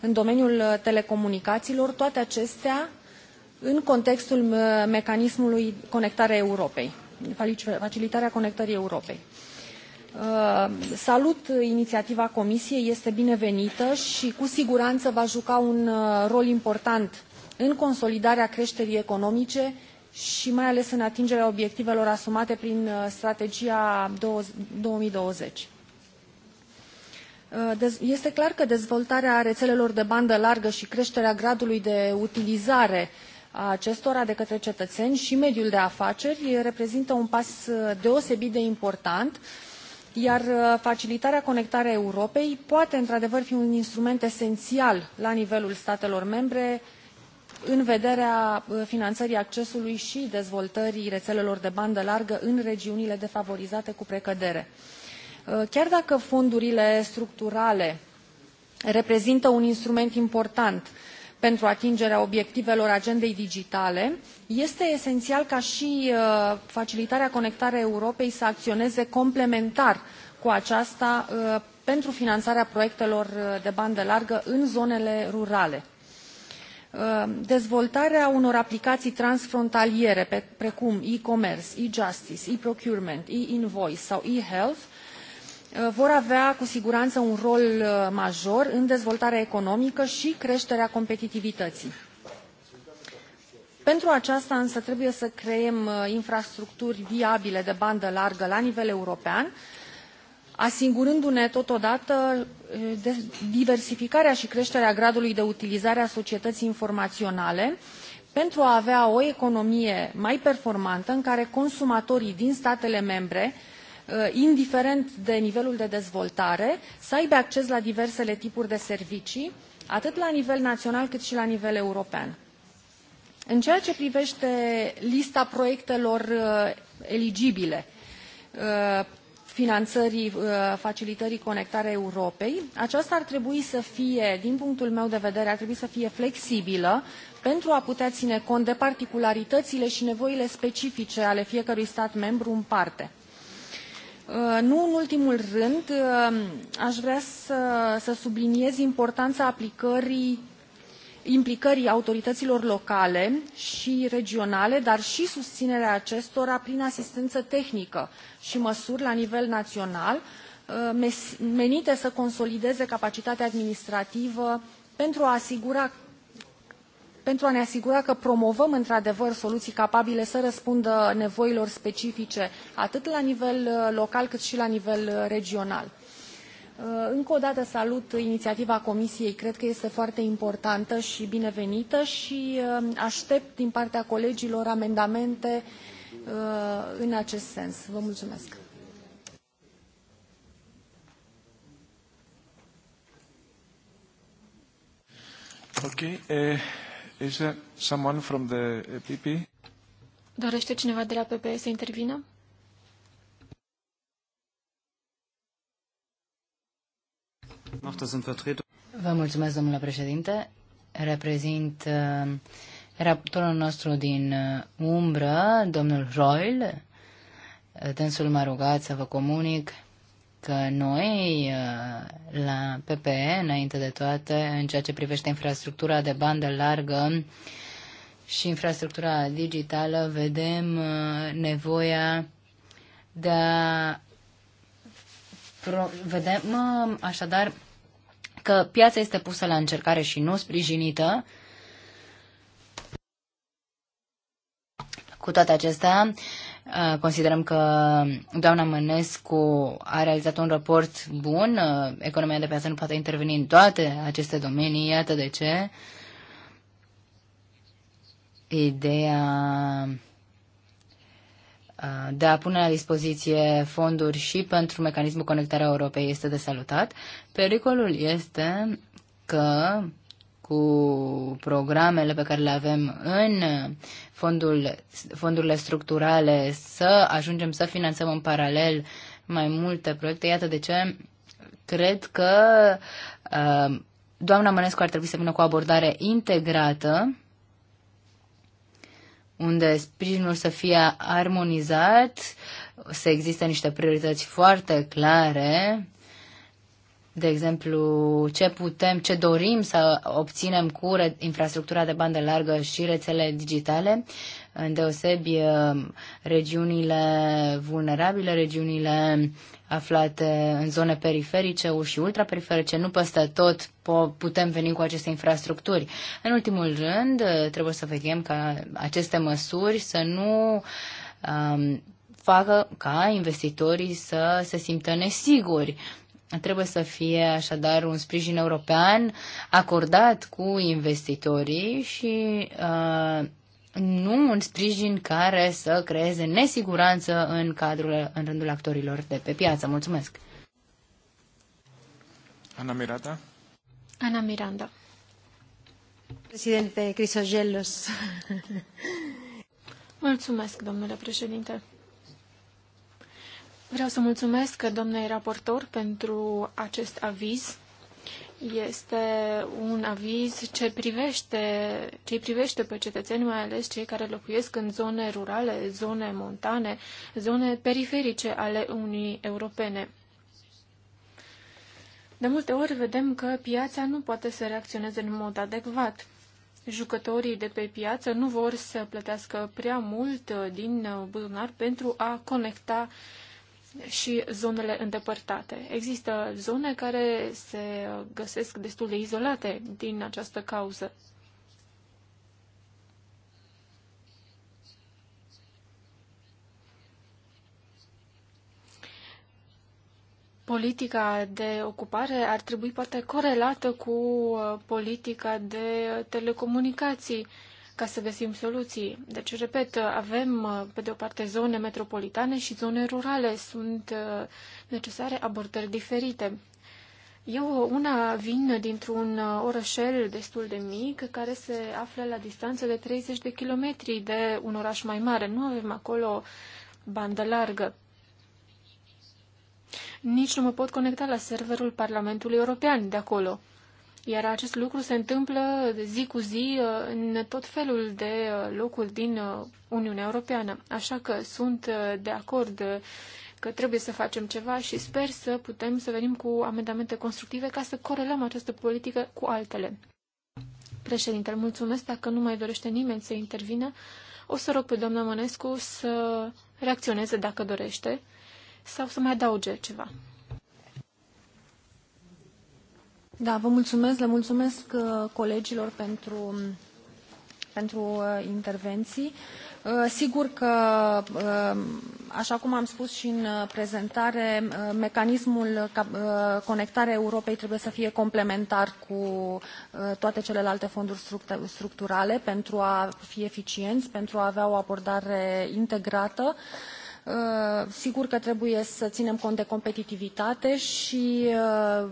în domeniul uh, telecomunicațiilor, toate acestea în contextul uh, mecanismului Conectarea Europei, facilitarea Conectării Europei. Uh, salut inițiativa Comisiei, este binevenită și cu siguranță va juca un rol important în consolidarea creșterii economice și mai ales în atingerea obiectivelor asumate prin uh, strategia 2020. Uh, este clar că dezvoltarea rețelelor de bandă largă și creșterea gradului de utilizare a acestora de către cetățeni și mediul de afaceri reprezintă un pas uh, deosebit de important, iar facilitarea conectarea Europei poate într-adevăr fi un instrument esențial la nivelul statelor membre în vederea uh, finanțării accesului și dezvoltării rețelelor de bandă largă în regiunile defavorizate cu precădere. Uh, chiar dacă fondurile structurale reprezintă un instrument important pentru atingerea obiectivelor agendei digitale, este esențial ca și uh, facilitarea conectarea Europei să acționeze complementar cu aceasta pentru finanțarea proiectelor de bandă largă în zonele rurale. Uh, dezvoltarea unor aplicații transfrontaliere, precum e-commerce, e-justice, e-procurement, e-invoice sau e-health, uh, vor avea cu siguranță un rol uh, major în dezvoltarea economică și creșterea competitivității. Pentru aceasta însă trebuie să creăm infrastructuri viabile de bandă largă la nivel european, asigurându-ne totodată diversificarea și creșterea gradului de utilizare a societății informaționale pentru a avea o economie mai performantă în care consumatorii din statele membre uh, indiferent de nivelul de dezvoltare, să aibă acces la diversele tipuri de servicii, atât la nivel național cât și la nivel european. În ceea ce privește lista proiectelor uh, eligibile, uh, finanțării uh, facilitării conectarea Europei. Aceasta ar trebui să fie, din punctul meu de vedere, ar trebui să fie flexibilă pentru a putea ține cont de particularitățile și nevoile specifice ale fiecărui stat membru în parte. Uh, nu în ultimul rând, uh, aș vrea să, să subliniez importanța aplicării implicării autorităților locale și regionale, dar și susținerea acestora prin asistență tehnică și măsuri la nivel național, uh, menite să consolideze capacitatea administrativă pentru a, asigura, pentru a ne asigura că promovăm într-adevăr soluții capabile să răspundă nevoilor specifice, atât la nivel uh, local cât și la nivel uh, regional. Uh, încă o dată salut inițiativa Comisiei, cred că este foarte importantă și binevenită și uh, aștept din partea colegilor amendamente uh, în acest sens. Vă mulțumesc! Okay. Uh, is there someone from the PP? Eh, Dorește cineva de la PP să intervină? Vă mulțumesc, domnule președinte. Reprezint uh, raportorul nostru din uh, umbră, domnul Roil. Tensul m-a rugat să vă comunic că noi uh, la PPE, înainte de toate, în ceea ce privește infrastructura de bandă largă și infrastructura digitală, vedem uh, nevoia de a vedem așadar că piața este pusă la încercare și nu sprijinită. Cu toate acestea, uh, considerăm că doamna Mănescu a realizat un raport bun. Uh, economia de piață nu poate interveni în toate aceste domenii, iată de ce. Ideea Uh, de a pune la dispoziție fonduri și pentru mecanismul conectarea Europei este de salutat. Pericolul este că cu programele pe care le avem în fondul, fondurile structurale să ajungem să finanțăm în paralel mai multe proiecte. Iată de ce cred că uh, doamna Mănescu ar trebui să vină cu o abordare integrată unde sprijinul să fie armonizat, să existe niște priorități foarte clare, de exemplu, ce putem, ce dorim să obținem cu infrastructura de bandă largă și rețele digitale îndeosebi uh, regiunile vulnerabile, regiunile aflate în zone periferice și ultraperiferice, nu peste tot putem veni cu aceste infrastructuri. În ultimul rând, uh, trebuie să vedem ca aceste măsuri să nu um, facă ca investitorii să se simtă nesiguri. Trebuie să fie așadar un sprijin european acordat cu investitorii și uh, nu un sprijin care să creeze nesiguranță în cadrul în rândul actorilor de pe piață. Mulțumesc. Ana Miranda. Ana Miranda. Președinte Crisogelos. Mulțumesc, domnule președinte. Vreau să mulțumesc domnule raportor pentru acest aviz este un aviz ce privește, ce privește pe cetățeni, mai ales cei care locuiesc în zone rurale, zone montane, zone periferice ale Unii Europene. De multe ori vedem că piața nu poate să reacționeze în mod adecvat. Jucătorii de pe piață nu vor să plătească prea mult uh, din uh, buzunar pentru a conecta uh, și zonele îndepărtate. Există zone care se găsesc destul de izolate din această cauză. Politica de ocupare ar trebui poate corelată cu politica de telecomunicații ca să găsim soluții. Deci, repet, avem, pe de o parte, zone metropolitane și zone rurale. Sunt uh, necesare abordări diferite. Eu una vin dintr-un uh, orășel destul de mic care se află la distanță de 30 de kilometri de un oraș mai mare. Nu avem acolo bandă largă. Nici nu mă pot conecta la serverul Parlamentului European de acolo. Iar acest lucru se întâmplă zi cu zi uh, în tot felul de uh, locuri din uh, Uniunea Europeană. Așa că sunt de acord că trebuie să facem ceva și sper să putem să venim cu amendamente constructive ca să corelăm această politică cu altele. Președintele, mulțumesc. Dacă nu mai dorește nimeni să intervină, o să rog pe doamna Mănescu să reacționeze dacă dorește sau să mai adauge ceva. Da, vă mulțumesc. Le mulțumesc uh, colegilor pentru, um, pentru uh, intervenții. Uh, sigur că, um, așa cum am spus și în prezentare, mecanismul Conectarea Europei trebuie să fie complementar cu toate celelalte fonduri structurale pentru a fi eficienți, pentru a avea o abordare integrată. Uh, sigur că trebuie să ținem cont de competitivitate și, uh,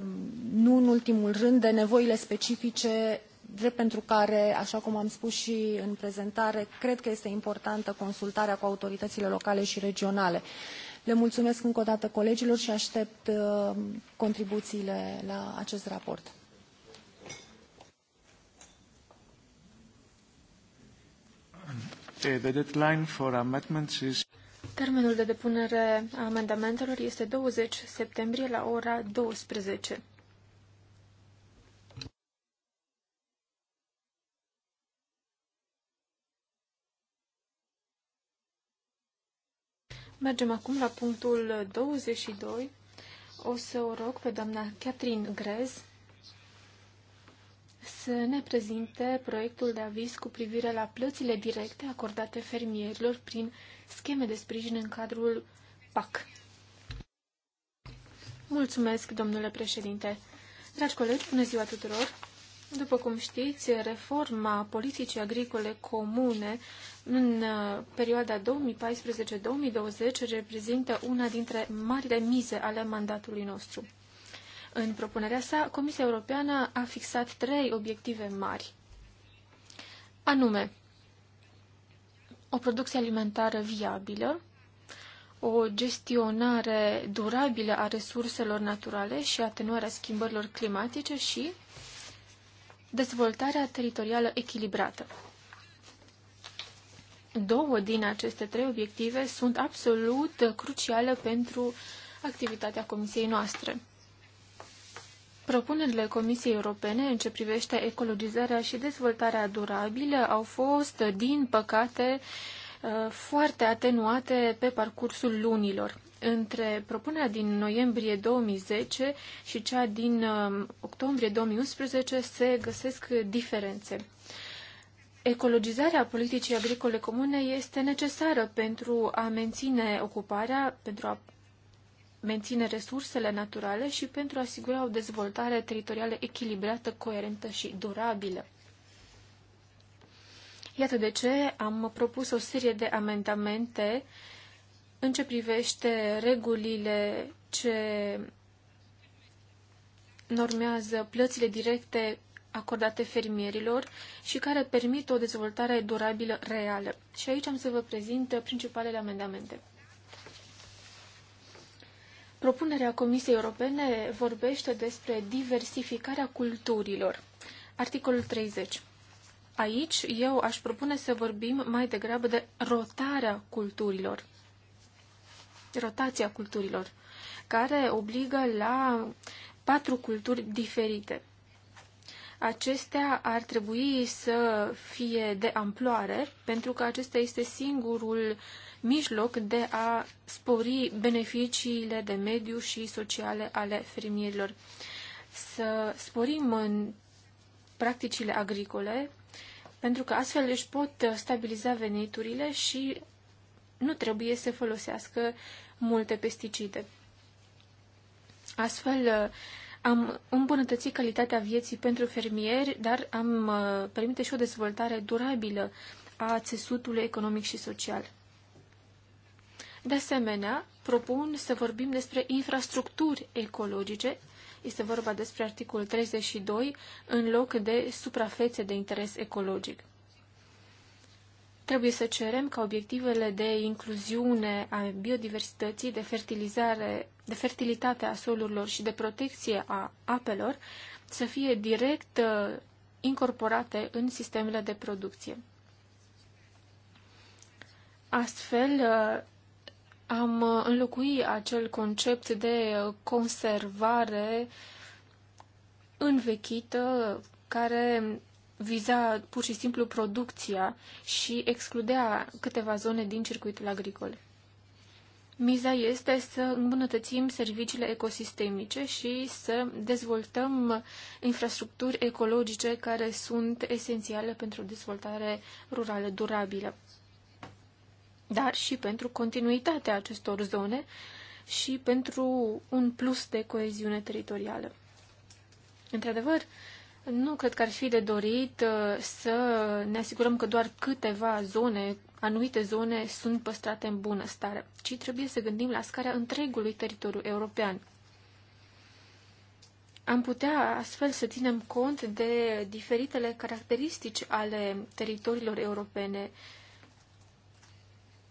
nu în ultimul rând, de nevoile specifice drept pentru care, așa cum am spus și în prezentare, cred că este importantă consultarea cu autoritățile locale și regionale. Le mulțumesc încă o dată colegilor și aștept uh, contribuțiile la acest raport. the deadline for amendments is Termenul de depunere a amendamentelor este 20 septembrie la ora 12. Mergem acum la punctul 22. O să o rog pe doamna Catherine Grez să ne prezinte proiectul de aviz cu privire la plățile directe acordate fermierilor prin scheme de sprijin în cadrul PAC. Mulțumesc, domnule președinte. Dragi colegi, bună ziua tuturor! După cum știți, reforma politicii agricole comune în uh, perioada 2014-2020 reprezintă una dintre marile mize ale mandatului nostru. În propunerea sa, Comisia Europeană a fixat trei obiective mari, anume o producție alimentară viabilă, o gestionare durabilă a resurselor naturale și atenuarea schimbărilor climatice și dezvoltarea teritorială echilibrată. Două din aceste trei obiective sunt absolut cruciale pentru activitatea comisiei noastre. Propunerile Comisiei Europene în ce privește ecologizarea și dezvoltarea durabilă au fost, din păcate, uh, foarte atenuate pe parcursul lunilor. Între propunerea din noiembrie 2010 și cea din uh, octombrie 2011 se găsesc diferențe. Ecologizarea politicii agricole comune este necesară pentru a menține ocuparea, pentru a menține resursele naturale și pentru a asigura o dezvoltare teritorială echilibrată, coerentă și durabilă. Iată de ce am propus o serie de amendamente în ce privește regulile ce normează plățile directe acordate fermierilor și care permit o dezvoltare durabilă reală. Și aici am să vă prezint principalele amendamente. Propunerea Comisiei Europene vorbește despre diversificarea culturilor. Articolul 30. Aici eu aș propune să vorbim mai degrabă de rotarea culturilor. Rotația culturilor, care obligă la patru culturi diferite. Acestea ar trebui să fie de amploare, pentru că acesta este singurul uh, mijloc de a spori beneficiile de mediu și sociale ale fermierilor. Să sporim în practicile agricole, pentru că astfel își pot stabiliza veniturile și nu trebuie să folosească multe pesticide. Astfel, am îmbunătățit calitatea vieții pentru fermieri, dar am uh, permite și o dezvoltare durabilă a țesutului economic și social. De asemenea, propun să vorbim despre infrastructuri ecologice. Este vorba despre articolul 32 în loc de suprafețe de interes ecologic. Trebuie să cerem ca obiectivele de incluziune a biodiversității, de fertilizare, de fertilitate a solurilor și de protecție a apelor să fie direct uh, incorporate în sistemele de producție. Astfel, uh, am uh, înlocui acel concept de conservare învechită care viza pur și simplu producția și excludea câteva zone din circuitul agricol. Miza este să îmbunătățim serviciile ecosistemice și să dezvoltăm infrastructuri ecologice care sunt esențiale pentru dezvoltare rurală durabilă dar și pentru continuitatea acestor zone și pentru un plus de coeziune teritorială. Într-adevăr, nu cred că ar fi de dorit uh, să ne asigurăm că doar câteva zone, anumite zone, sunt păstrate în bună stare, ci trebuie să gândim la scara întregului teritoriu european. Am putea astfel să ținem cont de diferitele caracteristici ale teritoriilor europene,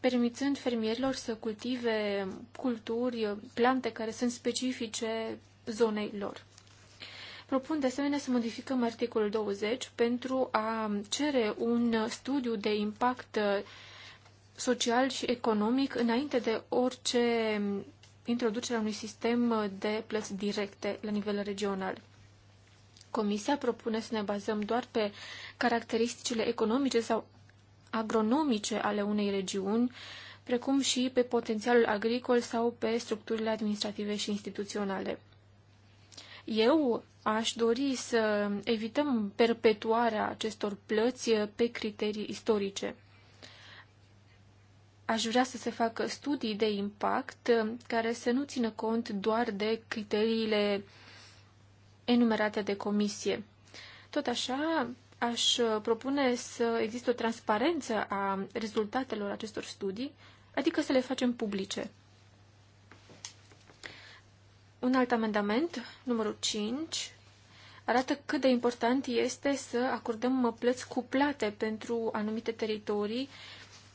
permițând fermierilor să cultive culturi, plante care sunt specifice zonei lor. Propun de asemenea să modificăm articolul 20 pentru a cere un studiu de impact social și economic înainte de orice introducerea unui sistem de plăți directe la nivel regional. Comisia propune să ne bazăm doar pe caracteristicile economice sau agronomice ale unei regiuni, precum și pe potențialul agricol sau pe structurile administrative și instituționale. Eu aș dori să evităm perpetuarea acestor plăți pe criterii istorice. Aș vrea să se facă studii de impact care să nu țină cont doar de criteriile enumerate de comisie. Tot așa, aș uh, propune să existe o transparență a rezultatelor acestor studii, adică să le facem publice. Un alt amendament, numărul 5, arată cât de important este să acordăm uh, plăți cuplate pentru anumite teritorii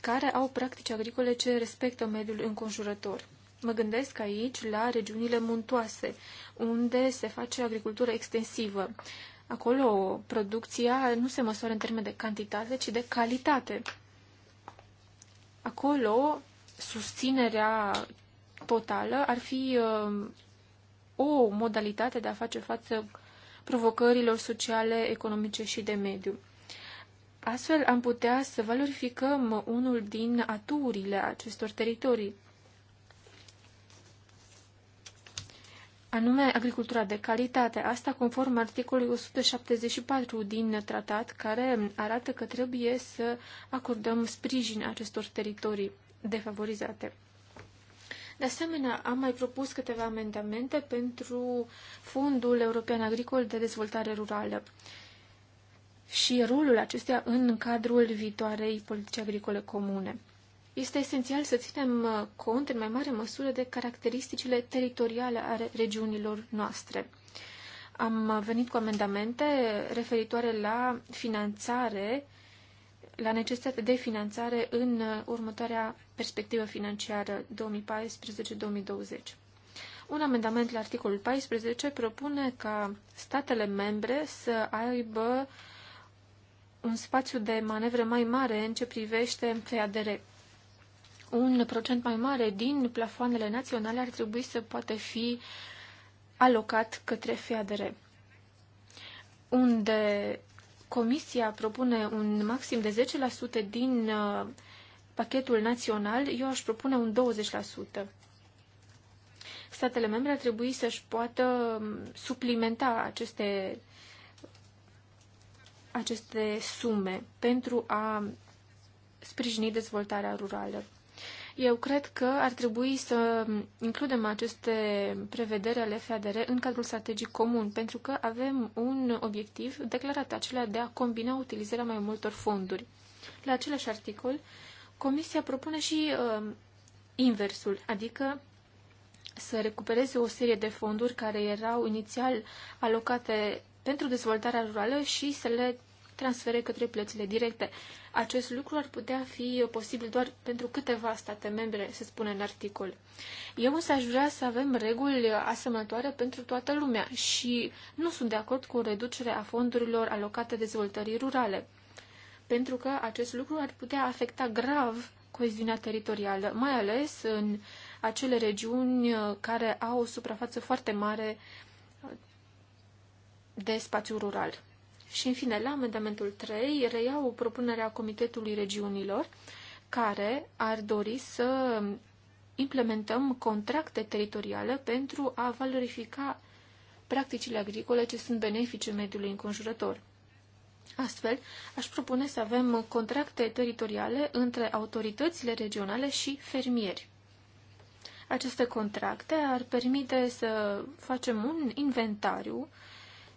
care au practici agricole ce respectă mediul înconjurător. Mă gândesc aici la regiunile muntoase, unde se face agricultură extensivă. Acolo producția nu se măsoară în termen de cantitate, ci de calitate. Acolo susținerea totală ar fi uh, o modalitate de a face față provocărilor sociale, economice și de mediu. Astfel am putea să valorificăm unul din aturile acestor teritorii. anume agricultura de calitate. Asta conform articolului 174 din tratat, care arată că trebuie să acordăm sprijin acestor teritorii defavorizate. De asemenea, am mai propus câteva amendamente pentru Fondul European Agricol de Dezvoltare Rurală și rolul acestea în cadrul viitoarei politici agricole comune este esențial să ținem uh, cont în mai mare măsură de caracteristicile teritoriale ale regiunilor noastre. Am uh, venit cu amendamente referitoare la finanțare, la necesitatea de finanțare în uh, următoarea perspectivă financiară 2014-2020. Un amendament la articolul 14 propune ca statele membre să aibă un spațiu de manevră mai mare în ce privește FADR un procent mai mare din plafoanele naționale ar trebui să poate fi alocat către FADR, unde Comisia propune un maxim de 10% din uh, pachetul național, eu aș propune un 20%. Statele membre ar trebui să-și poată um, suplimenta aceste, aceste sume pentru a sprijini dezvoltarea rurală. Eu cred că ar trebui să includem aceste prevederi ale FADR în cadrul strategic comun, pentru că avem un obiectiv declarat acela de a combina utilizarea mai multor fonduri. La același articol, Comisia propune și uh, inversul, adică să recupereze o serie de fonduri care erau inițial alocate pentru dezvoltarea rurală și să le transfere către plățile directe. Acest lucru ar putea fi posibil doar pentru câteva state membre, se spune în articol. Eu însă aș vrea să avem reguli asemănătoare pentru toată lumea și nu sunt de acord cu reducerea fondurilor alocate dezvoltării rurale, pentru că acest lucru ar putea afecta grav coeziunea teritorială, mai ales în acele regiuni care au o suprafață foarte mare de spațiu rural. Și, în fine, la amendamentul 3 reiau propunerea Comitetului Regiunilor, care ar dori să implementăm contracte teritoriale pentru a valorifica practicile agricole ce sunt benefice mediului înconjurător. Astfel, aș propune să avem contracte teritoriale între autoritățile regionale și fermieri. Aceste contracte ar permite să facem un inventariu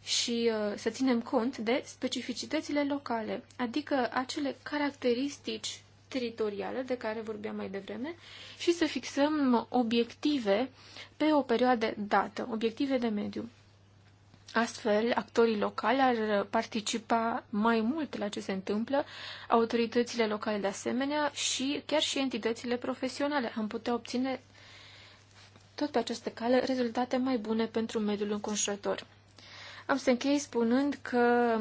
și uh, să ținem cont de specificitățile locale, adică acele caracteristici teritoriale de care vorbeam mai devreme și să fixăm obiective pe o perioadă dată, obiective de mediu. Astfel, actorii locali ar participa mai mult la ce se întâmplă, autoritățile locale de asemenea și chiar și entitățile profesionale. Am putea obține tot pe această cale rezultate mai bune pentru mediul înconjurător. Am să închei spunând că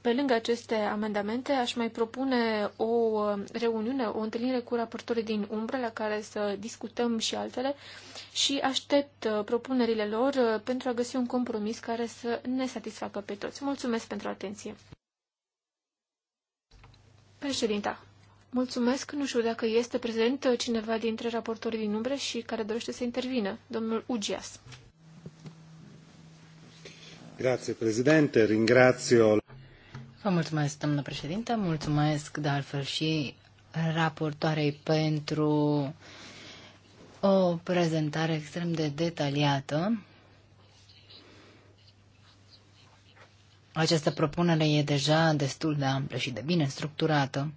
pe lângă aceste amendamente, aș mai propune o um, reuniune, o întâlnire cu raportorii din umbră, la care să discutăm și altele și aștept uh, propunerile lor uh, pentru a găsi un compromis care să ne satisfacă pe toți. Mulțumesc pentru atenție. Președinta, mulțumesc. Nu știu dacă este prezent uh, cineva dintre raportorii din umbră și care dorește să intervină. Domnul Ugias. Vă mulțumesc, doamnă președinte. Mulțumesc, de altfel, și raportoarei pentru o prezentare extrem de detaliată. Această propunere e deja destul de amplă și de bine structurată.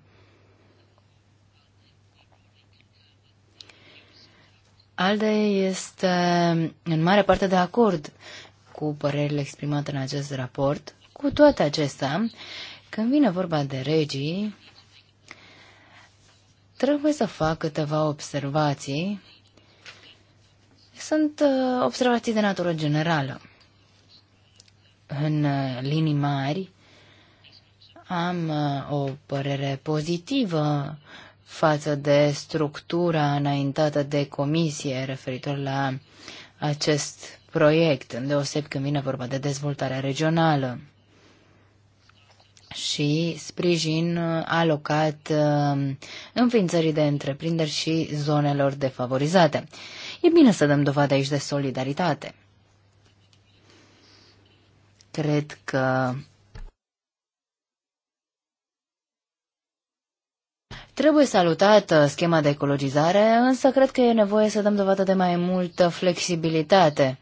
ALDE este în mare parte de acord cu părerile exprimate în acest raport. Cu toate acestea, când vine vorba de regii, trebuie să fac câteva observații. Sunt uh, observații de natură generală. În uh, linii mari, am uh, o părere pozitivă față de structura înaintată de comisie referitor la acest proiect, îndeoseb când vine vorba de dezvoltarea regională și sprijin alocat uh, înființării de întreprinderi și zonelor defavorizate. E bine să dăm dovadă aici de solidaritate. Cred că Trebuie salutată schema de ecologizare, însă cred că e nevoie să dăm dovadă de mai multă flexibilitate.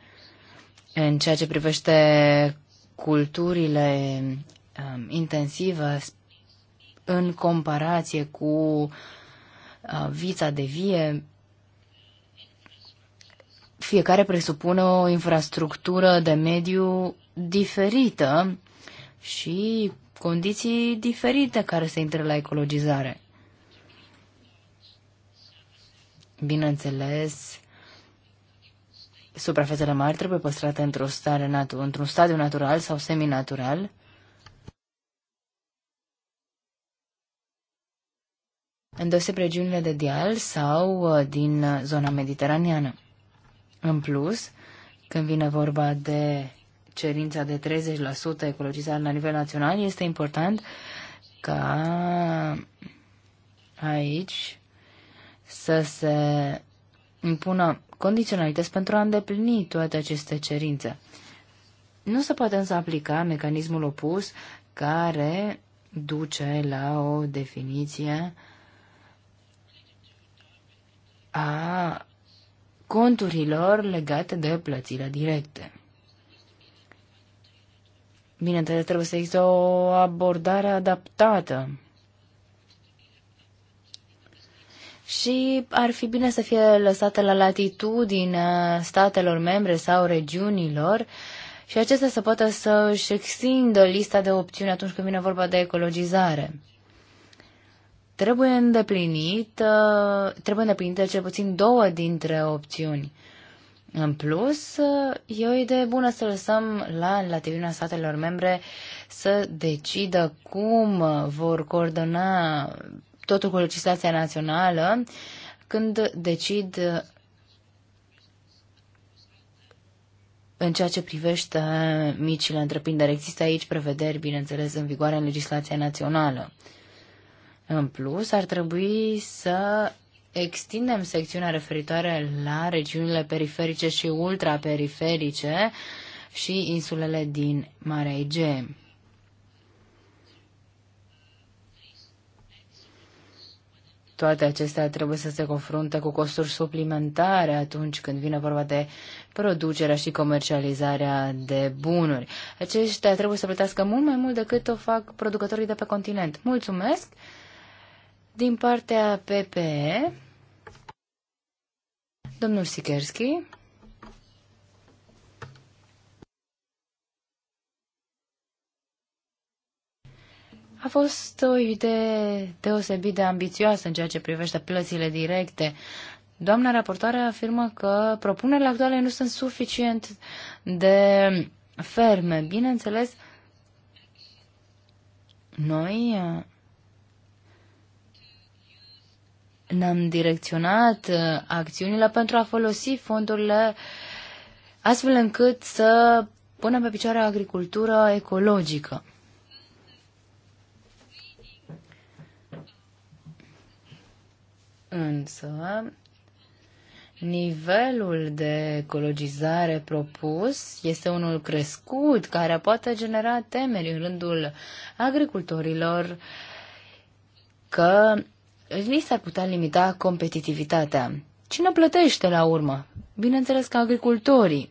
În ceea ce privește culturile um, intensive în comparație cu uh, vița de vie, fiecare presupune o infrastructură de mediu diferită și condiții diferite care se intre la ecologizare. Bineînțeles, suprafețele mari trebuie păstrate într-o stare natu- într-un stadiu natural sau seminatural. îndeoseb regiunile de deal sau uh, din zona mediteraneană. În plus, când vine vorba de cerința de 30% ecologizare la nivel național, este important ca aici să se impună condiționalități pentru a îndeplini toate aceste cerințe. Nu se poate însă aplica mecanismul opus care duce la o definiție a conturilor legate de plățile directe. Bineînțeles, trebuie să există o abordare adaptată și ar fi bine să fie lăsate la latitudinea statelor membre sau regiunilor și acestea să poată să își extindă lista de opțiuni atunci când vine vorba de ecologizare. Trebuie îndeplinit, uh, trebuie îndeplinite cel puțin două dintre opțiuni. În plus, uh, e o idee bună să lăsăm la latitudinea statelor membre să decidă cum uh, vor coordona totul cu legislația națională când decid în ceea ce privește micile întreprinderi. Există aici prevederi, bineînțeles, în vigoare în legislația națională. În plus, ar trebui să extindem secțiunea referitoare la regiunile periferice și ultraperiferice și insulele din Marea Egee. Toate acestea trebuie să se confrunte cu costuri suplimentare atunci când vine vorba de producerea și comercializarea de bunuri. Aceștia trebuie să plătească mult mai mult decât o fac producătorii de pe continent. Mulțumesc! Din partea PPE, domnul Sikerski. a fost o idee deosebit de ambițioasă în ceea ce privește plățile directe. Doamna raportoare afirmă că propunerile actuale nu sunt suficient de ferme. Bineînțeles, noi uh, ne-am direcționat uh, acțiunile pentru a folosi fondurile astfel încât să punem pe picioare agricultură ecologică. Însă, nivelul de ecologizare propus este unul crescut care poate genera temeri în rândul agricultorilor că li s-ar putea limita competitivitatea. Cine plătește la urmă? Bineînțeles că agricultorii.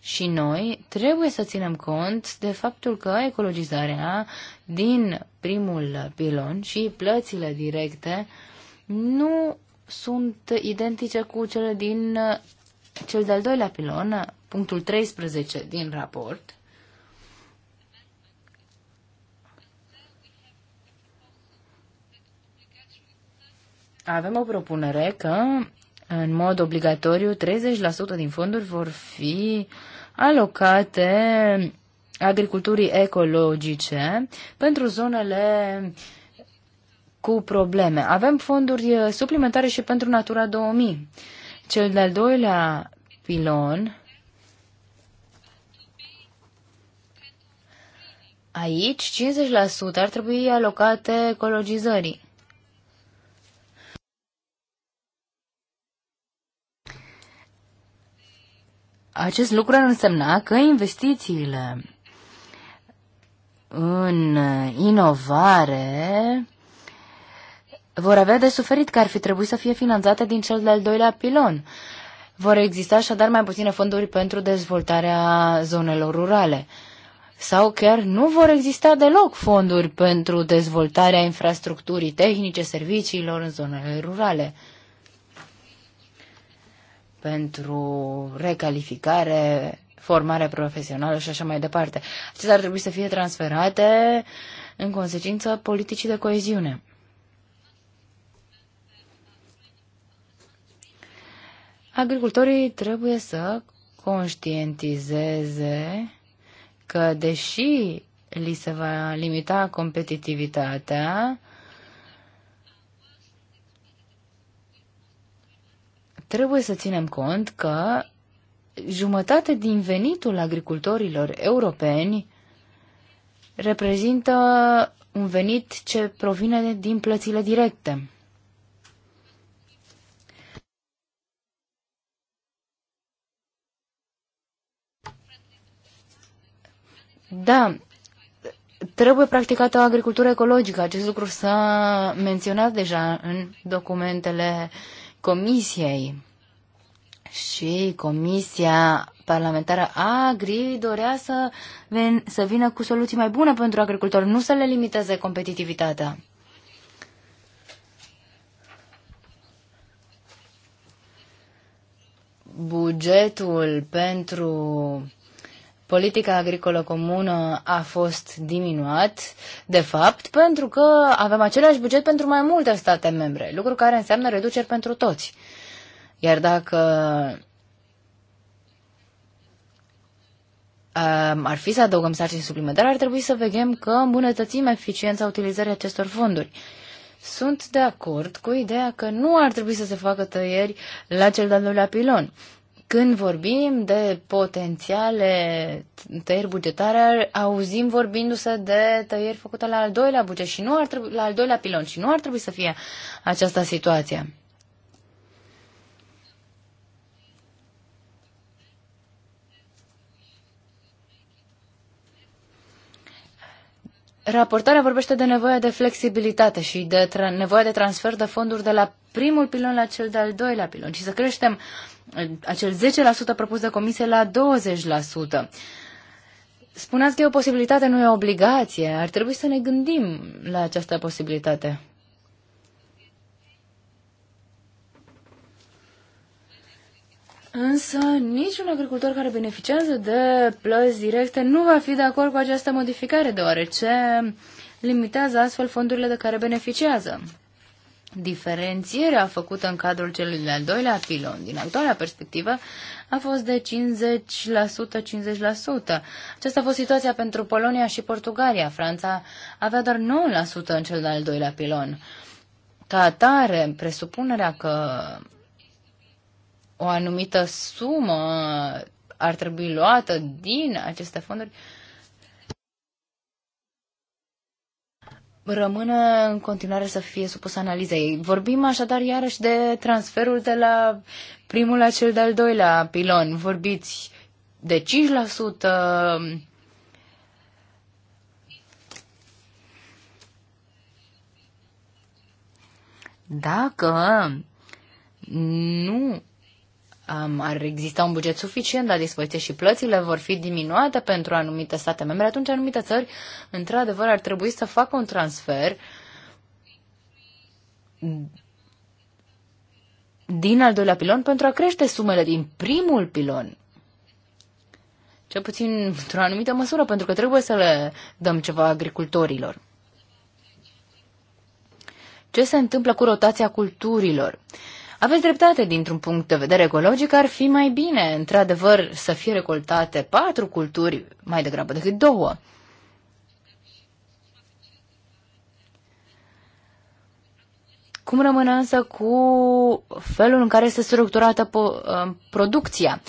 Și noi trebuie să ținem cont de faptul că ecologizarea din primul pilon și plățile directe uh, nu sunt identice cu cele din cel de-al doilea pilon, punctul 13 din raport. Avem o propunere că, în mod obligatoriu, 30% din fonduri vor fi alocate agriculturii ecologice pentru zonele uh, cu probleme. Avem fonduri uh, suplimentare și pentru Natura 2000. Cel de-al doilea pilon Aici, 50% ar trebui alocate ecologizării. Acest lucru ar însemna că investițiile în inovare vor avea de suferit că ar fi trebuit să fie finanțate din cel de-al doilea pilon. Vor exista așadar mai puține fonduri pentru dezvoltarea zonelor rurale. Sau chiar nu vor exista deloc fonduri pentru dezvoltarea infrastructurii tehnice, serviciilor în zonele rurale. Pentru recalificare, formare profesională și așa mai departe. Acestea ar trebui să fie transferate în consecință politicii de coeziune. agricultorii trebuie să conștientizeze că deși li se va limita competitivitatea, trebuie să ținem cont că jumătate din venitul agricultorilor europeni reprezintă un venit ce provine din plățile directe. Da, trebuie practicată o agricultură ecologică. Acest lucru s-a menționat deja în documentele comisiei. Și Comisia Parlamentară Agri dorea să, ven, să vină cu soluții mai bune pentru agricultori, nu să le limiteze competitivitatea. Bugetul pentru politica agricolă comună a fost diminuat, de fapt, pentru că avem același buget pentru mai multe state membre, lucru care înseamnă reduceri pentru toți. Iar dacă um, ar fi să adăugăm sarcini suplimentare, ar trebui să vegem că îmbunătățim eficiența utilizării acestor fonduri. Sunt de acord cu ideea că nu ar trebui să se facă tăieri la cel de-al doilea pilon. Când vorbim de potențiale tăieri bugetare, auzim vorbindu-se de tăieri făcute la al doilea buget și nu ar trebui, la al doilea pilon și nu ar trebui să fie această situație. Raportarea vorbește de nevoia de flexibilitate și de tra- nevoia de transfer de fonduri de la primul pilon la cel de-al doilea pilon și să creștem uh, acel 10% propus de comisie la 20%. Spuneați că e o posibilitate, nu e o obligație. Ar trebui să ne gândim la această posibilitate. Însă niciun agricultor care beneficiază de plăți directe nu va fi de acord cu această modificare, deoarece limitează astfel fondurile de care beneficiază. Diferențierea făcută în cadrul celui de-al doilea pilon din actuala perspectivă a fost de 50%-50%. Aceasta a fost situația pentru Polonia și Portugalia. Franța avea doar 9% în cel de-al doilea pilon. Ca atare, presupunerea că o anumită sumă ar trebui luată din aceste fonduri rămână în continuare să fie supus analizei. Vorbim așadar iarăși de transferul de la primul la cel de-al doilea pilon. Vorbiți de 5%. Dacă nu um, ar exista un buget suficient la dispoziție și plățile vor fi diminuate pentru anumite state membre, atunci anumite țări, într-adevăr, ar trebui să facă un transfer din al doilea pilon pentru a crește sumele din primul pilon. Cel puțin într-o anumită măsură, pentru că trebuie să le dăm ceva agricultorilor. Ce se întâmplă cu rotația culturilor? Uh, aveți dreptate dintr-un punct de vedere ecologic, ar fi mai bine, într-adevăr, să fie recoltate patru culturi mai degrabă decât două. Cum rămâne însă cu felul în care este structurată uh, producția?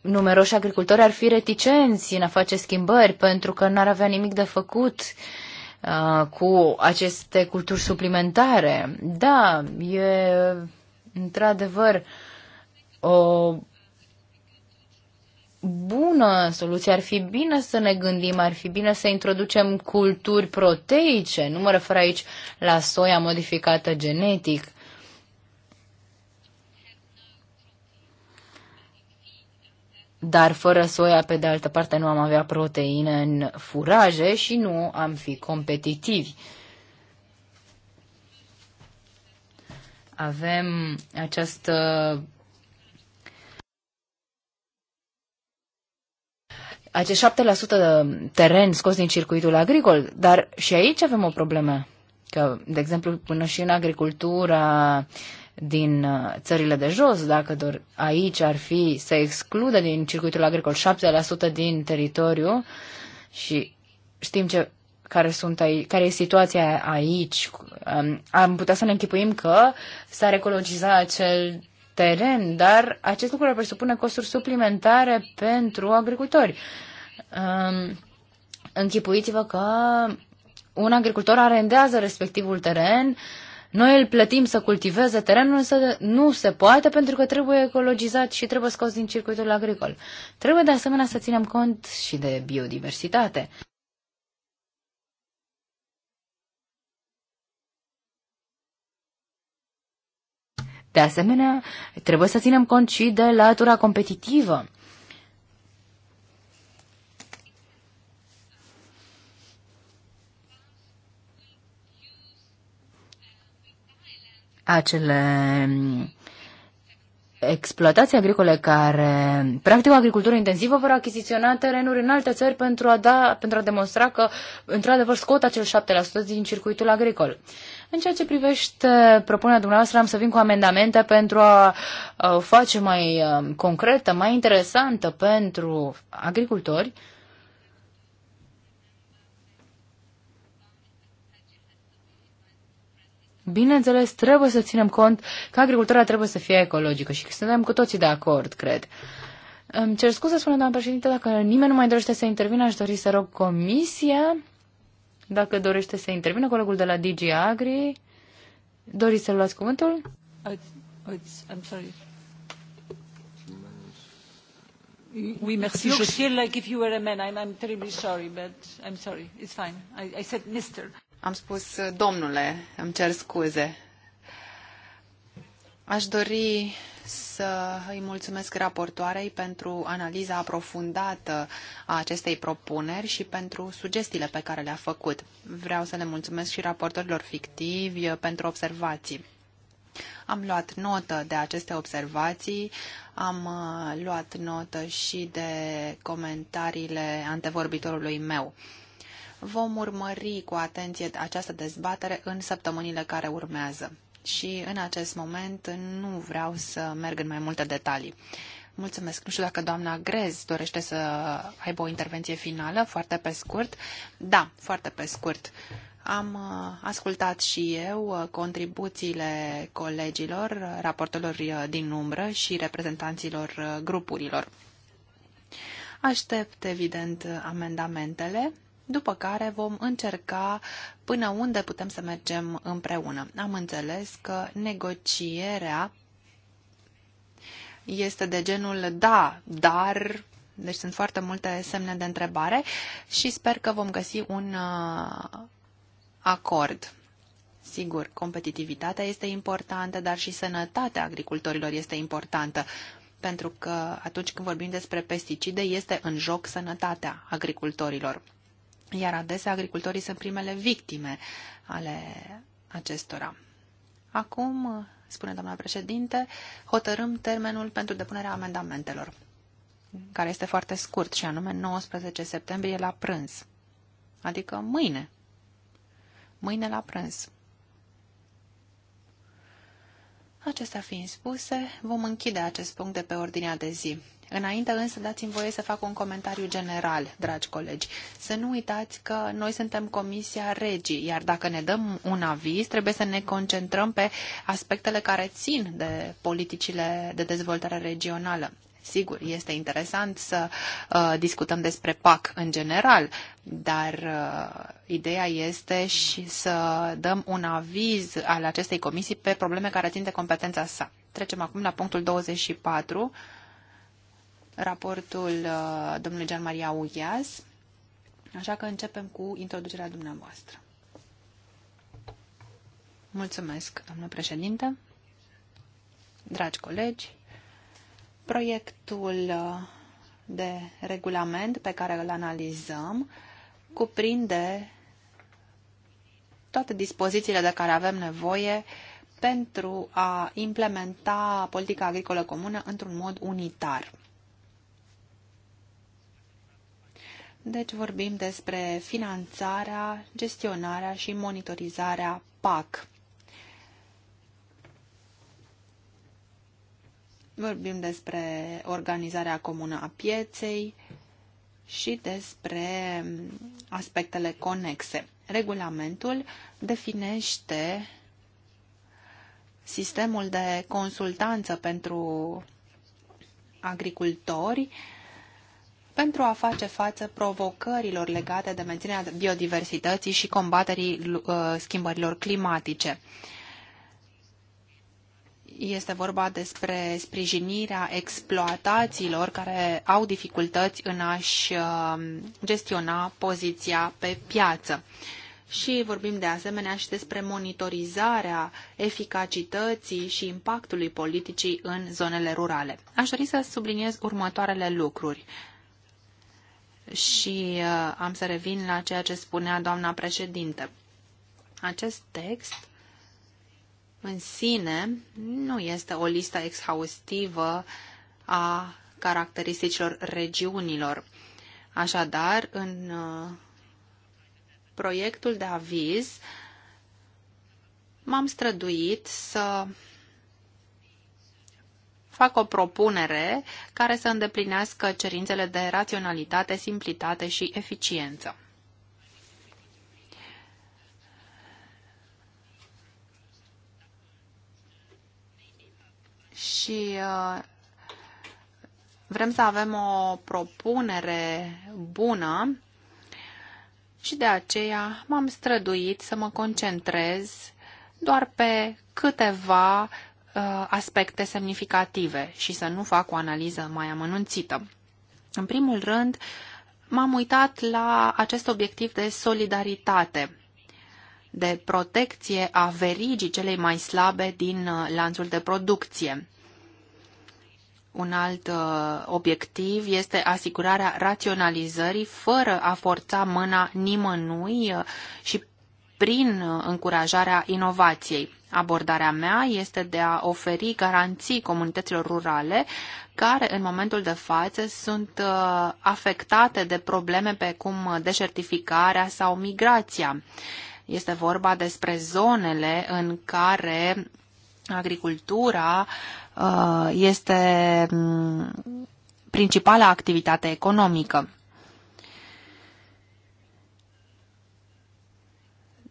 Numeroși agricultori ar fi reticenți în a face schimbări pentru că n-ar avea nimic de făcut uh, cu aceste culturi suplimentare. Da, e Într-adevăr, o bună soluție ar fi bine să ne gândim, ar fi bine să introducem culturi proteice. Nu mă refer aici la soia modificată genetic. Dar fără soia, pe de altă parte, nu am avea proteine în furaje și nu am fi competitivi. avem această acești 7% de teren scos din circuitul agricol, dar și aici avem o problemă. Că, de exemplu, până și în agricultura din uh, țările de jos, dacă doar aici ar fi să excludă din circuitul agricol 7% din teritoriu și știm ce care, sunt aici, care e situația aici. Am putea să ne închipuim că s-ar ecologiza acel teren, dar acest lucru presupune costuri suplimentare pentru agricultori. Închipuiți-vă că un agricultor arendează respectivul teren, noi îl plătim să cultiveze terenul, însă nu se poate pentru că trebuie ecologizat și trebuie scos din circuitul agricol. Trebuie de asemenea să ținem cont și de biodiversitate. De asemenea, trebuie să ținem cont și de latura competitivă. Acele mm, exploatații agricole care practică o agricultură intensivă vor achiziționa terenuri în alte țări pentru a, da, pentru a demonstra că, într-adevăr, scot acel 7% din circuitul agricol. În ceea ce privește propunerea dumneavoastră, am să vin cu amendamente pentru a o face mai concretă, mai interesantă pentru agricultori. Bineînțeles, trebuie să ținem cont că agricultura trebuie să fie ecologică și că suntem cu toții de acord, cred. Îmi cer scuze, spune doamna președinte, dacă nimeni nu mai dorește să intervină, aș dori să rog comisia dacă dorește să intervină colegul de la DG Agri, dori să luați cuvântul? I'm sorry. Oui, merci. Josiel, like if you were a man. I'm, I'm terribly sorry, but I'm sorry. It's fine. I, I said mister. Am spus domnule, îmi cer scuze. Aș dori să îi mulțumesc raportoarei pentru analiza aprofundată a acestei propuneri și pentru sugestiile pe care le-a făcut. Vreau să le mulțumesc și raportorilor fictivi pentru observații. Am luat notă de aceste observații, am uh, luat notă și de comentariile antevorbitorului meu. Vom urmări cu atenție această dezbatere în săptămânile care urmează și în acest moment nu vreau să merg în mai multe detalii. Mulțumesc. Nu știu dacă doamna Grez dorește să aibă o intervenție finală, foarte pe scurt. Da, foarte pe scurt. Am uh, ascultat și eu uh, contribuțiile colegilor, raportelor uh, din umbră și reprezentanților grupurilor. Aștept, evident, amendamentele după care vom încerca până unde putem să mergem împreună. Am înțeles că negocierea este de genul da, dar, deci sunt foarte multe semne de întrebare și sper că vom găsi un uh, acord. Sigur, competitivitatea este importantă, dar și sănătatea agricultorilor este importantă, pentru că atunci când vorbim despre pesticide, este în joc sănătatea agricultorilor iar adesea agricultorii sunt primele victime ale acestora. Acum, spune doamna președinte, hotărâm termenul pentru depunerea amendamentelor, care este foarte scurt, și anume 19 septembrie la prânz, adică mâine. Mâine la prânz. Acestea fiind spuse, vom închide acest punct de pe ordinea de zi. Înainte însă dați-mi voie să fac un comentariu general, dragi colegi. Să nu uitați că noi suntem Comisia Regii, iar dacă ne dăm un aviz, trebuie să ne concentrăm pe aspectele care țin de politicile de dezvoltare regională. Sigur, este interesant să uh, discutăm despre PAC în general, dar uh, ideea este și să dăm un aviz al acestei comisii pe probleme care țin de competența sa. Trecem acum la punctul 24 raportul uh, domnului Gian Maria Ughias, așa că începem cu introducerea dumneavoastră. Mulțumesc, doamnă președinte, dragi colegi, proiectul uh, de regulament pe care îl analizăm cuprinde toate dispozițiile de care avem nevoie pentru a implementa politica agricolă comună într-un mod unitar. Deci vorbim despre finanțarea, gestionarea și monitorizarea PAC. Vorbim despre organizarea comună a pieței și despre aspectele conexe. Regulamentul definește sistemul de consultanță pentru agricultori pentru a face față provocărilor legate de menținerea biodiversității și combaterii uh, schimbărilor climatice. Este vorba despre sprijinirea exploatațiilor care au dificultăți în a-și uh, gestiona poziția pe piață. Și vorbim de asemenea și despre monitorizarea eficacității și impactului politicii în zonele rurale. Aș dori să subliniez următoarele lucruri și uh, am să revin la ceea ce spunea doamna președinte. Acest text în sine nu este o listă exhaustivă a caracteristicilor regiunilor. Așadar, în uh, proiectul de aviz m-am străduit să fac o propunere care să îndeplinească cerințele de raționalitate, simplitate și eficiență. Și uh, vrem să avem o propunere bună și de aceea m-am străduit să mă concentrez doar pe câteva Uh, aspecte semnificative și să nu fac o analiză mai amănunțită. În primul rând, m-am uitat la acest obiectiv de solidaritate, de protecție a verigii celei mai slabe din uh, lanțul de producție. Un alt uh, obiectiv este asigurarea raționalizării fără a forța mâna nimănui și prin încurajarea inovației. Abordarea mea este de a oferi garanții comunităților rurale care în momentul de față sunt uh, afectate de probleme pe cum deșertificarea sau migrația. Este vorba despre zonele în care agricultura uh, este mm, principala activitate economică.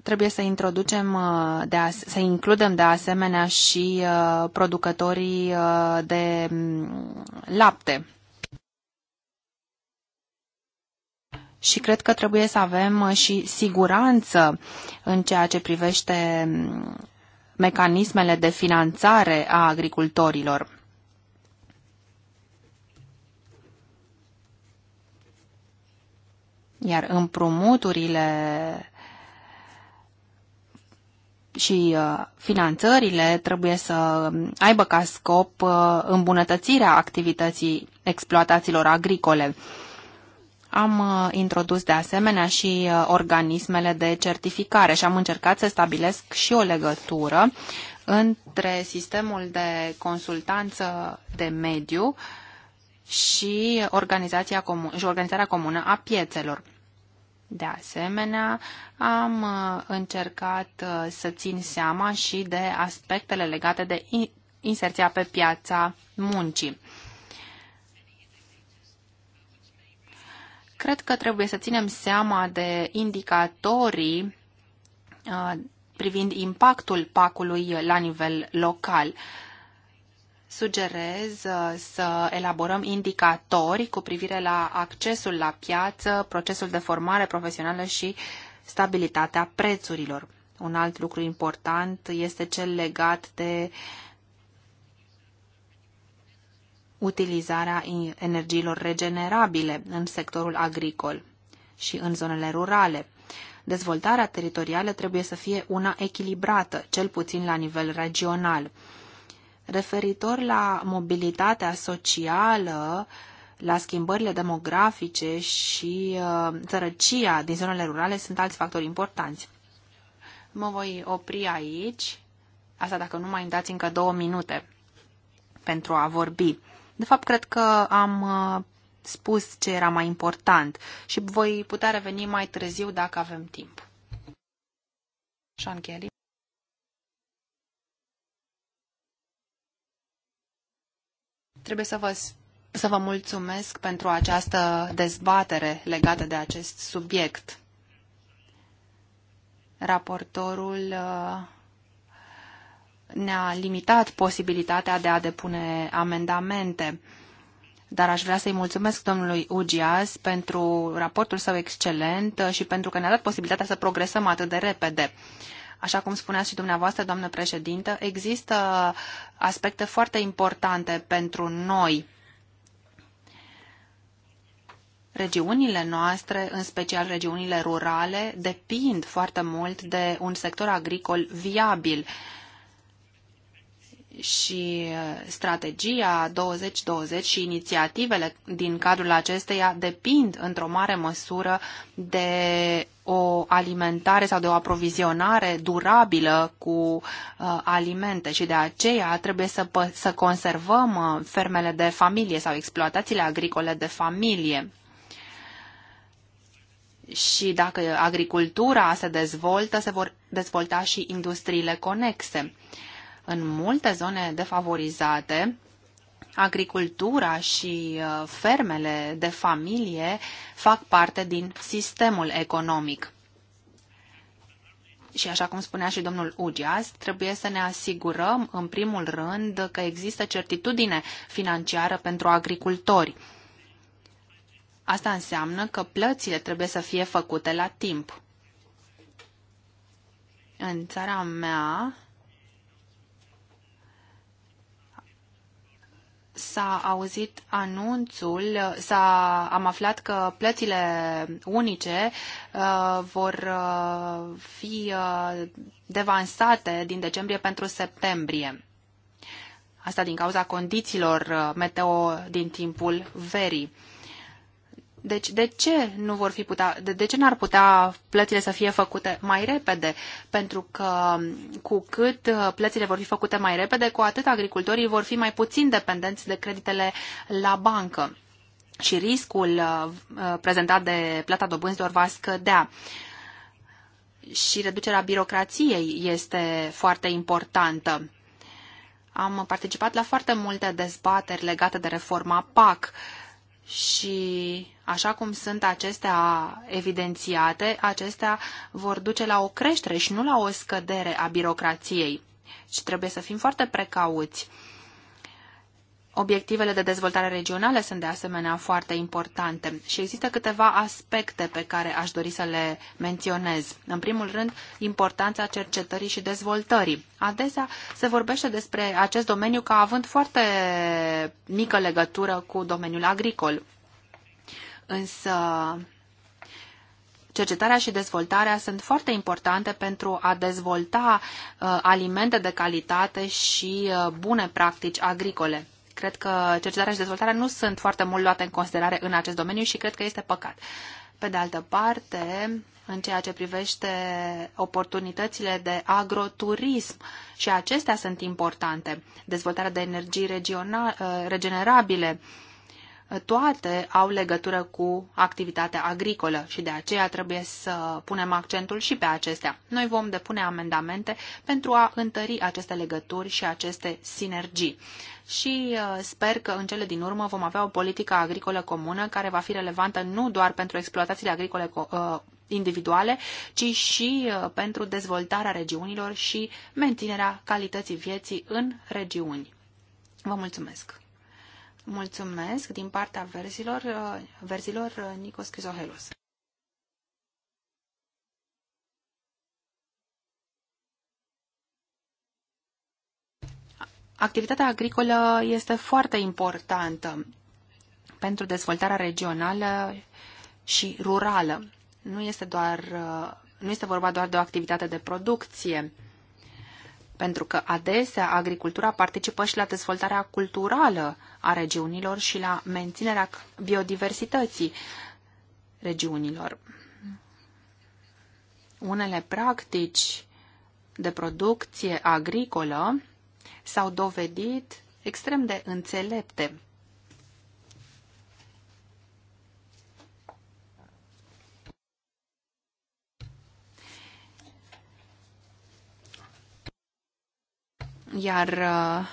trebuie să introducem, uh, de as- să includem de asemenea și uh, producătorii uh, de mm, lapte. Și cred că trebuie să avem și siguranță în ceea ce privește mm, mecanismele de finanțare a agricultorilor. Iar împrumuturile și uh, finanțările trebuie să aibă ca scop uh, îmbunătățirea activității exploatațiilor agricole. Am uh, introdus de asemenea și organismele de certificare și am încercat să stabilesc și o legătură între sistemul de consultanță de mediu și organizația comun- și organizarea comună a piețelor. De asemenea, am uh, încercat uh, să țin seama și de aspectele legate de inserția pe piața muncii. Cred că trebuie să ținem seama de indicatorii uh, privind impactul pacului la nivel local sugerez uh, să elaborăm indicatori cu privire la accesul la piață, procesul de formare profesională și stabilitatea prețurilor. Un alt lucru important este cel legat de utilizarea energiilor regenerabile în sectorul agricol și în zonele rurale. Dezvoltarea teritorială trebuie să fie una echilibrată, cel puțin la nivel regional referitor la mobilitatea socială, la schimbările demografice și uh, sărăcia din zonele rurale sunt alți factori importanți. Mă voi opri aici, asta dacă nu mai îmi dați încă două minute pentru a vorbi. De fapt, cred că am uh, spus ce era mai important și voi putea reveni mai târziu dacă avem timp. Sean Kelly. Trebuie să vă, să vă mulțumesc pentru această dezbatere legată de acest subiect. Raportorul uh, ne-a limitat posibilitatea de a depune amendamente dar aș vrea să-i mulțumesc domnului Ugias pentru raportul său excelent și pentru că ne-a dat posibilitatea să progresăm atât de repede. Așa cum spuneați și dumneavoastră, doamnă președintă, există aspecte foarte importante pentru noi Regiunile noastre, în special regiunile rurale, depind foarte mult de un sector agricol viabil și uh, strategia 2020 și inițiativele din cadrul acesteia depind într-o mare măsură de o alimentare sau de o aprovizionare durabilă cu uh, alimente și de aceea trebuie să, să conservăm uh, fermele de familie sau exploatațiile agricole de familie și dacă agricultura se dezvoltă, se vor dezvolta și industriile conexe. În multe zone defavorizate, agricultura și uh, fermele de familie fac parte din sistemul economic. Și așa cum spunea și domnul Ugias, trebuie să ne asigurăm, în primul rând, că există certitudine financiară pentru agricultori. Asta înseamnă că plățile trebuie să fie făcute la timp. În țara mea, s-a auzit anunțul, s-a, am aflat că plățile unice uh, vor uh, fi uh, devansate din decembrie pentru septembrie. Asta din cauza condițiilor uh, meteo din timpul verii. Deci de ce nu vor fi putea, de, de ce n-ar putea plățile să fie făcute mai repede? Pentru că cu cât uh, plățile vor fi făcute mai repede, cu atât agricultorii vor fi mai puțin dependenți de creditele la bancă și riscul uh, uh, prezentat de plata dobânzilor va scădea. Și reducerea birocrației este foarte importantă. Am participat la foarte multe dezbateri legate de reforma PAC și Așa cum sunt acestea evidențiate, acestea vor duce la o creștere și nu la o scădere a birocrației. Și trebuie să fim foarte precauți. Obiectivele de dezvoltare regională sunt de asemenea foarte importante și există câteva aspecte pe care aș dori să le menționez. În primul rând, importanța cercetării și dezvoltării. Adesea se vorbește despre acest domeniu ca având foarte mică legătură cu domeniul agricol. Însă cercetarea și dezvoltarea sunt foarte importante pentru a dezvolta uh, alimente de calitate și uh, bune practici agricole. Cred că cercetarea și dezvoltarea nu sunt foarte mult luate în considerare în acest domeniu și cred că este păcat. Pe de altă parte, în ceea ce privește oportunitățile de agroturism și acestea sunt importante. Dezvoltarea de energii regional, uh, regenerabile, uh, toate au legătură cu activitatea agricolă și de aceea trebuie să punem accentul și pe acestea. Noi vom depune amendamente pentru a întări aceste legături și aceste sinergii. Și uh, sper că în cele din urmă vom avea o politică agricolă comună care va fi relevantă nu doar pentru exploatațiile agricole uh, individuale, ci și uh, pentru dezvoltarea regiunilor și menținerea calității vieții în regiuni. Vă mulțumesc! Mulțumesc din partea verzilor, uh, verzilor uh, Nicos Chizohelos. Activitatea agricolă este foarte importantă pentru dezvoltarea regională și rurală. Nu este, doar, uh, nu este vorba doar de o activitate de producție, pentru că adesea agricultura participă și la dezvoltarea culturală a regiunilor și la menținerea biodiversității regiunilor. Unele practici de producție agricolă s-au dovedit extrem de înțelepte iar uh,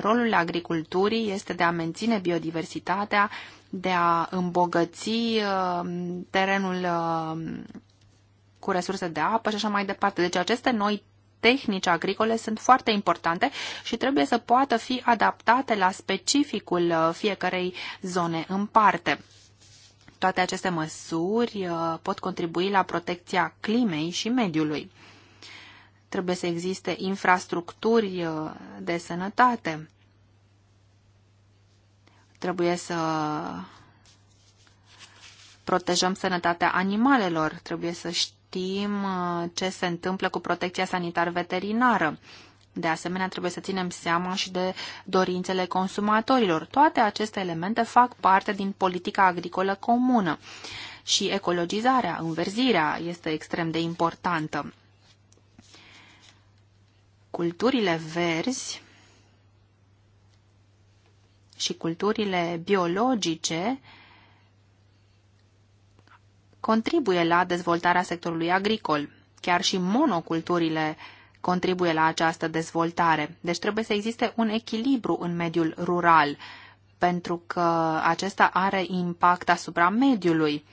rolul agriculturii este de a menține biodiversitatea, de a îmbogăți uh, terenul uh, cu resurse de apă și așa mai departe. Deci aceste noi tehnici agricole sunt foarte importante și trebuie să poată fi adaptate la specificul fiecarei zone în parte. Toate aceste măsuri pot contribui la protecția climei și mediului. Trebuie să existe infrastructuri uh, de sănătate. Trebuie să protejăm sănătatea animalelor. Trebuie să știm uh, ce se întâmplă cu protecția sanitar-veterinară. De asemenea, trebuie să ținem seama și de dorințele consumatorilor. Toate aceste elemente fac parte din politica agricolă comună și ecologizarea, înverzirea este extrem de importantă. Culturile verzi și culturile biologice contribuie la dezvoltarea sectorului agricol. Chiar și monoculturile contribuie la această dezvoltare. Deci trebuie să existe un echilibru în mediul rural, pentru că acesta are impact asupra mediului.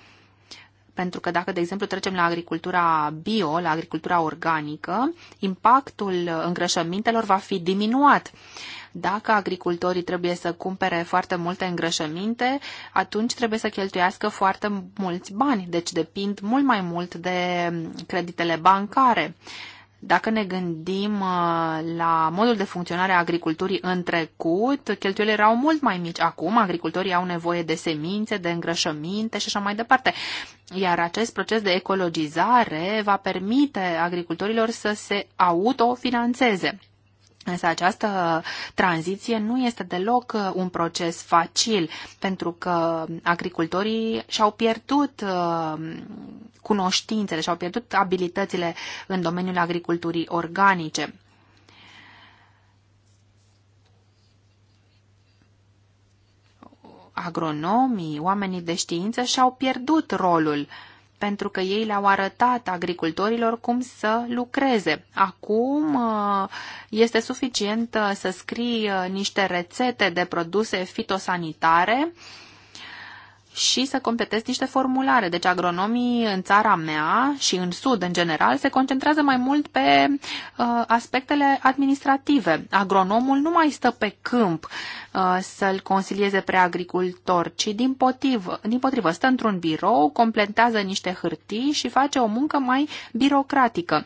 Pentru că dacă, de exemplu, trecem la agricultura bio, la agricultura organică, impactul îngrășămintelor va fi diminuat. Dacă agricultorii trebuie să cumpere foarte multe îngrășăminte, atunci trebuie să cheltuiască foarte mulți bani, deci depind mult mai mult de creditele bancare dacă ne gândim uh, la modul de funcționare a agriculturii în trecut, cheltuielile erau mult mai mici acum, agricultorii au nevoie de semințe, de îngrășăminte și așa mai departe. Iar acest proces de ecologizare va permite agricultorilor să se autofinanțeze. Însă această tranziție nu este deloc uh, un proces facil, pentru că agricultorii și-au pierdut uh, cunoștințele, și-au pierdut abilitățile în domeniul agriculturii organice. Agronomii, oamenii de știință și-au pierdut rolul uh, pentru că ei le-au arătat agricultorilor cum să lucreze. Acum uh, este suficient uh, să scrii uh, niște rețete de produse fitosanitare și să completez niște formulare. Deci agronomii în țara mea și în sud în general se concentrează mai mult pe uh, aspectele administrative. Agronomul nu mai stă pe câmp uh, să-l consilieze pe agricultor, ci din, potrivă, din potrivă stă într-un birou, completează niște hârtii și face o muncă mai birocratică.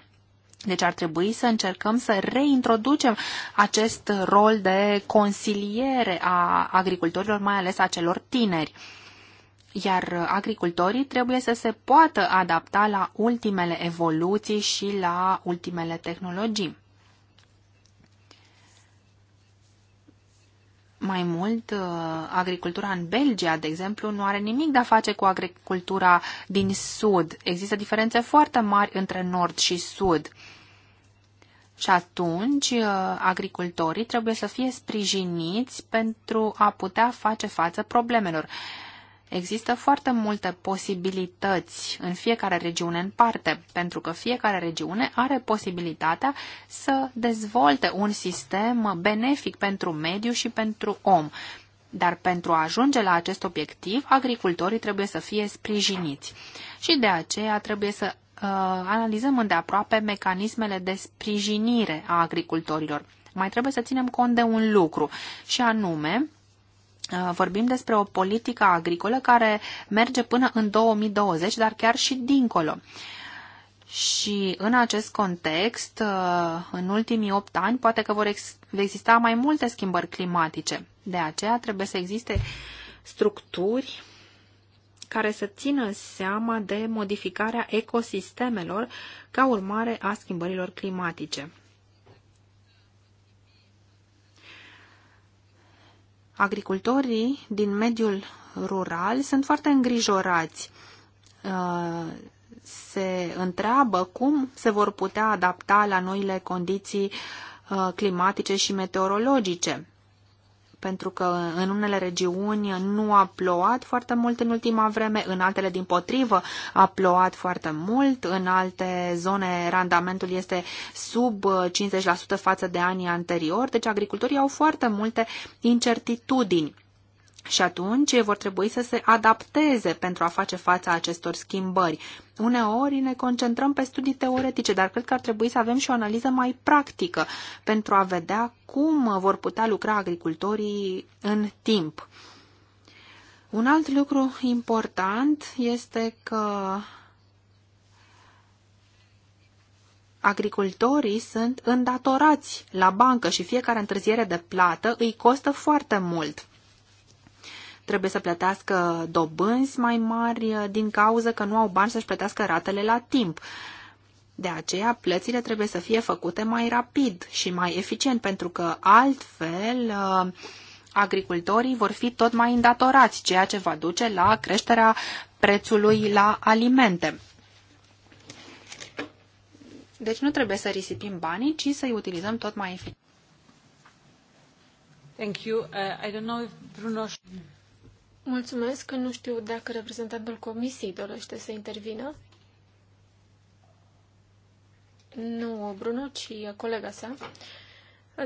Deci ar trebui să încercăm să reintroducem acest rol de consiliere a agricultorilor, mai ales a celor tineri iar agricultorii trebuie să se poată adapta la ultimele evoluții și la ultimele tehnologii. Mai mult, uh, agricultura în Belgia, de exemplu, nu are nimic de a face cu agricultura din sud. Există diferențe foarte mari între nord și sud. Și atunci, uh, agricultorii trebuie să fie sprijiniți pentru a putea face față problemelor. Există foarte multe posibilități în fiecare regiune în parte, pentru că fiecare regiune are posibilitatea să dezvolte un sistem benefic pentru mediu și pentru om. Dar pentru a ajunge la acest obiectiv, agricultorii trebuie să fie sprijiniți. Și de aceea trebuie să uh, analizăm îndeaproape mecanismele de sprijinire a agricultorilor. Mai trebuie să ținem cont de un lucru, și anume Uh, vorbim despre o politică agricolă care merge până în 2020, dar chiar și dincolo. Și în acest context, uh, în ultimii opt ani, poate că vor exista mai multe schimbări climatice. De aceea trebuie să existe structuri care să țină seama de modificarea ecosistemelor ca urmare a schimbărilor climatice. agricultorii din mediul rural sunt foarte îngrijorați. Uh, se întreabă cum se vor putea adapta la noile condiții uh, climatice și meteorologice pentru că în unele regiuni nu a plouat foarte mult în ultima vreme, în altele din potrivă a plouat foarte mult, în alte zone randamentul este sub 50% uh, față de anii anteriori, deci agricultorii au foarte multe incertitudini și atunci vor trebui să se adapteze pentru a face fața acestor schimbări. Uneori ne concentrăm pe studii teoretice, dar cred că ar trebui să avem și o analiză mai practică pentru a vedea cum vor putea lucra agricultorii în timp. Un alt lucru important este că agricultorii sunt îndatorați la bancă și fiecare întârziere de plată îi costă foarte mult trebuie să plătească dobânzi mai mari uh, din cauza că nu au bani să-și plătească ratele la timp. De aceea, plățile trebuie să fie făcute mai rapid și mai eficient, pentru că altfel uh, agricultorii vor fi tot mai îndatorați, ceea ce va duce la creșterea prețului la alimente. Deci nu trebuie să risipim banii, ci să-i utilizăm tot mai eficient. Thank you. Uh, I don't know if Bruno... Mulțumesc. Nu știu dacă reprezentantul comisiei dorește să intervină. Nu Bruno, ci colega sa.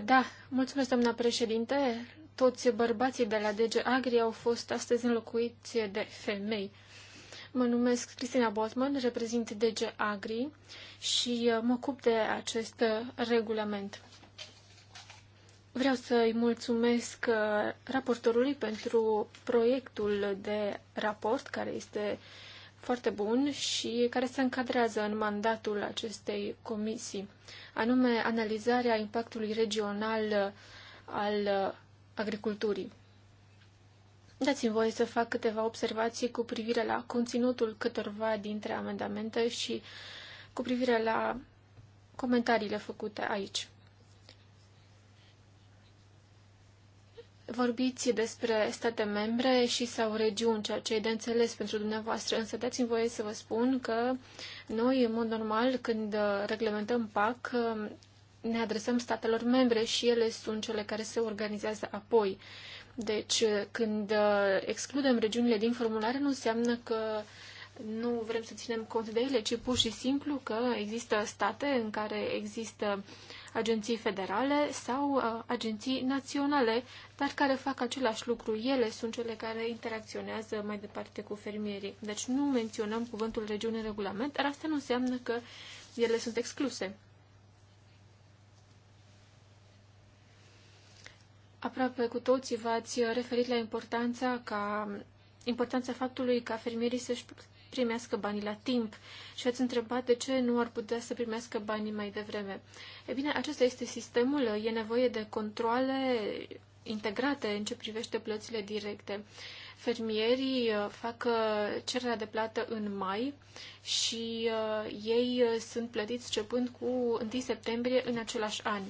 Da, mulțumesc, doamna președinte. Toți bărbații de la DG Agri au fost astăzi înlocuiți de femei. Mă numesc Cristina Botman, reprezint DG Agri și uh, mă ocup de acest uh, regulament. Vreau să-i mulțumesc uh, raportorului pentru proiectul de raport care este foarte bun și care se încadrează în mandatul acestei comisii, anume analizarea impactului regional uh, al uh, agriculturii. Dați-mi voie să fac câteva observații cu privire la conținutul câtorva dintre amendamente și cu privire la comentariile făcute aici. Vorbiți despre state membre și sau regiuni, ceea ce e de înțeles pentru dumneavoastră, însă dați-mi voie să vă spun că noi, în mod normal, când uh, reglementăm PAC, uh, ne adresăm statelor membre și ele sunt cele care se organizează apoi. Deci, uh, când excludem regiunile din formulare, nu înseamnă că nu vrem să ținem cont de ele, ci pur și simplu că există state în care există uh, agenții federale sau uh, agenții naționale, dar care fac același lucru. Ele sunt cele care interacționează mai departe cu fermierii. Deci nu menționăm cuvântul regiune în regulament, dar asta nu înseamnă că ele sunt excluse. Aproape cu toții v-ați referit la importanța ca importanța faptului ca fermierii să-și primească banii la timp. Și ați întrebat de ce nu ar putea să primească banii mai devreme. E bine, acesta este sistemul. E nevoie de controle integrate în ce privește plățile directe. Fermierii uh, fac uh, cererea de plată în mai și uh, ei sunt plătiți începând cu 1 septembrie în același an.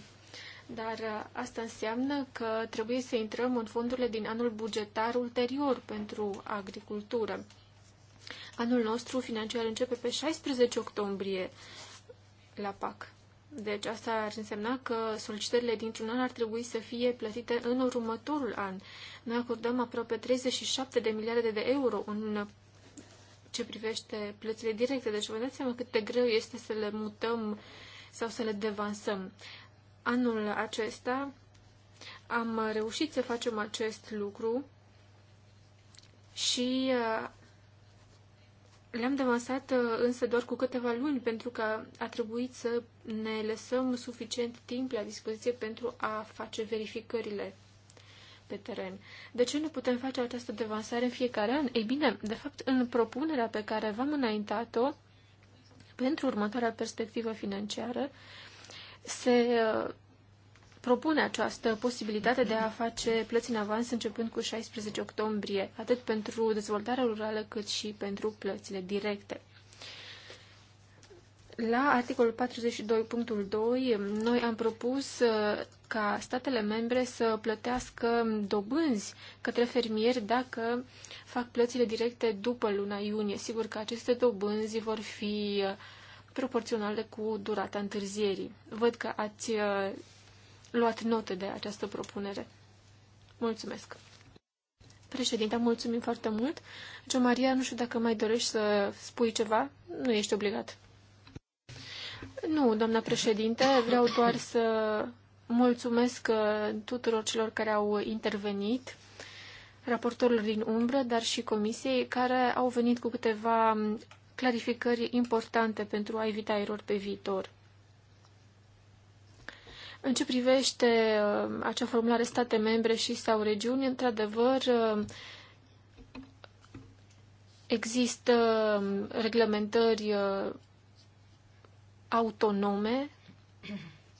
Dar asta înseamnă că trebuie să intrăm în fondurile din anul bugetar ulterior pentru agricultură. Anul nostru financiar începe pe 16 octombrie la PAC. Deci asta ar însemna că solicitările dintr-un an ar trebui să fie plătite în următorul an. Noi acordăm aproape 37 de miliarde de euro în ce privește plățile directe. Deci vă dați seama cât de greu este să le mutăm sau să le devansăm. Anul acesta am reușit să facem acest lucru și uh, le-am devansat uh, însă doar cu câteva luni, pentru că a trebuit să ne lăsăm suficient timp la dispoziție pentru a face verificările pe teren. De ce nu putem face această devansare în fiecare an? Ei bine, de fapt, în propunerea pe care v-am înaintat-o pentru următoarea perspectivă financiară, se uh, propune această posibilitate de a face plăți în avans începând cu 16 octombrie, atât pentru dezvoltarea rurală cât și pentru plățile directe. La articolul 42.2, noi am propus uh, ca statele membre să plătească dobânzi către fermieri dacă fac plățile directe după luna iunie. Sigur că aceste dobânzi vor fi uh, proporționale cu durata întârzierii. Văd că ați uh, luat notă de această propunere. Mulțumesc! Președinte, mulțumim foarte mult. Gio Maria, nu știu dacă mai dorești să spui ceva. Nu ești obligat. Nu, doamna președinte, vreau doar să mulțumesc uh, tuturor celor care au intervenit, raportorilor din umbră, dar și comisiei, care au venit cu câteva um, clarificări importante pentru a evita erori pe viitor. În ce privește uh, acea formulare state membre și sau regiuni, într-adevăr, uh, există um, reglementări uh, autonome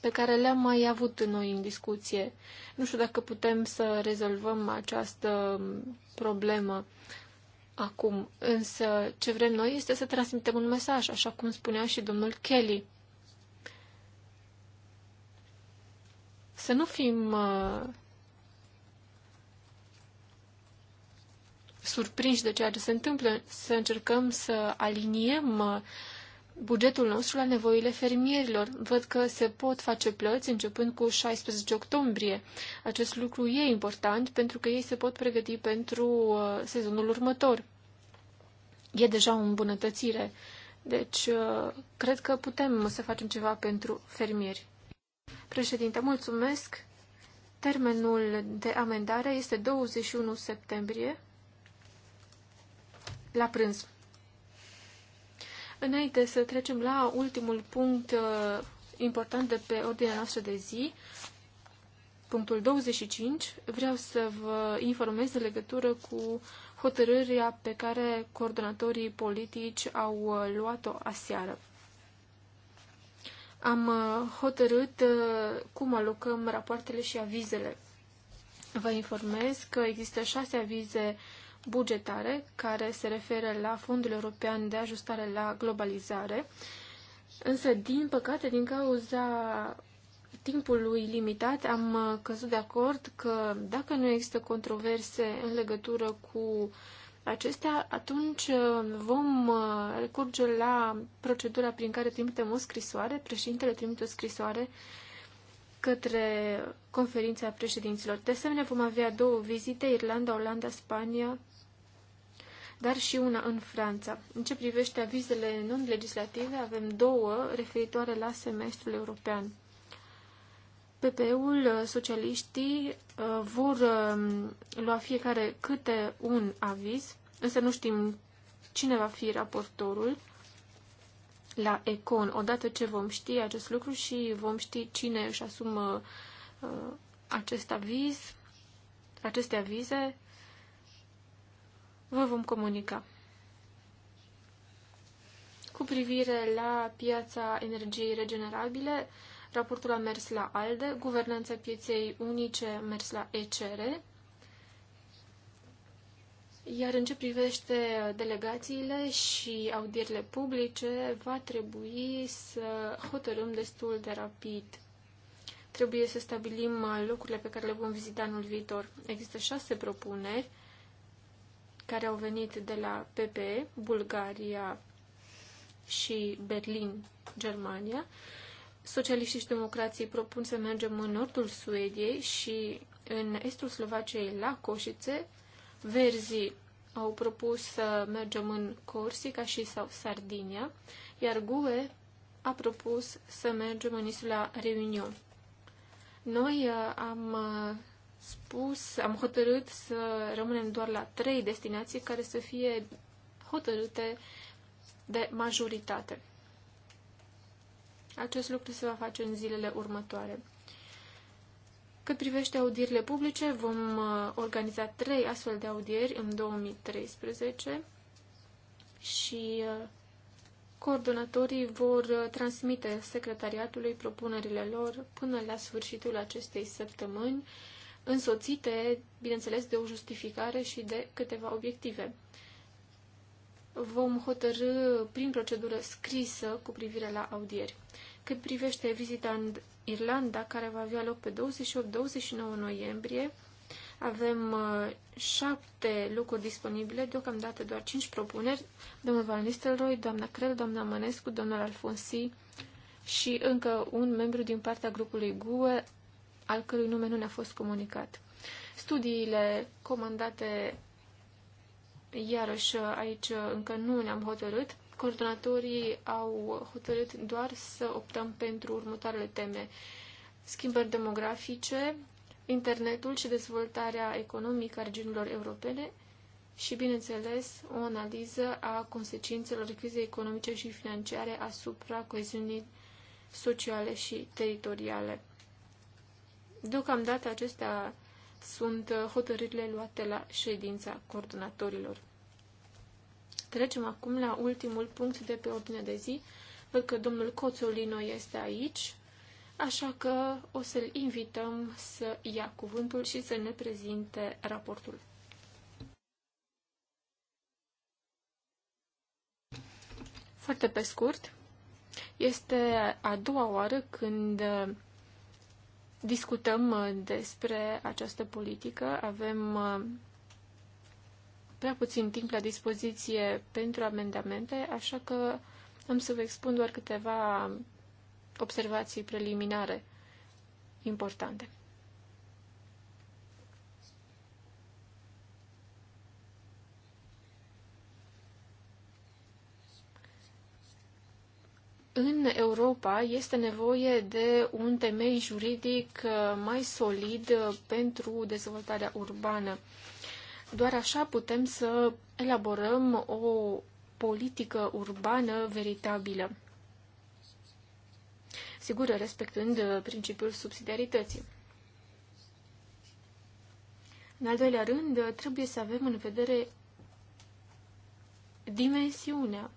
pe care le-am mai avut noi în discuție. Nu știu dacă putem să rezolvăm această um, problemă acum, însă ce vrem noi este să transmitem un mesaj, așa cum spunea și domnul Kelly. să nu fim uh, surprinși de ceea ce se întâmplă, să încercăm să aliniem uh, bugetul nostru la nevoile fermierilor. Văd că se pot face plăți începând cu 16 octombrie. Acest lucru e important pentru că ei se pot pregăti pentru uh, sezonul următor. E deja o îmbunătățire. Deci, uh, cred că putem să facem ceva pentru fermieri. Președinte, mulțumesc. Termenul de amendare este 21 septembrie la prânz. Înainte să trecem la ultimul punct uh, important de pe ordinea noastră de zi, punctul 25, vreau să vă informez de legătură cu hotărârea pe care coordonatorii politici au uh, luat-o aseară am uh, hotărât uh, cum alocăm rapoartele și avizele. Vă informez că există șase avize bugetare care se referă la Fondul European de Ajustare la Globalizare, însă, din păcate, din cauza timpului limitat, am uh, căzut de acord că dacă nu există controverse în legătură cu uh, acestea, atunci uh, vom recurge uh, la procedura prin care trimitem o scrisoare, președintele trimite o scrisoare către conferința președinților. De asemenea, vom avea două vizite, Irlanda, Olanda, Spania, dar și una în Franța. În ce privește avizele non-legislative, avem două referitoare la semestrul european. PP-ul, uh, socialiștii uh, vor um, lua fiecare câte un aviz, însă nu știm cine va fi raportorul la Econ. Odată ce vom ști acest lucru și vom ști cine își asumă uh, acest aviz, aceste avize, vă vom comunica. Cu privire la piața energiei regenerabile, uh, Raportul a mers la ALDE, guvernanța pieței unice a mers la ECR, iar în ce privește delegațiile și audierile publice, va trebui să hotărâm destul de rapid. Trebuie să stabilim locurile pe care le vom vizita anul viitor. Există șase propuneri care au venit de la PPE, Bulgaria și Berlin, Germania. Socialiștii și democrații propun să mergem în nordul Suediei și în estul Slovaciei la Coșițe. Verzii au propus să mergem în Corsica și sau Sardinia, iar GUE a propus să mergem în insula Reunion. Noi uh, am uh, spus, am hotărât să rămânem doar la trei destinații care să fie hotărâte de majoritate. Acest lucru se va face în zilele următoare. Cât privește audierile publice, vom uh, organiza trei astfel de audieri în 2013 și uh, coordonatorii vor uh, transmite secretariatului propunerile lor până la sfârșitul acestei săptămâni, însoțite, bineînțeles, de o justificare și de câteva obiective vom hotărâ prin procedură scrisă cu privire la audieri. Cât privește vizita în Irlanda, care va avea loc pe 28-29 noiembrie, avem uh, șapte locuri disponibile, deocamdată doar cinci propuneri, domnul Van Nistelrooy, doamna Crel, doamna Mănescu, domnul Alfonsi și încă un membru din partea grupului GUE, al cărui nume nu ne-a fost comunicat. Studiile comandate Iarăși, aici încă nu ne-am hotărât. Coordonatorii au hotărât doar să optăm pentru următoarele teme. Schimbări demografice, internetul și dezvoltarea economică a regiunilor europene și, bineînțeles, o analiză a consecințelor crizei economice și financiare asupra coeziunii sociale și teritoriale. Deocamdată acestea sunt uh, hotărârile luate la ședința coordonatorilor. Trecem acum la ultimul punct de pe ordine de zi. Văd că domnul Coțolino este aici, așa că o să-l invităm să ia cuvântul și să ne prezinte raportul. Foarte pe scurt, este a doua oară când uh, discutăm uh, despre această politică. Avem uh, prea puțin timp la dispoziție pentru amendamente, așa că am să vă expun doar câteva observații preliminare importante. în Europa este nevoie de un temei juridic uh, mai solid uh, pentru dezvoltarea urbană. Doar așa putem să elaborăm o politică urbană veritabilă. Sigur, respectând uh, principiul subsidiarității. În al doilea rând, trebuie să avem în vedere dimensiunea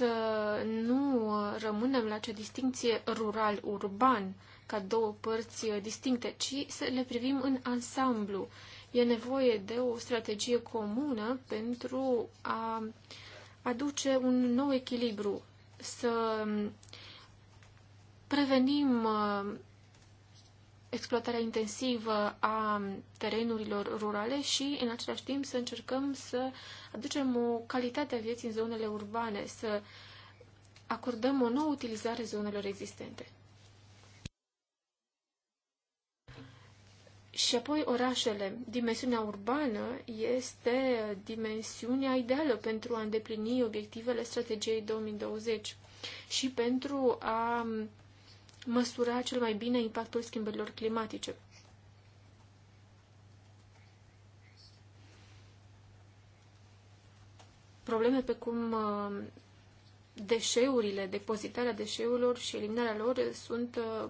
să nu rămânem la acea distinție rural-urban, ca două părți distincte, ci să le privim în ansamblu. E nevoie de o strategie comună pentru a aduce un nou echilibru, să prevenim exploatarea intensivă a terenurilor rurale și, în același timp, să încercăm să aducem o calitate a vieții în zonele urbane, să acordăm o nouă utilizare zonelor existente. Și apoi orașele. Dimensiunea urbană este dimensiunea ideală pentru a îndeplini obiectivele strategiei 2020 și pentru a măsura cel mai bine impactul schimbărilor climatice. Probleme pe cum uh, deșeurile, depozitarea deșeurilor și eliminarea lor sunt uh,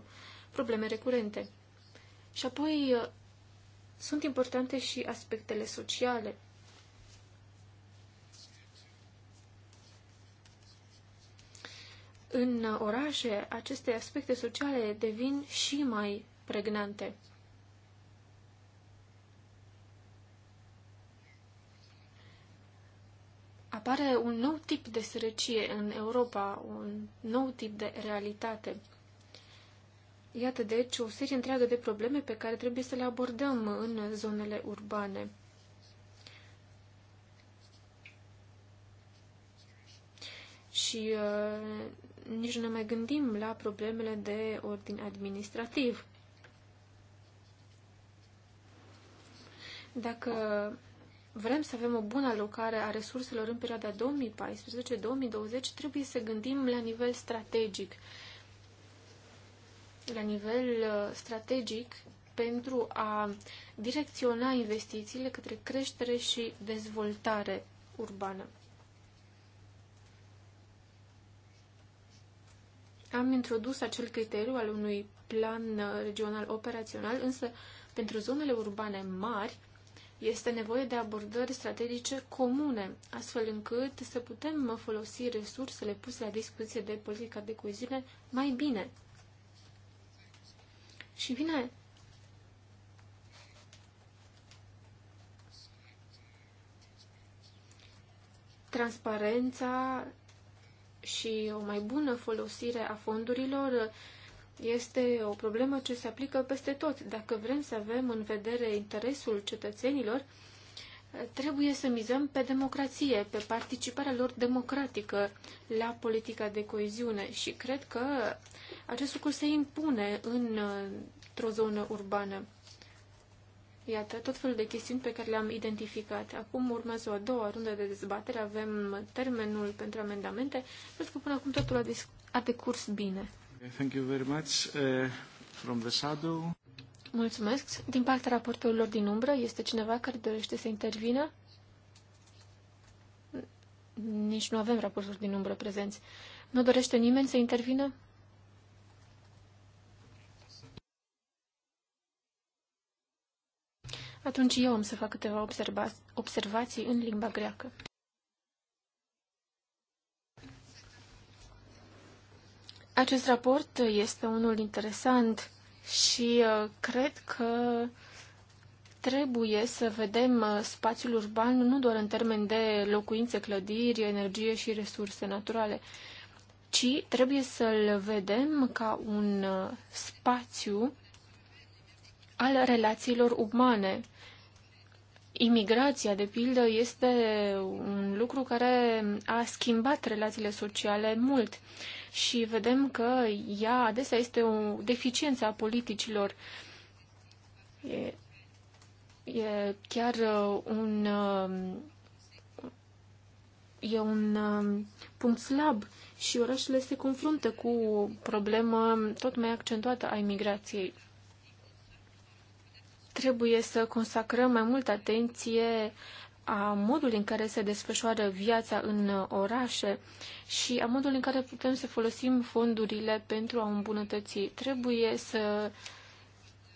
probleme recurente. Și apoi uh, sunt importante și aspectele sociale. în orașe, aceste aspecte sociale devin și mai pregnante. Apare un nou tip de sărăcie în Europa, un nou tip de realitate. Iată, deci, o serie întreagă de probleme pe care trebuie să le abordăm în zonele urbane. Și uh, nici nu ne mai gândim la problemele de ordin administrativ. Dacă vrem să avem o bună alocare a resurselor în perioada 2014-2020, trebuie să gândim la nivel strategic. La nivel uh, strategic pentru a direcționa investițiile către creștere și dezvoltare urbană. am introdus acel criteriu al unui plan uh, regional operațional, însă pentru zonele urbane mari este nevoie de abordări strategice comune, astfel încât să putem folosi resursele puse la dispoziție de politica de coeziune mai bine. Și vine transparența și o mai bună folosire a fondurilor este o problemă ce se aplică peste tot. Dacă vrem să avem în vedere interesul cetățenilor, trebuie să mizăm pe democrație, pe participarea lor democratică la politica de coeziune și cred că acest lucru se impune într-o zonă urbană. Iată, tot felul de chestiuni pe care le-am identificat. Acum urmează o a doua rundă de dezbatere, avem termenul pentru amendamente. Cred că până acum totul a, a decurs bine. Thank you very much. Uh, from the shadow. Mulțumesc. Din partea raportorilor din umbră, este cineva care dorește să intervină? Nici nu avem raporturi din umbră prezenți. Nu dorește nimeni să intervină? atunci eu am să fac câteva observa observații în limba greacă. Acest raport este unul interesant și uh, cred că trebuie să vedem uh, spațiul urban nu doar în termen de locuințe, clădiri, energie și resurse naturale, ci trebuie să-l vedem ca un uh, spațiu al relațiilor umane, Imigrația, de pildă, este un lucru care a schimbat relațiile sociale mult și vedem că ea adesea este o deficiență a politicilor. E, e chiar uh, un uh, e un uh, punct slab și orașele se confruntă cu o problemă tot mai accentuată a imigrației. Trebuie să consacrăm mai multă atenție a modului în care se desfășoară viața în orașe și a modului în care putem să folosim fondurile pentru a îmbunătăți. Trebuie să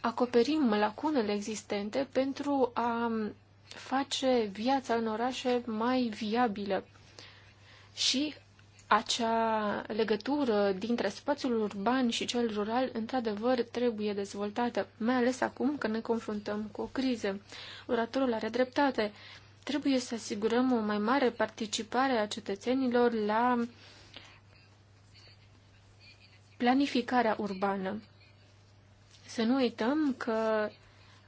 acoperim lacunele existente pentru a face viața în orașe mai viabilă și acea legătură dintre spațiul urban și cel rural, într-adevăr, trebuie dezvoltată, mai ales acum că ne confruntăm cu o criză. Oratorul are dreptate. Trebuie să asigurăm o mai mare participare a cetățenilor la planificarea urbană. Să nu uităm că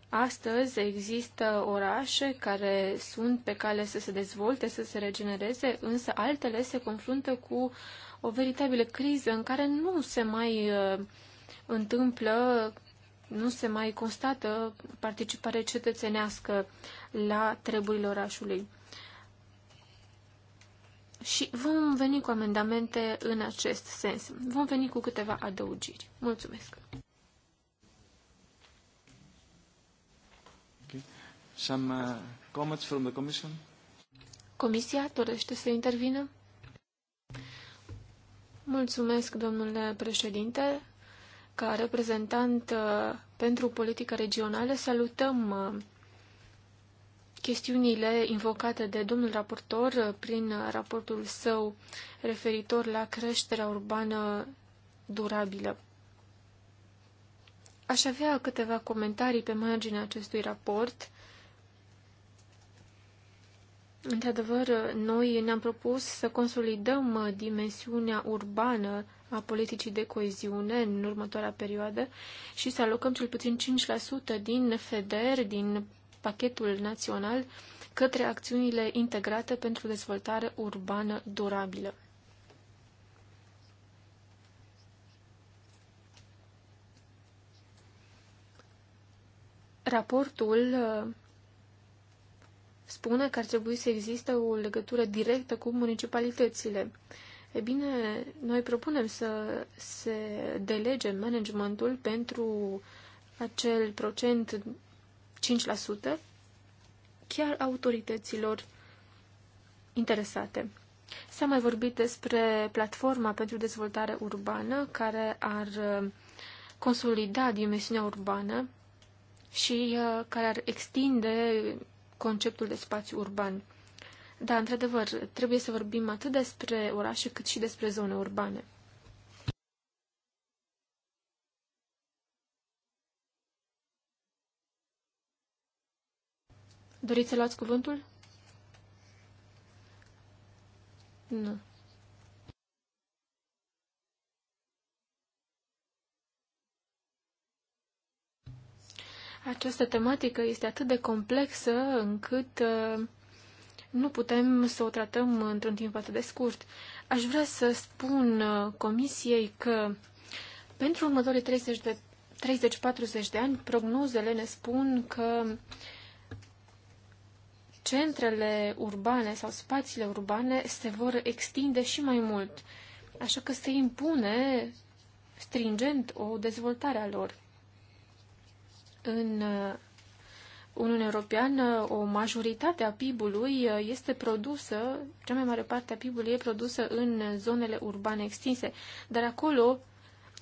Astăzi există orașe care sunt pe cale să se dezvolte, să se regenereze, însă altele se confruntă cu o veritabilă criză în care nu se mai uh, întâmplă, nu se mai constată participare cetățenească la treburile orașului. Și vom veni cu amendamente în acest sens. Vom veni cu câteva adăugiri. Mulțumesc! Some uh, comments from the Commission? Comisia dorește să intervină? Mulțumesc, domnule președinte. Ca reprezentant uh, pentru politică regională, salutăm uh, chestiunile invocate de domnul raportor uh, prin raportul său referitor la creșterea urbană durabilă. Aș avea câteva comentarii pe marginea acestui raport Într-adevăr, noi ne-am propus să consolidăm dimensiunea urbană a politicii de coeziune în următoarea perioadă și să alocăm cel puțin 5% din FEDER, din pachetul național, către acțiunile integrate pentru dezvoltare urbană durabilă. Raportul spune că ar trebui să existe o legătură directă cu municipalitățile. E bine, noi propunem să se delege managementul pentru acel procent 5% chiar autorităților interesate. S-a mai vorbit despre platforma pentru dezvoltare urbană care ar uh, consolida dimensiunea urbană și uh, care ar extinde conceptul de spațiu urban. Da, într-adevăr, trebuie să vorbim atât despre orașe cât și despre zone urbane. Doriți să luați cuvântul? Nu. Această tematică este atât de complexă încât uh, nu putem să o tratăm într-un timp atât de scurt. Aș vrea să spun uh, Comisiei că pentru următorii 30 de 30-40 de ani, prognozele ne spun că centrele urbane sau spațiile urbane se vor extinde și mai mult, așa că se impune stringent o dezvoltare a lor în uh, Uniunea Europeană o majoritate a PIB-ului uh, este produsă, cea mai mare parte a PIB-ului e produsă în zonele urbane extinse, dar acolo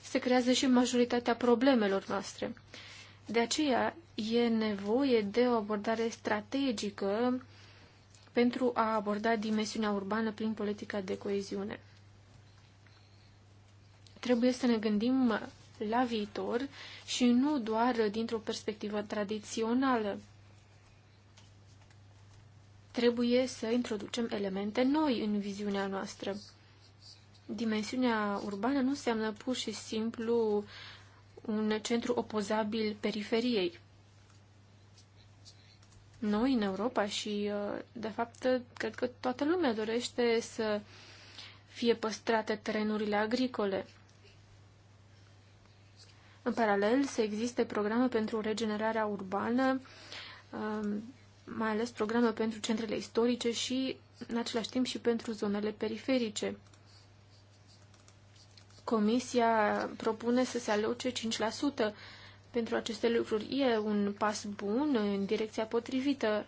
se creează și majoritatea problemelor noastre. De aceea e nevoie de o abordare strategică pentru a aborda dimensiunea urbană prin politica de coeziune. Trebuie să ne gândim la viitor și nu doar dintr-o perspectivă tradițională. Trebuie să introducem elemente noi în viziunea noastră. Dimensiunea urbană nu înseamnă pur și simplu un centru opozabil periferiei. Noi, în Europa și, uh, de fapt, cred că toată lumea dorește să fie păstrate terenurile agricole, în paralel, se existe programe pentru regenerarea urbană, um, mai ales programe pentru centrele istorice și, în același timp, și pentru zonele periferice. Comisia propune să se aloce 5% pentru aceste lucruri. E un pas bun în direcția potrivită,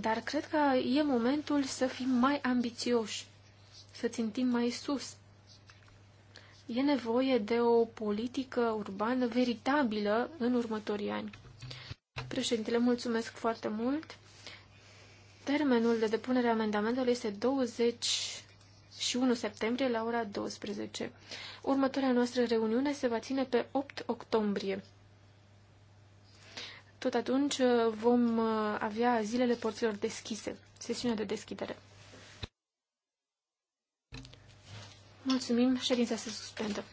dar cred că e momentul să fim mai ambițioși, să țintim mai sus. E nevoie de o politică urbană veritabilă în următorii ani. Președintele, mulțumesc foarte mult. Termenul de depunere a amendamentelor este 21 septembrie la ora 12. Următoarea noastră reuniune se va ține pe 8 octombrie. Tot atunci uh, vom uh, avea zilele porților deschise, sesiunea de deschidere. Mulțumim, ședința se suspendă.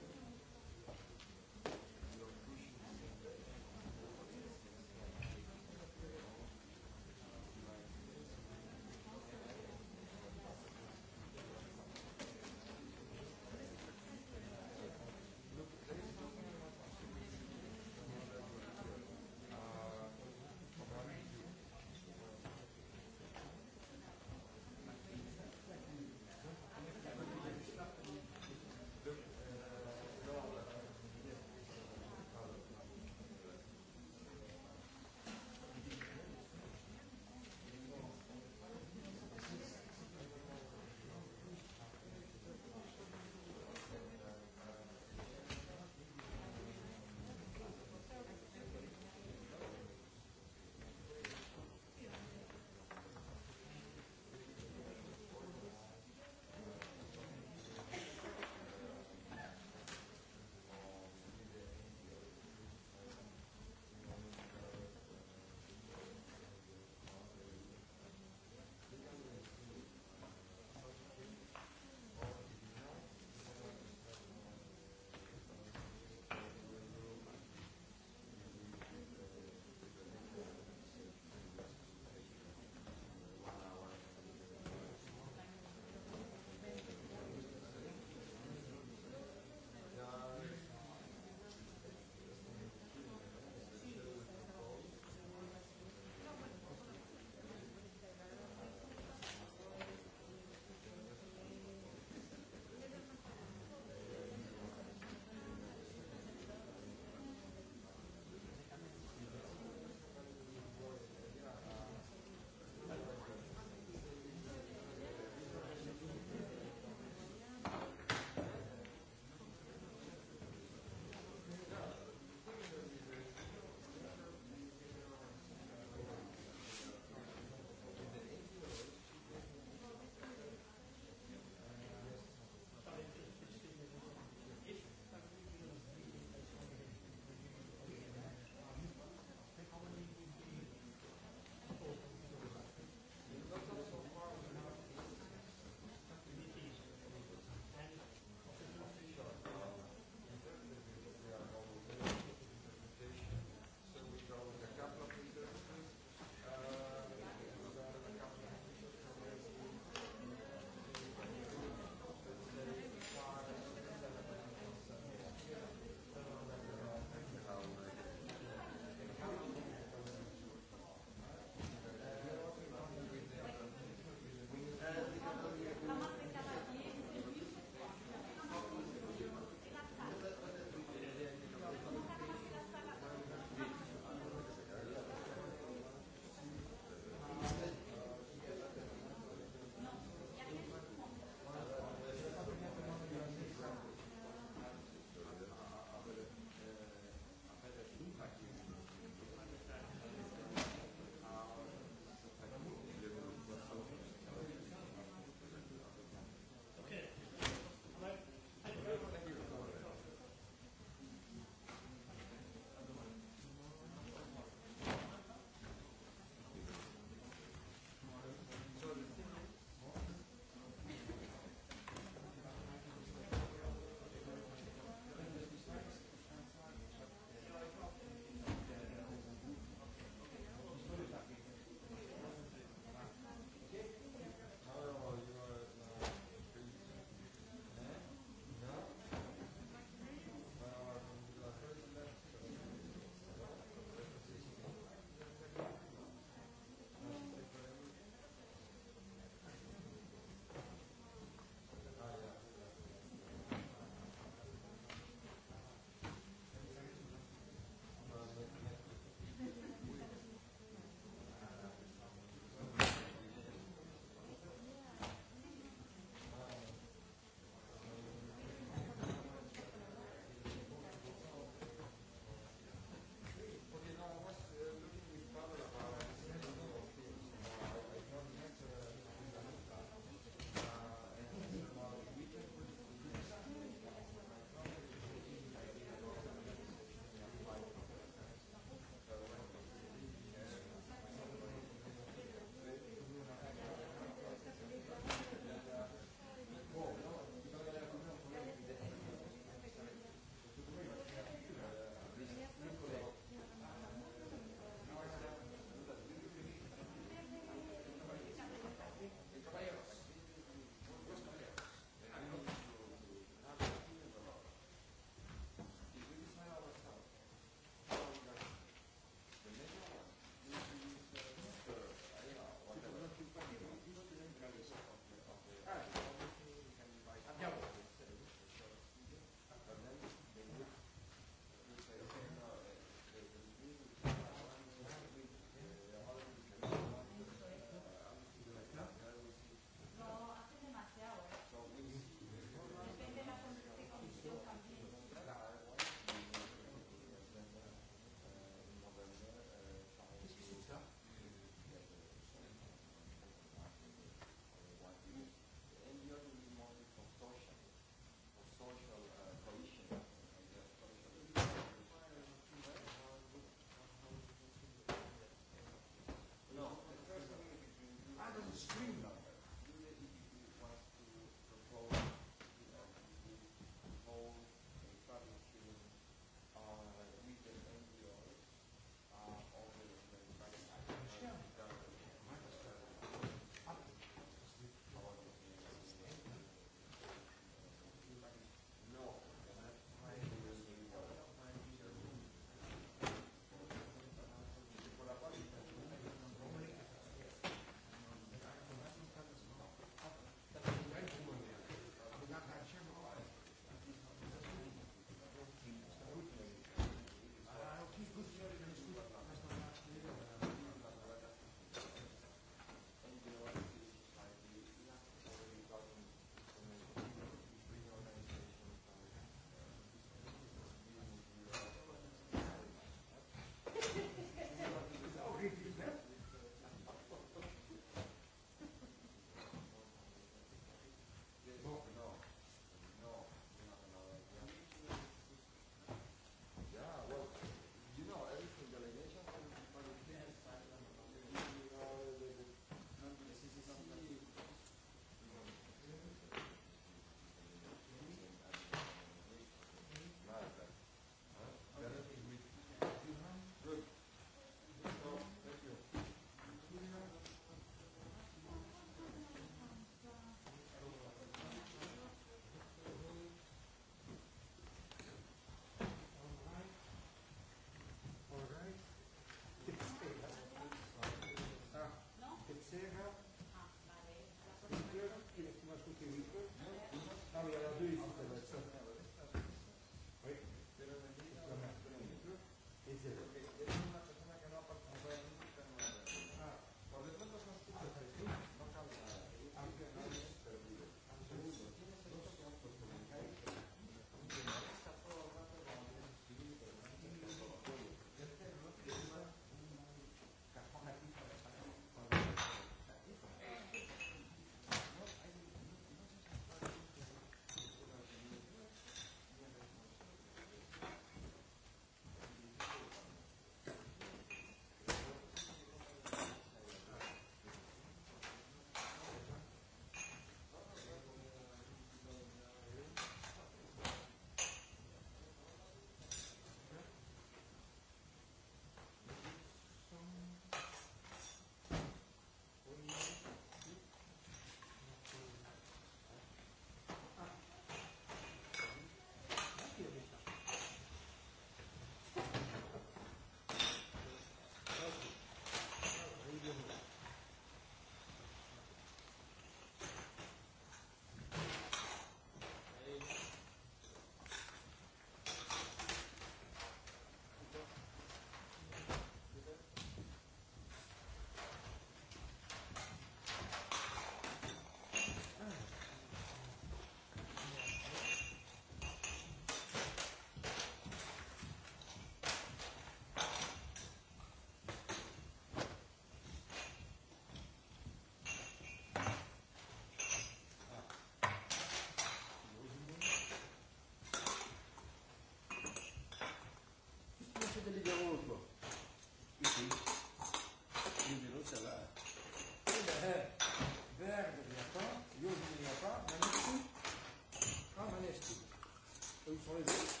What is it?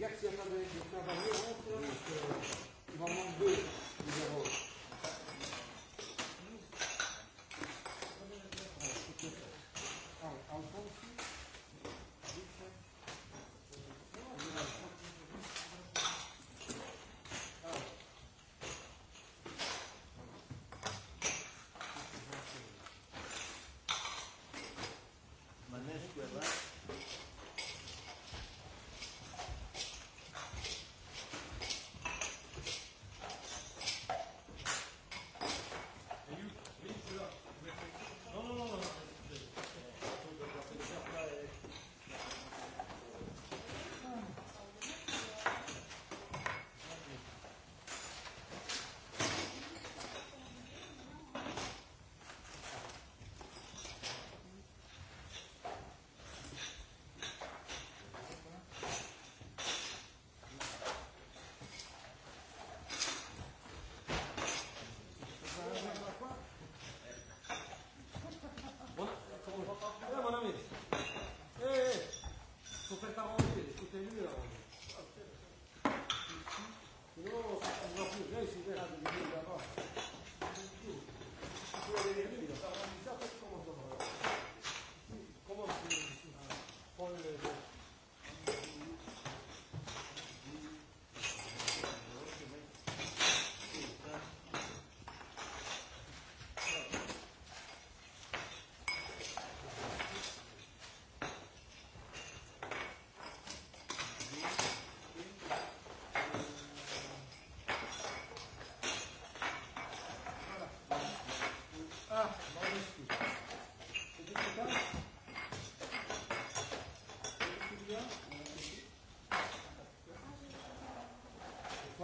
Як це надо,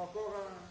acolo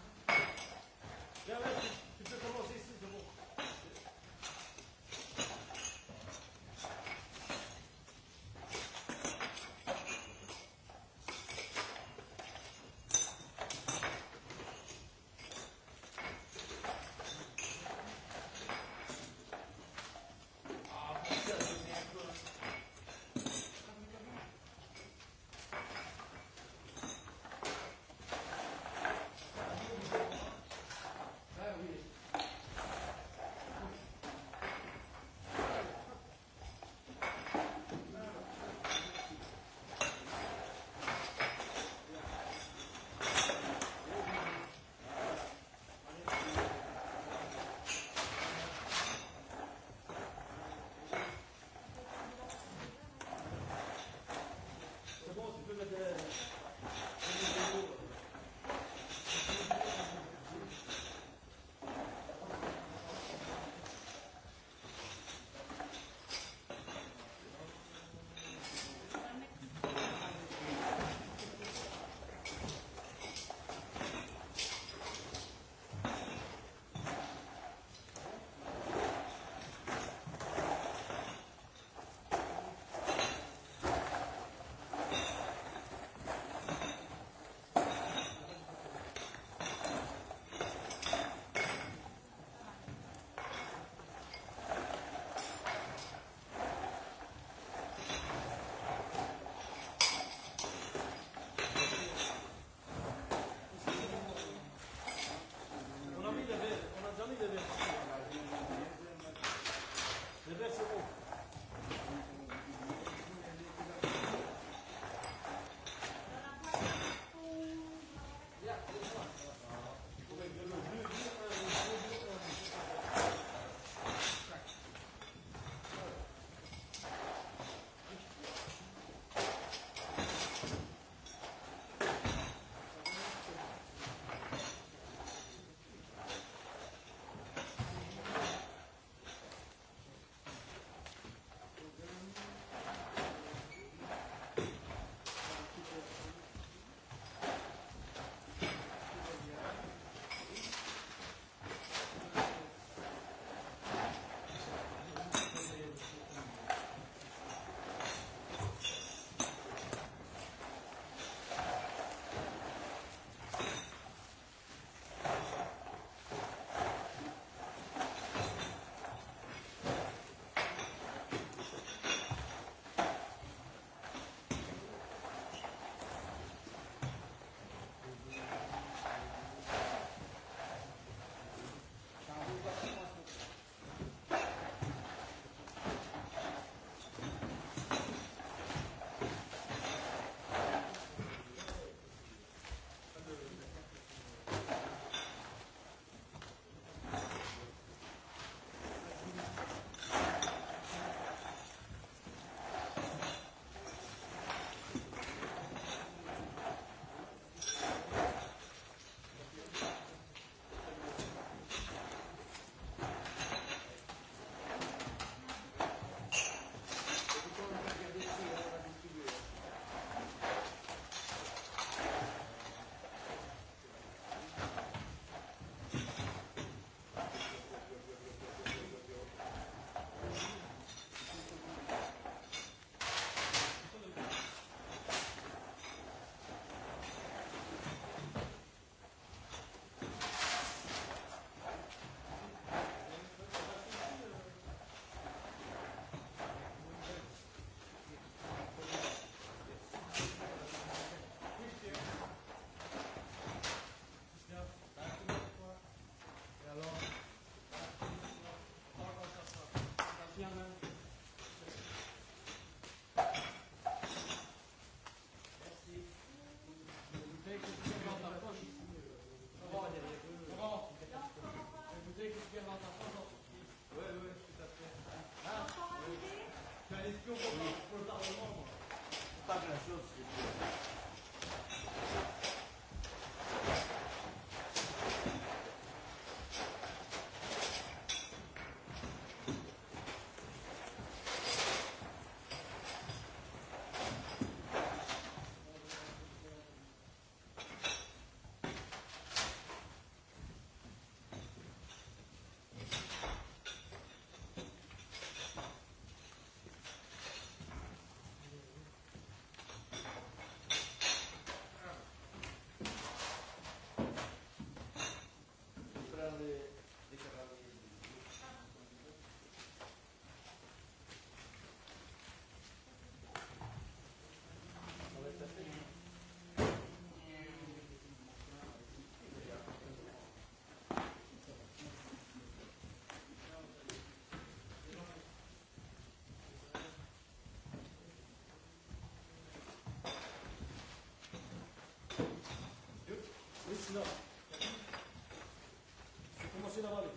Como se la vale?